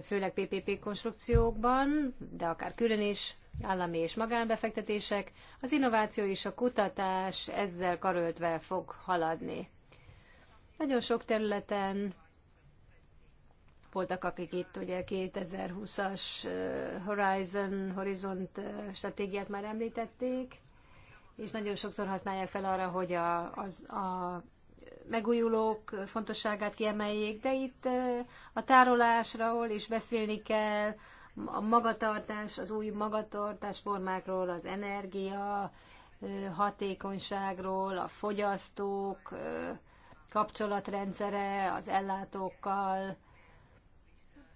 főleg PPP konstrukciókban, de akár külön is, állami és magánbefektetések. Az innováció és a kutatás ezzel karöltve fog haladni. Nagyon sok területen voltak, akik itt ugye 2020-as Horizon, Horizont stratégiát már említették, és nagyon sokszor használják fel arra, hogy a, az, a megújulók fontosságát kiemeljék, de itt a tárolásról is beszélni kell, a magatartás, az új magatartás formákról, az energia, hatékonyságról, a fogyasztók kapcsolatrendszere az ellátókkal,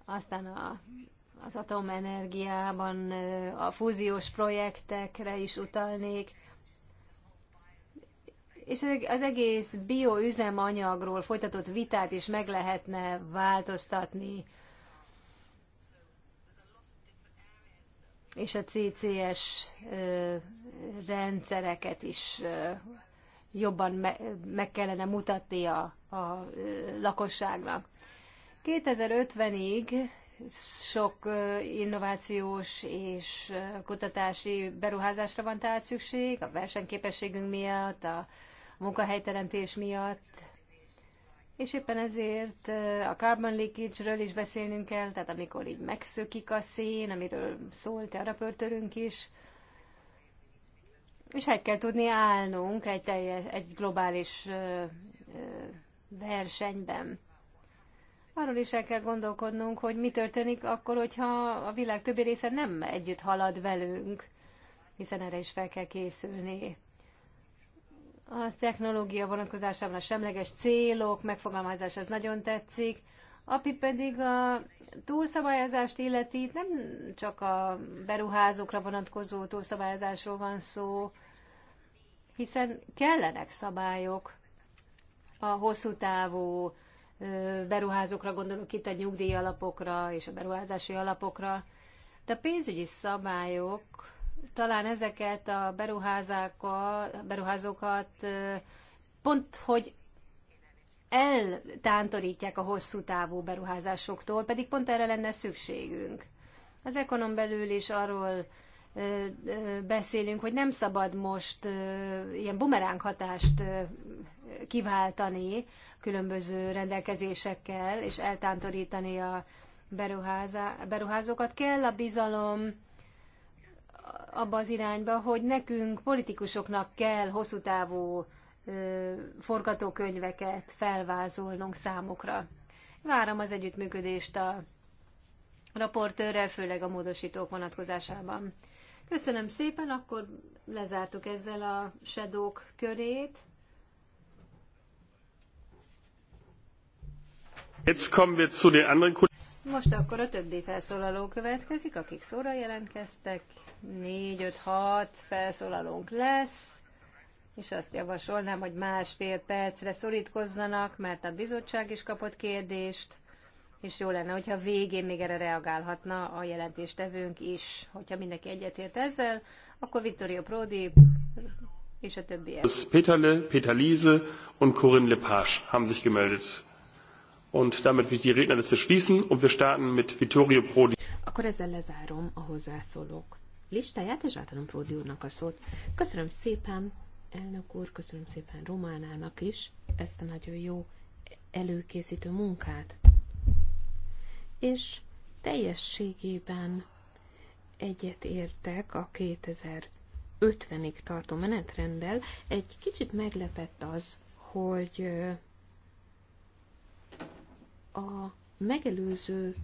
aztán a, az atomenergiában a fúziós projektekre is utalnék és az egész bioüzemanyagról folytatott vitát is meg lehetne változtatni. És a CCS rendszereket is jobban meg kellene mutatni a, a lakosságnak. 2050-ig sok innovációs és kutatási beruházásra van tehát szükség, a versenyképességünk miatt, a munkahelyteremtés miatt, és éppen ezért eh, a carbon leakage-ről is beszélnünk kell, tehát amikor így megszökik a szén, amiről szólt a rapörtörünk is, és hát kell tudni állnunk egy, teljes, egy globális eh, eh, versenyben. Arról is el kell gondolkodnunk, hogy mi történik akkor, hogyha a világ többi része nem együtt halad velünk, hiszen erre is fel kell készülni. A technológia vonatkozásában a semleges célok megfogalmazása az nagyon tetszik. Api pedig a túlszabályozást illeti, nem csak a beruházókra vonatkozó túlszabályozásról van szó, hiszen kellenek szabályok a hosszú távú beruházókra, gondolok itt a nyugdíj alapokra és a beruházási alapokra, de a pénzügyi szabályok talán ezeket a beruházókat pont, hogy eltántorítják a hosszú távú beruházásoktól, pedig pont erre lenne szükségünk. Az ekonom belül is arról beszélünk, hogy nem szabad most ilyen bumeránk hatást kiváltani különböző rendelkezésekkel, és eltántorítani a beruházókat. Kell a bizalom, abba az irányba, hogy nekünk politikusoknak kell hosszú távú forgatókönyveket felvázolnunk számukra. Várom az együttműködést a raportőrrel, főleg a módosítók vonatkozásában. Köszönöm szépen, akkor lezártuk ezzel a sedók körét. Jetzt kommen wir zu den anderen most akkor a többi felszólaló következik, akik szóra jelentkeztek. 4-5-6 felszólalónk lesz, és azt javasolnám, hogy másfél percre szorítkozzanak, mert a bizottság is kapott kérdést, és jó lenne, hogyha végén még erre reagálhatna a jelentéstevőnk is. Hogyha mindenki egyetért ezzel, akkor Vittorio Prodi és a többiek. Peterle, Peter Liese und Corinne Lepage haben sich gemeldet. Und damit will ich die Rednerliste schließen und wir starten mit Vittorio Prodi. Akkor ezzel lezárom a hozzászólók listáját, és átadom Prodi úrnak a szót. Köszönöm szépen, elnök úr, köszönöm szépen Románának is ezt a nagyon jó előkészítő munkát. És teljességében egyet értek a 2050-ig tartó menetrenddel. Egy kicsit meglepett az, hogy a megelőző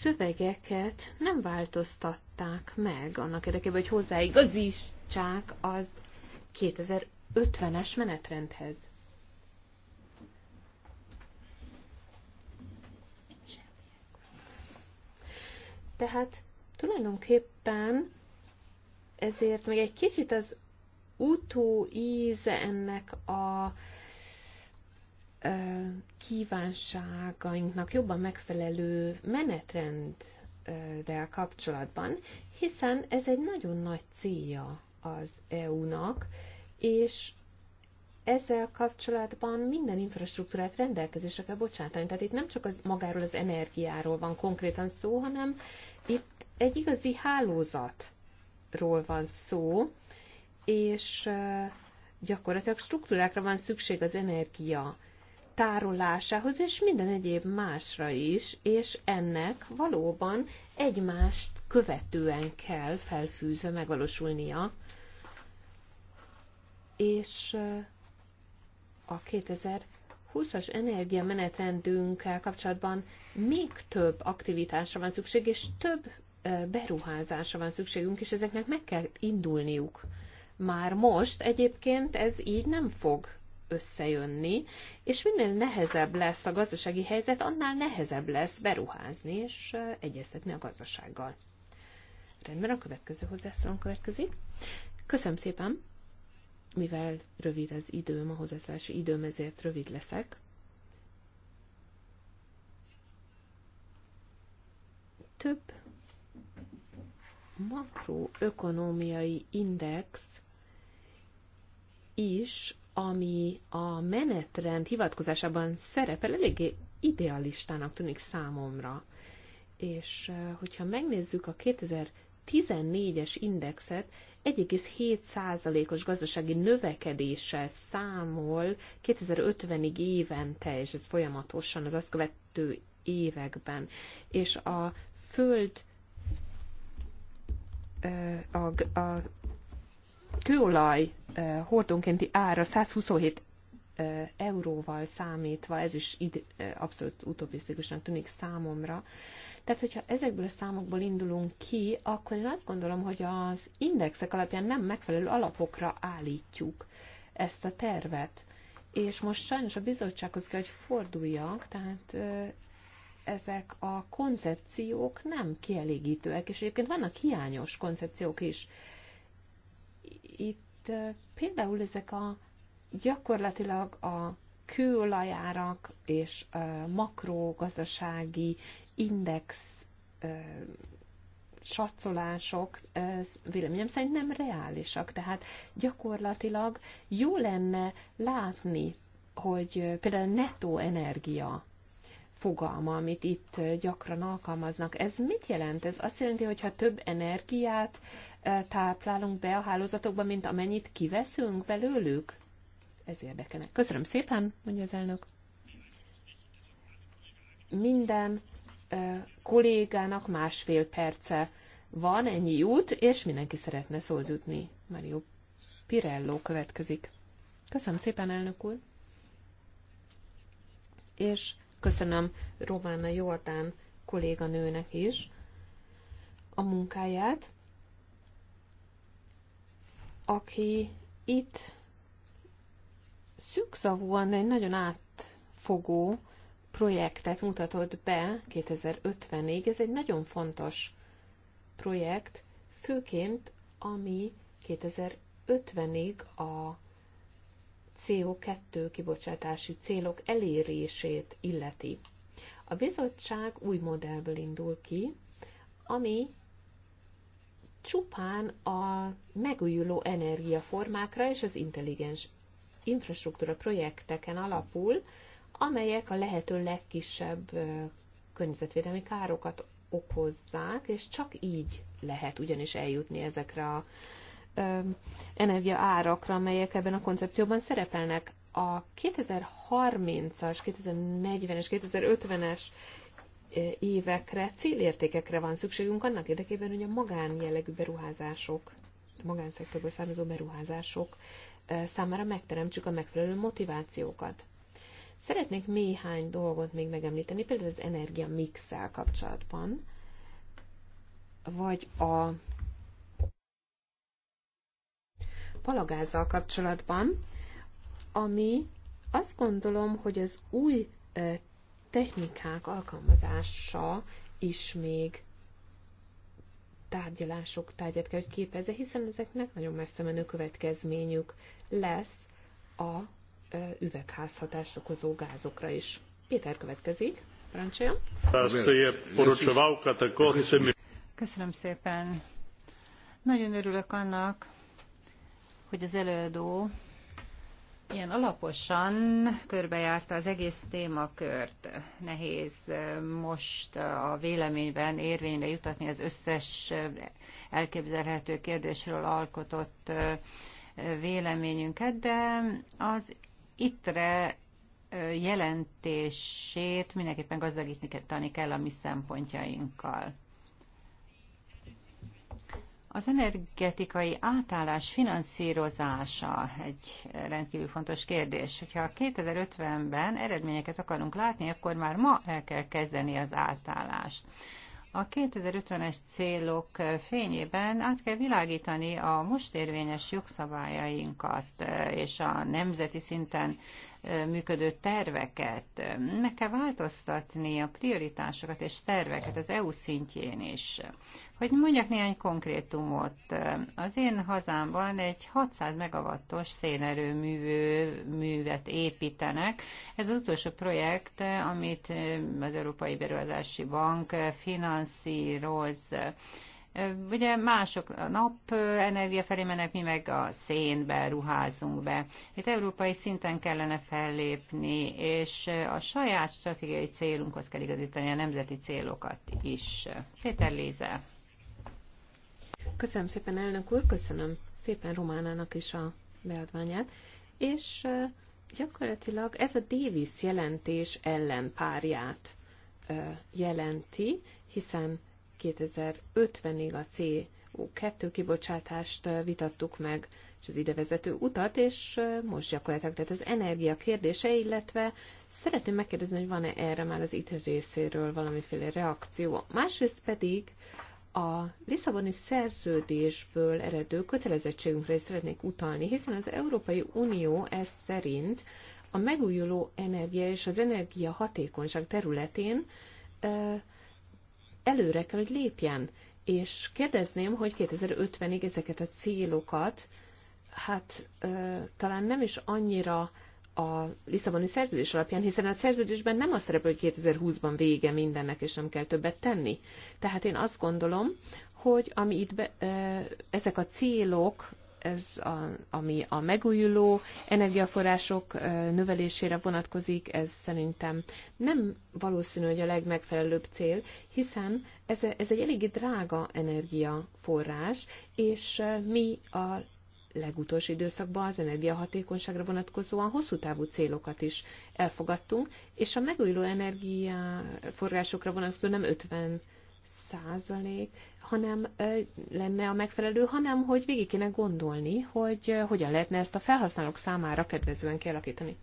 szövegeket nem változtatták meg annak érdekében, hogy hozzáigazítsák az 2050-es menetrendhez. Tehát tulajdonképpen ezért még egy kicsit az íze ennek a kívánságainknak jobban megfelelő menetrenddel kapcsolatban, hiszen ez egy nagyon nagy célja az EU-nak, és ezzel kapcsolatban minden infrastruktúrát rendelkezésre kell bocsátani. Tehát itt nem csak az, magáról az energiáról van konkrétan szó, hanem itt egy igazi hálózatról van szó, és gyakorlatilag struktúrákra van szükség az energia tárolásához, és minden egyéb másra is, és ennek valóban egymást követően kell felfűzve megvalósulnia. És eh, a 2020-as energiamenetrendünkkel kapcsolatban még több aktivitásra van szükség, és több eh, beruházásra van szükségünk, és ezeknek meg kell indulniuk. Már most egyébként ez így nem fog összejönni, és minél nehezebb lesz a gazdasági helyzet, annál nehezebb lesz beruházni és egyeztetni a gazdasággal. Rendben, a következő hozzászólón következik. Köszönöm szépen, mivel rövid az időm, a hozzászólási időm, ezért rövid leszek. Több makroökonomiai index is ami a menetrend hivatkozásában szerepel, eléggé idealistának tűnik számomra. És eh, hogyha megnézzük a 2014-es indexet, 1,7%-os gazdasági növekedéssel számol 2050-ig évente, és ez folyamatosan az azt követő években. És a föld eh, a, a kőolaj hordonkénti ára 127 euróval számítva, ez is id- abszolút utopisztikusan tűnik számomra. Tehát, hogyha ezekből a számokból indulunk ki, akkor én azt gondolom, hogy az indexek alapján nem megfelelő alapokra állítjuk ezt a tervet. És most sajnos a bizottsághoz kell, hogy forduljak, tehát ezek a koncepciók nem kielégítőek, és egyébként vannak hiányos koncepciók is. Itt például ezek a gyakorlatilag a kőolajárak és makrogazdasági index satszolások véleményem szerint nem reálisak. Tehát gyakorlatilag jó lenne látni, hogy például netto energia fogalma, amit itt gyakran alkalmaznak. Ez mit jelent? Ez azt jelenti, hogy ha több energiát eh, táplálunk be a hálózatokba, mint amennyit kiveszünk belőlük? Ez érdekelne. Köszönöm szépen, mondja az elnök. Minden eh, kollégának másfél perce van, ennyi út, és mindenki szeretne szóhoz jutni. Mario Pirello következik. Köszönöm szépen, elnök úr. És Köszönöm Romána Jordán kolléganőnek is a munkáját, aki itt szükszavúan egy nagyon átfogó projektet mutatott be 2050-ig. Ez egy nagyon fontos projekt, főként ami 2050-ig a CO2 kibocsátási célok elérését illeti. A bizottság új modellből indul ki, ami csupán a megújuló energiaformákra és az intelligens infrastruktúra projekteken alapul, amelyek a lehető legkisebb környezetvédelmi károkat okozzák, és csak így lehet ugyanis eljutni ezekre a energiaárakra, amelyek ebben a koncepcióban szerepelnek. A 2030-as, 2040-es, 2050-es évekre, célértékekre van szükségünk annak érdekében, hogy a magán jellegű beruházások, a magánszektorból származó beruházások számára megteremtsük a megfelelő motivációkat. Szeretnék néhány dolgot még megemlíteni, például az energia mix kapcsolatban, vagy a palagázzal kapcsolatban, ami azt gondolom, hogy az új technikák alkalmazása is még tárgyalások tárgyát kell, hogy képezze, hiszen ezeknek nagyon messze menő következményük lesz a üvegházhatást okozó gázokra is. Péter következik. Parancsoljon. Köszönöm szépen. Nagyon örülök annak, hogy az előadó ilyen alaposan körbejárta az egész témakört. Nehéz most a véleményben érvényre jutatni az összes elképzelhető kérdésről alkotott véleményünket, de az ittre jelentését mindenképpen gazdagítani kell a mi szempontjainkkal. Az energetikai átállás finanszírozása egy rendkívül fontos kérdés. Hogyha 2050-ben eredményeket akarunk látni, akkor már ma el kell kezdeni az átállást. A 2050-es célok fényében át kell világítani a most érvényes jogszabályainkat és a nemzeti szinten működő terveket. Meg kell változtatni a prioritásokat és terveket az EU szintjén is. Hogy mondjak néhány konkrétumot, az én hazámban egy 600 megawattos szénerőművő művet építenek. Ez az utolsó projekt, amit az Európai Beruházási Bank finanszíroz. Ugye mások a nap energia felé mennek, mi meg a szénbe ruházunk be. Itt európai szinten kellene fellépni, és a saját stratégiai célunkhoz kell igazítani a nemzeti célokat is. Péter Léze. Köszönöm szépen, elnök úr, köszönöm szépen Románának is a beadványát, és gyakorlatilag ez a Davis jelentés ellenpárját jelenti, hiszen 2050-ig a CO2 kibocsátást vitattuk meg, és az idevezető utat, és most gyakorlatilag tehát az energia kérdése, illetve szeretném megkérdezni, hogy van-e erre már az ITER részéről valamiféle reakció. Másrészt pedig a Lisszaboni szerződésből eredő kötelezettségünkre is szeretnék utalni, hiszen az Európai Unió ez szerint a megújuló energia és az energia hatékonyság területén előre kell, hogy lépjen. És kérdezném, hogy 2050-ig ezeket a célokat, hát ö, talán nem is annyira a Lisszaboni szerződés alapján, hiszen a szerződésben nem az szerepel, hogy 2020-ban vége mindennek, és nem kell többet tenni. Tehát én azt gondolom, hogy ami itt be, ezek a célok ez a, ami a megújuló energiaforrások növelésére vonatkozik, ez szerintem nem valószínű, hogy a legmegfelelőbb cél, hiszen ez, ez egy eléggé drága energiaforrás, és mi a legutolsó időszakban az energiahatékonyságra vonatkozóan hosszú távú célokat is elfogadtunk, és a megújuló energiaforrásokra vonatkozó nem 50 százalék, hanem lenne a megfelelő, hanem hogy végig kéne gondolni, hogy hogyan lehetne ezt a felhasználók számára kedvezően kialakítani.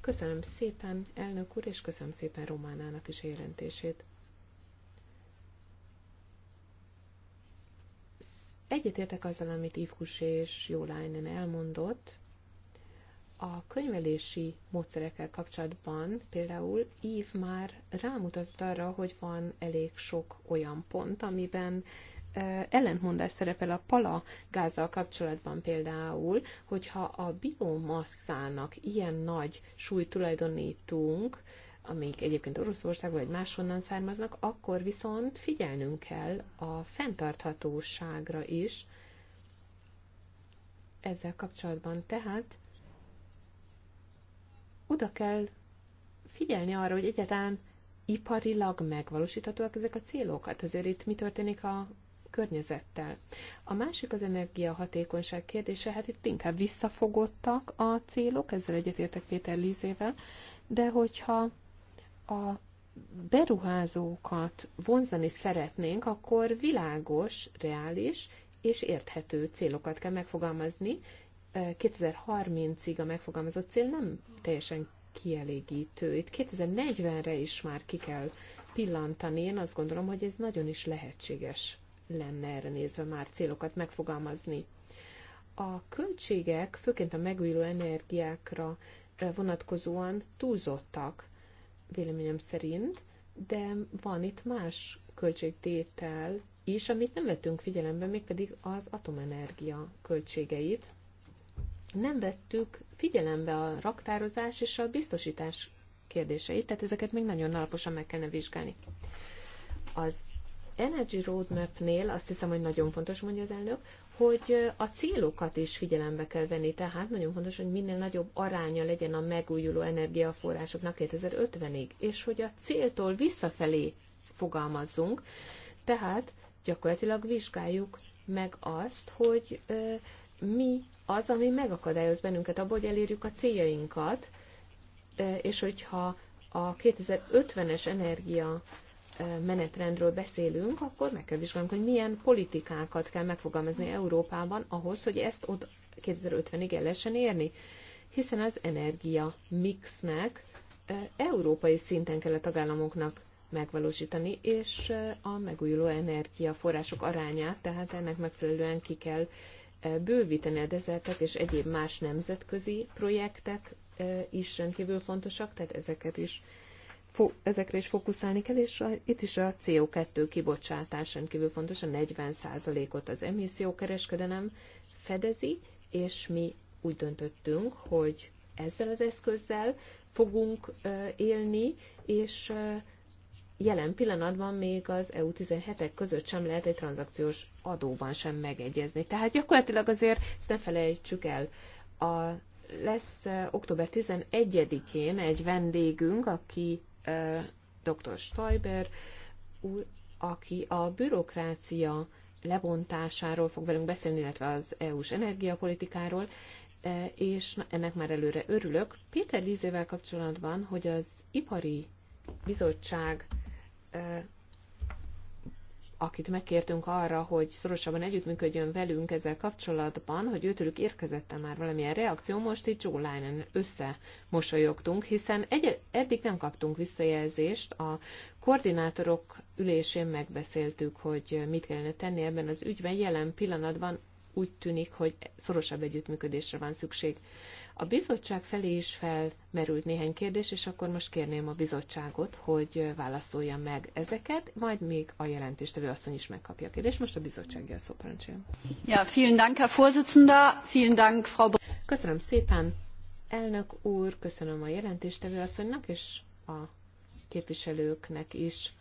Köszönöm szépen, elnök úr, és köszönöm szépen Románának is a jelentését. Egyetértek azzal, amit Ivkus és Jólájnen elmondott, a könyvelési módszerekkel kapcsolatban például Ív már rámutatott arra, hogy van elég sok olyan pont, amiben ellentmondás szerepel a pala gázzal kapcsolatban például, hogyha a biomasszának ilyen nagy súlyt tulajdonítunk, amik egyébként Oroszországból vagy máshonnan származnak, akkor viszont figyelnünk kell a fenntarthatóságra is ezzel kapcsolatban. Tehát oda kell figyelni arra, hogy egyáltalán iparilag megvalósíthatóak ezek a célokat. Hát azért itt mi történik a környezettel. A másik az energiahatékonyság kérdése, hát itt inkább visszafogottak a célok, ezzel egyetértek Péter Lízével, de hogyha a beruházókat vonzani szeretnénk, akkor világos, reális és érthető célokat kell megfogalmazni, 2030-ig a megfogalmazott cél nem teljesen kielégítő. Itt 2040-re is már ki kell pillantani. Én azt gondolom, hogy ez nagyon is lehetséges lenne erre nézve már célokat megfogalmazni. A költségek, főként a megújuló energiákra vonatkozóan túlzottak, véleményem szerint, de van itt más költségtétel is, amit nem vettünk figyelembe, mégpedig az atomenergia költségeit, nem vettük figyelembe a raktározás és a biztosítás kérdéseit, tehát ezeket még nagyon alaposan meg kellene vizsgálni. Az Energy Roadmap-nél azt hiszem, hogy nagyon fontos, mondja az elnök, hogy a célokat is figyelembe kell venni, tehát nagyon fontos, hogy minél nagyobb aránya legyen a megújuló energiaforrásoknak 2050-ig, és hogy a céltól visszafelé fogalmazzunk, tehát gyakorlatilag vizsgáljuk meg azt, hogy mi az, ami megakadályoz bennünket abból, hogy elérjük a céljainkat, és hogyha a 2050-es energia menetrendről beszélünk, akkor meg kell vizsgálnunk, hogy milyen politikákat kell megfogalmazni Európában ahhoz, hogy ezt ott 2050-ig el lehessen érni. Hiszen az energia mixnek európai szinten kell a tagállamoknak megvalósítani, és a megújuló energiaforrások arányát, tehát ennek megfelelően ki kell bővíteni a dezertek és egyéb más nemzetközi projektek is rendkívül fontosak, tehát ezeket is ezekre is fókuszálni kell, és a, itt is a CO2 kibocsátás rendkívül fontos, a 40%-ot az emissziókereskedelem fedezi, és mi úgy döntöttünk, hogy ezzel az eszközzel fogunk élni, és jelen pillanatban még az EU 17-ek között sem lehet egy tranzakciós adóban sem megegyezni. Tehát gyakorlatilag azért ezt ne felejtsük el. A, lesz október 11-én egy vendégünk, aki dr. Stoiber úr, aki a bürokrácia lebontásáról fog velünk beszélni, illetve az EU-s energiapolitikáról, és ennek már előre örülök. Péter Lízével kapcsolatban, hogy az ipari bizottság akit megkértünk arra, hogy szorosabban együttműködjön velünk ezzel kapcsolatban, hogy őtőlük érkezett már valamilyen reakció, most itt Joe Linen összemosolyogtunk, hiszen egy- eddig nem kaptunk visszajelzést. A koordinátorok ülésén megbeszéltük, hogy mit kellene tenni ebben az ügyben. Jelen pillanatban úgy tűnik, hogy szorosabb együttműködésre van szükség. A bizottság felé is felmerült néhány kérdés, és akkor most kérném a bizottságot, hogy válaszolja meg ezeket, majd még a jelentéstevő asszony is megkapja a kérdést. Most a bizottság a szó parancsoljon. Ja, vielen Dank, Herr Vorsitzender, vielen Dank, Frau... Köszönöm szépen, elnök úr, köszönöm a jelentéstevő asszonynak, és a képviselőknek is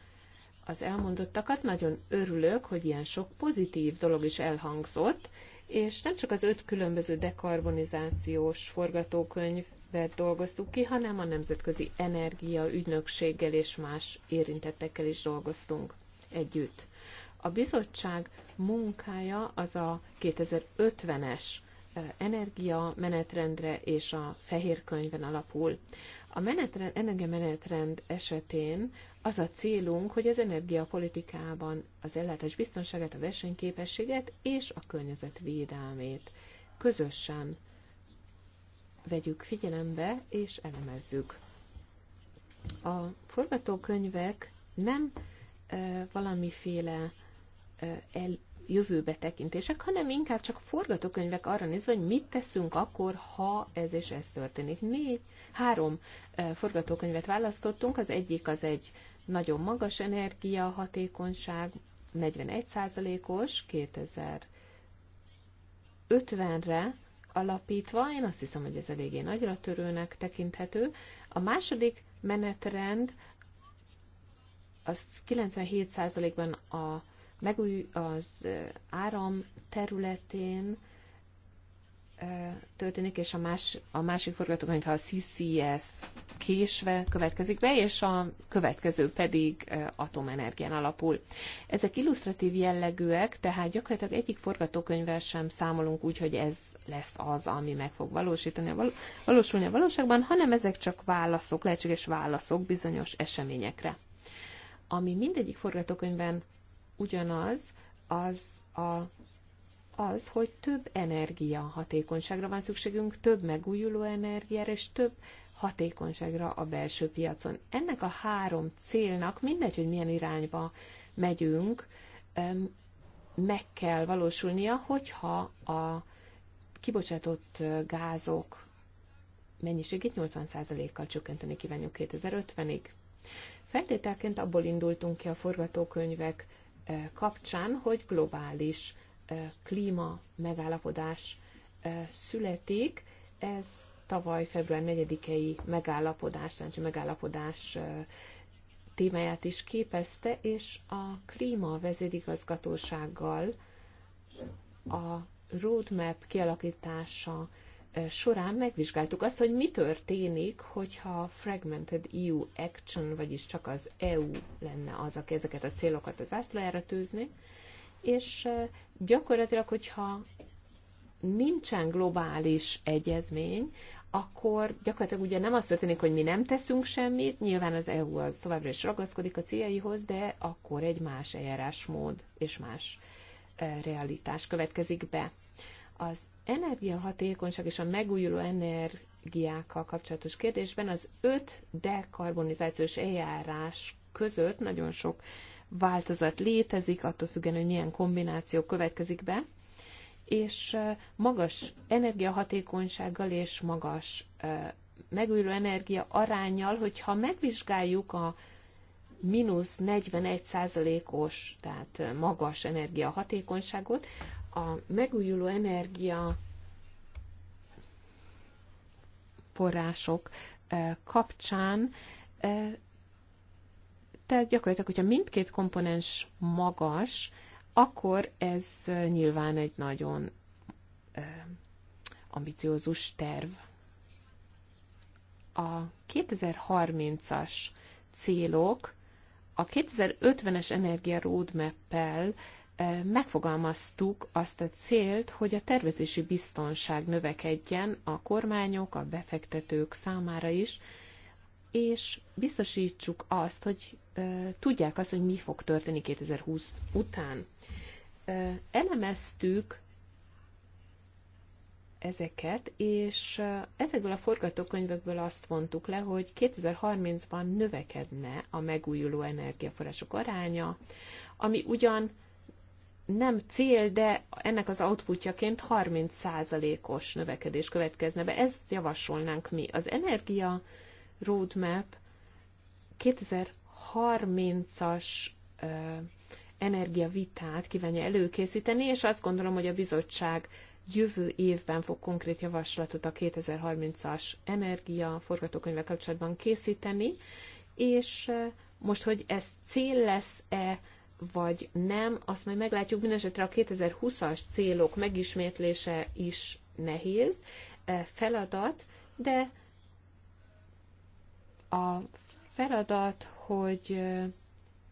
az elmondottakat. Nagyon örülök, hogy ilyen sok pozitív dolog is elhangzott, és nem csak az öt különböző dekarbonizációs forgatókönyvet dolgoztuk ki, hanem a Nemzetközi Energia Ügynökséggel és más érintettekkel is dolgoztunk együtt. A bizottság munkája az a 2050-es eh, energia menetrendre és a fehér könyven alapul. A menetrend, energiamenetrend esetén az a célunk, hogy az energiapolitikában az ellátás biztonságát, a versenyképességet és a környezetvédelmét közösen vegyük figyelembe és elemezzük. A forgatókönyvek nem e, valamiféle e, el, jövőbe tekintések, hanem inkább csak forgatókönyvek arra nézve, hogy mit teszünk akkor, ha ez és ez történik. Négy, három e, forgatókönyvet választottunk, az egyik az egy nagyon magas energia hatékonyság, 41%-os 2050-re alapítva, én azt hiszem, hogy ez eléggé nagyra törőnek tekinthető. A második menetrend az 97%-ban a megúj az áram területén történik, és a, más, a másik forgatókönyv, ha a CCS késve következik be, és a következő pedig atomenergián alapul. Ezek illusztratív jellegűek, tehát gyakorlatilag egyik forgatókönyvvel sem számolunk úgy, hogy ez lesz az, ami meg fog valósítani, a valósulni a valóságban, hanem ezek csak válaszok, lehetséges válaszok bizonyos eseményekre. Ami mindegyik forgatókönyvben ugyanaz, az a az, hogy több energia hatékonyságra van szükségünk, több megújuló energiára és több hatékonyságra a belső piacon. Ennek a három célnak, mindegy, hogy milyen irányba megyünk, meg kell valósulnia, hogyha a kibocsátott gázok mennyiségét 80%-kal csökkenteni kívánjuk 2050-ig. Feltételként abból indultunk ki a forgatókönyvek kapcsán, hogy globális klíma megállapodás születik. Ez tavaly február 4-i megállapodás, tanácsi megállapodás témáját is képezte, és a klíma vezérigazgatósággal a roadmap kialakítása során megvizsgáltuk azt, hogy mi történik, hogyha Fragmented EU Action, vagyis csak az EU lenne az, aki ezeket a célokat az ászlójára tűzni, és gyakorlatilag, hogyha nincsen globális egyezmény, akkor gyakorlatilag ugye nem az történik, hogy mi nem teszünk semmit, nyilván az EU az továbbra is ragaszkodik a céljaihoz, de akkor egy más eljárásmód és más realitás következik be. Az energiahatékonyság és a megújuló energiákkal kapcsolatos kérdésben az öt dekarbonizációs eljárás között nagyon sok változat létezik, attól függően, hogy milyen kombináció következik be, és magas energiahatékonysággal és magas megújuló energia arányjal, hogyha megvizsgáljuk a mínusz 41 os tehát magas energiahatékonyságot, a megújuló energia források eh, kapcsán eh, tehát gyakorlatilag, hogyha mindkét komponens magas, akkor ez eh, nyilván egy nagyon ambiciózus terv. A 2030-as célok a 2050-es energia roadmap-el megfogalmaztuk azt a célt, hogy a tervezési biztonság növekedjen a kormányok, a befektetők számára is, és biztosítsuk azt, hogy tudják azt, hogy mi fog történni 2020 után. Elemeztük ezeket, és ezekből a forgatókönyvekből azt vontuk le, hogy 2030-ban növekedne a megújuló energiaforrások aránya, ami ugyan nem cél, de ennek az outputjaként 30%-os növekedés következne be. Ezt javasolnánk mi. Az energia roadmap 2030-as energiavitát kívánja előkészíteni, és azt gondolom, hogy a bizottság jövő évben fog konkrét javaslatot a 2030-as energia forgatókönyve kapcsolatban készíteni, és most, hogy ez cél lesz-e, vagy nem, azt majd meglátjuk. Mindenesetre a 2020-as célok megismétlése is nehéz e, feladat, de a feladat, hogy e,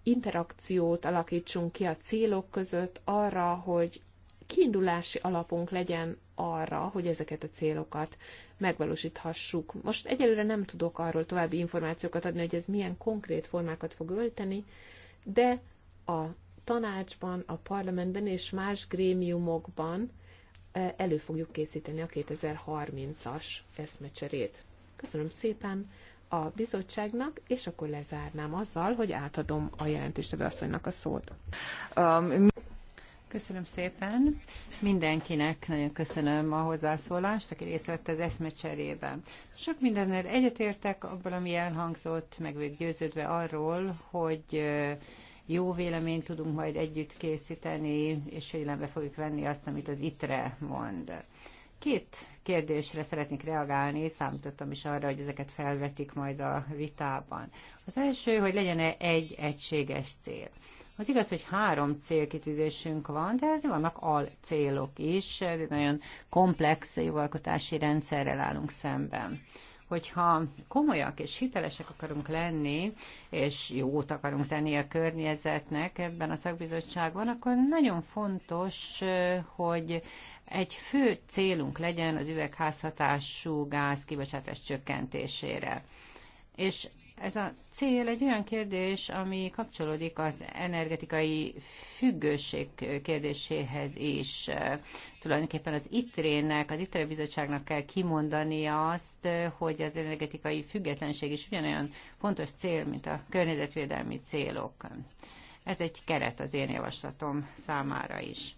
interakciót alakítsunk ki a célok között arra, hogy kiindulási alapunk legyen arra, hogy ezeket a célokat megvalósíthassuk. Most egyelőre nem tudok arról további információkat adni, hogy ez milyen konkrét formákat fog ölteni, de a tanácsban, a parlamentben és más grémiumokban e, elő fogjuk készíteni a 2030-as eszmecserét. Köszönöm szépen a bizottságnak, és akkor lezárnám azzal, hogy átadom a jelentéstevő asszonynak a szót. Um, Köszönöm szépen. Mindenkinek nagyon köszönöm a hozzászólást, aki részt vett az eszmecserében. Sok mindennel egyetértek abban, ami elhangzott, meg győződve arról, hogy jó véleményt tudunk majd együtt készíteni, és figyelembe fogjuk venni azt, amit az ITRE mond. Két kérdésre szeretnék reagálni, számítottam is arra, hogy ezeket felvetik majd a vitában. Az első, hogy legyen-e egy egységes cél. Az igaz, hogy három célkitűzésünk van, de ezért vannak alcélok is, nagyon komplex jogalkotási rendszerrel állunk szemben hogyha komolyak és hitelesek akarunk lenni, és jót akarunk tenni a környezetnek ebben a szakbizottságban, akkor nagyon fontos, hogy egy fő célunk legyen az üvegházhatású gáz kibocsátás csökkentésére. És ez a cél egy olyan kérdés, ami kapcsolódik az energetikai függőség kérdéséhez is. Tulajdonképpen az ITRE-nek, az ITRE bizottságnak kell kimondani azt, hogy az energetikai függetlenség is ugyanolyan fontos cél, mint a környezetvédelmi célok. Ez egy keret az én javaslatom számára is.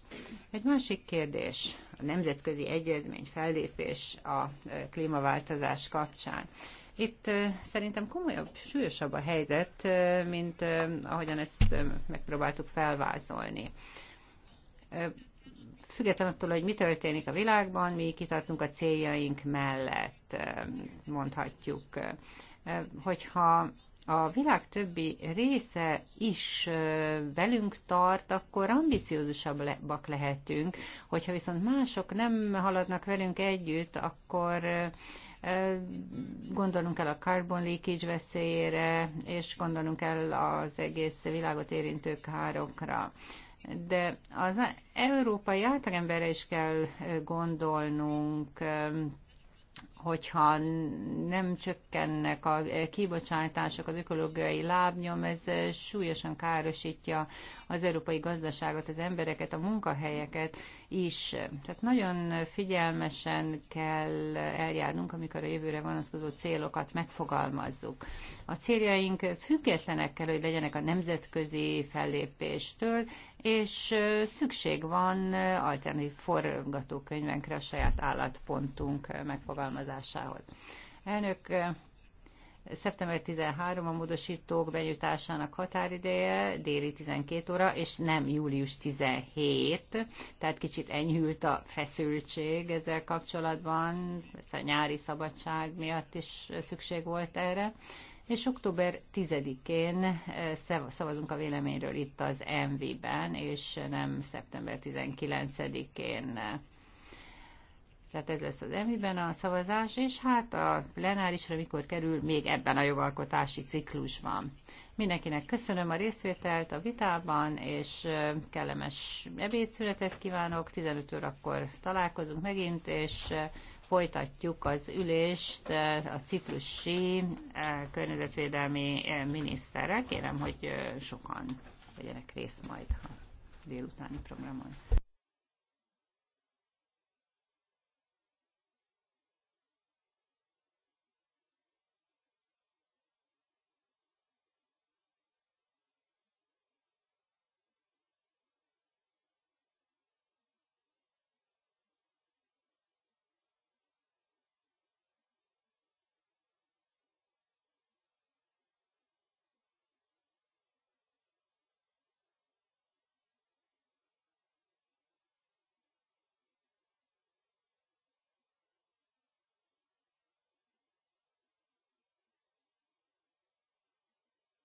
Egy másik kérdés, a nemzetközi egyezmény fellépés a klímaváltozás kapcsán. Itt szerintem komolyabb, súlyosabb a helyzet, mint ahogyan ezt megpróbáltuk felvázolni Függetlenül attól, hogy mi történik a világban, mi kitartunk a céljaink mellett, mondhatjuk. Hogyha a világ többi része is velünk tart, akkor ambiciózusabbak lehetünk. Hogyha viszont mások nem haladnak velünk együtt, akkor Gondolnunk kell a carbon leakage veszélyére, és gondolnunk kell az egész világot érintő károkra de az európai átlagemberre is kell gondolnunk, hogyha nem csökkennek a kibocsátások, az ökológiai lábnyom, ez súlyosan károsítja az európai gazdaságot, az embereket, a munkahelyeket, is. Tehát nagyon figyelmesen kell eljárnunk, amikor a jövőre vonatkozó célokat megfogalmazzuk. A céljaink függetlenek kell, hogy legyenek a nemzetközi fellépéstől, és szükség van alternatív forgatókönyvenkre a saját állatpontunk megfogalmazásához. Elnök, Szeptember 13 a módosítók benyújtásának határideje, déli 12 óra, és nem július 17, tehát kicsit enyhült a feszültség ezzel kapcsolatban, ez a nyári szabadság miatt is szükség volt erre. És október 10-én eh, szavazunk a véleményről itt az MV-ben, és nem szeptember 19-én. Tehát ez lesz az emiben a szavazás, és hát a plenárisra mikor kerül, még ebben a jogalkotási ciklusban. Mindenkinek köszönöm a részvételt a vitában, és kellemes ebédszületet kívánok. 15 órakor találkozunk megint, és folytatjuk az ülést a ciklusi környezetvédelmi miniszterrel. Kérem, hogy sokan vegyenek részt majd a délutáni programon.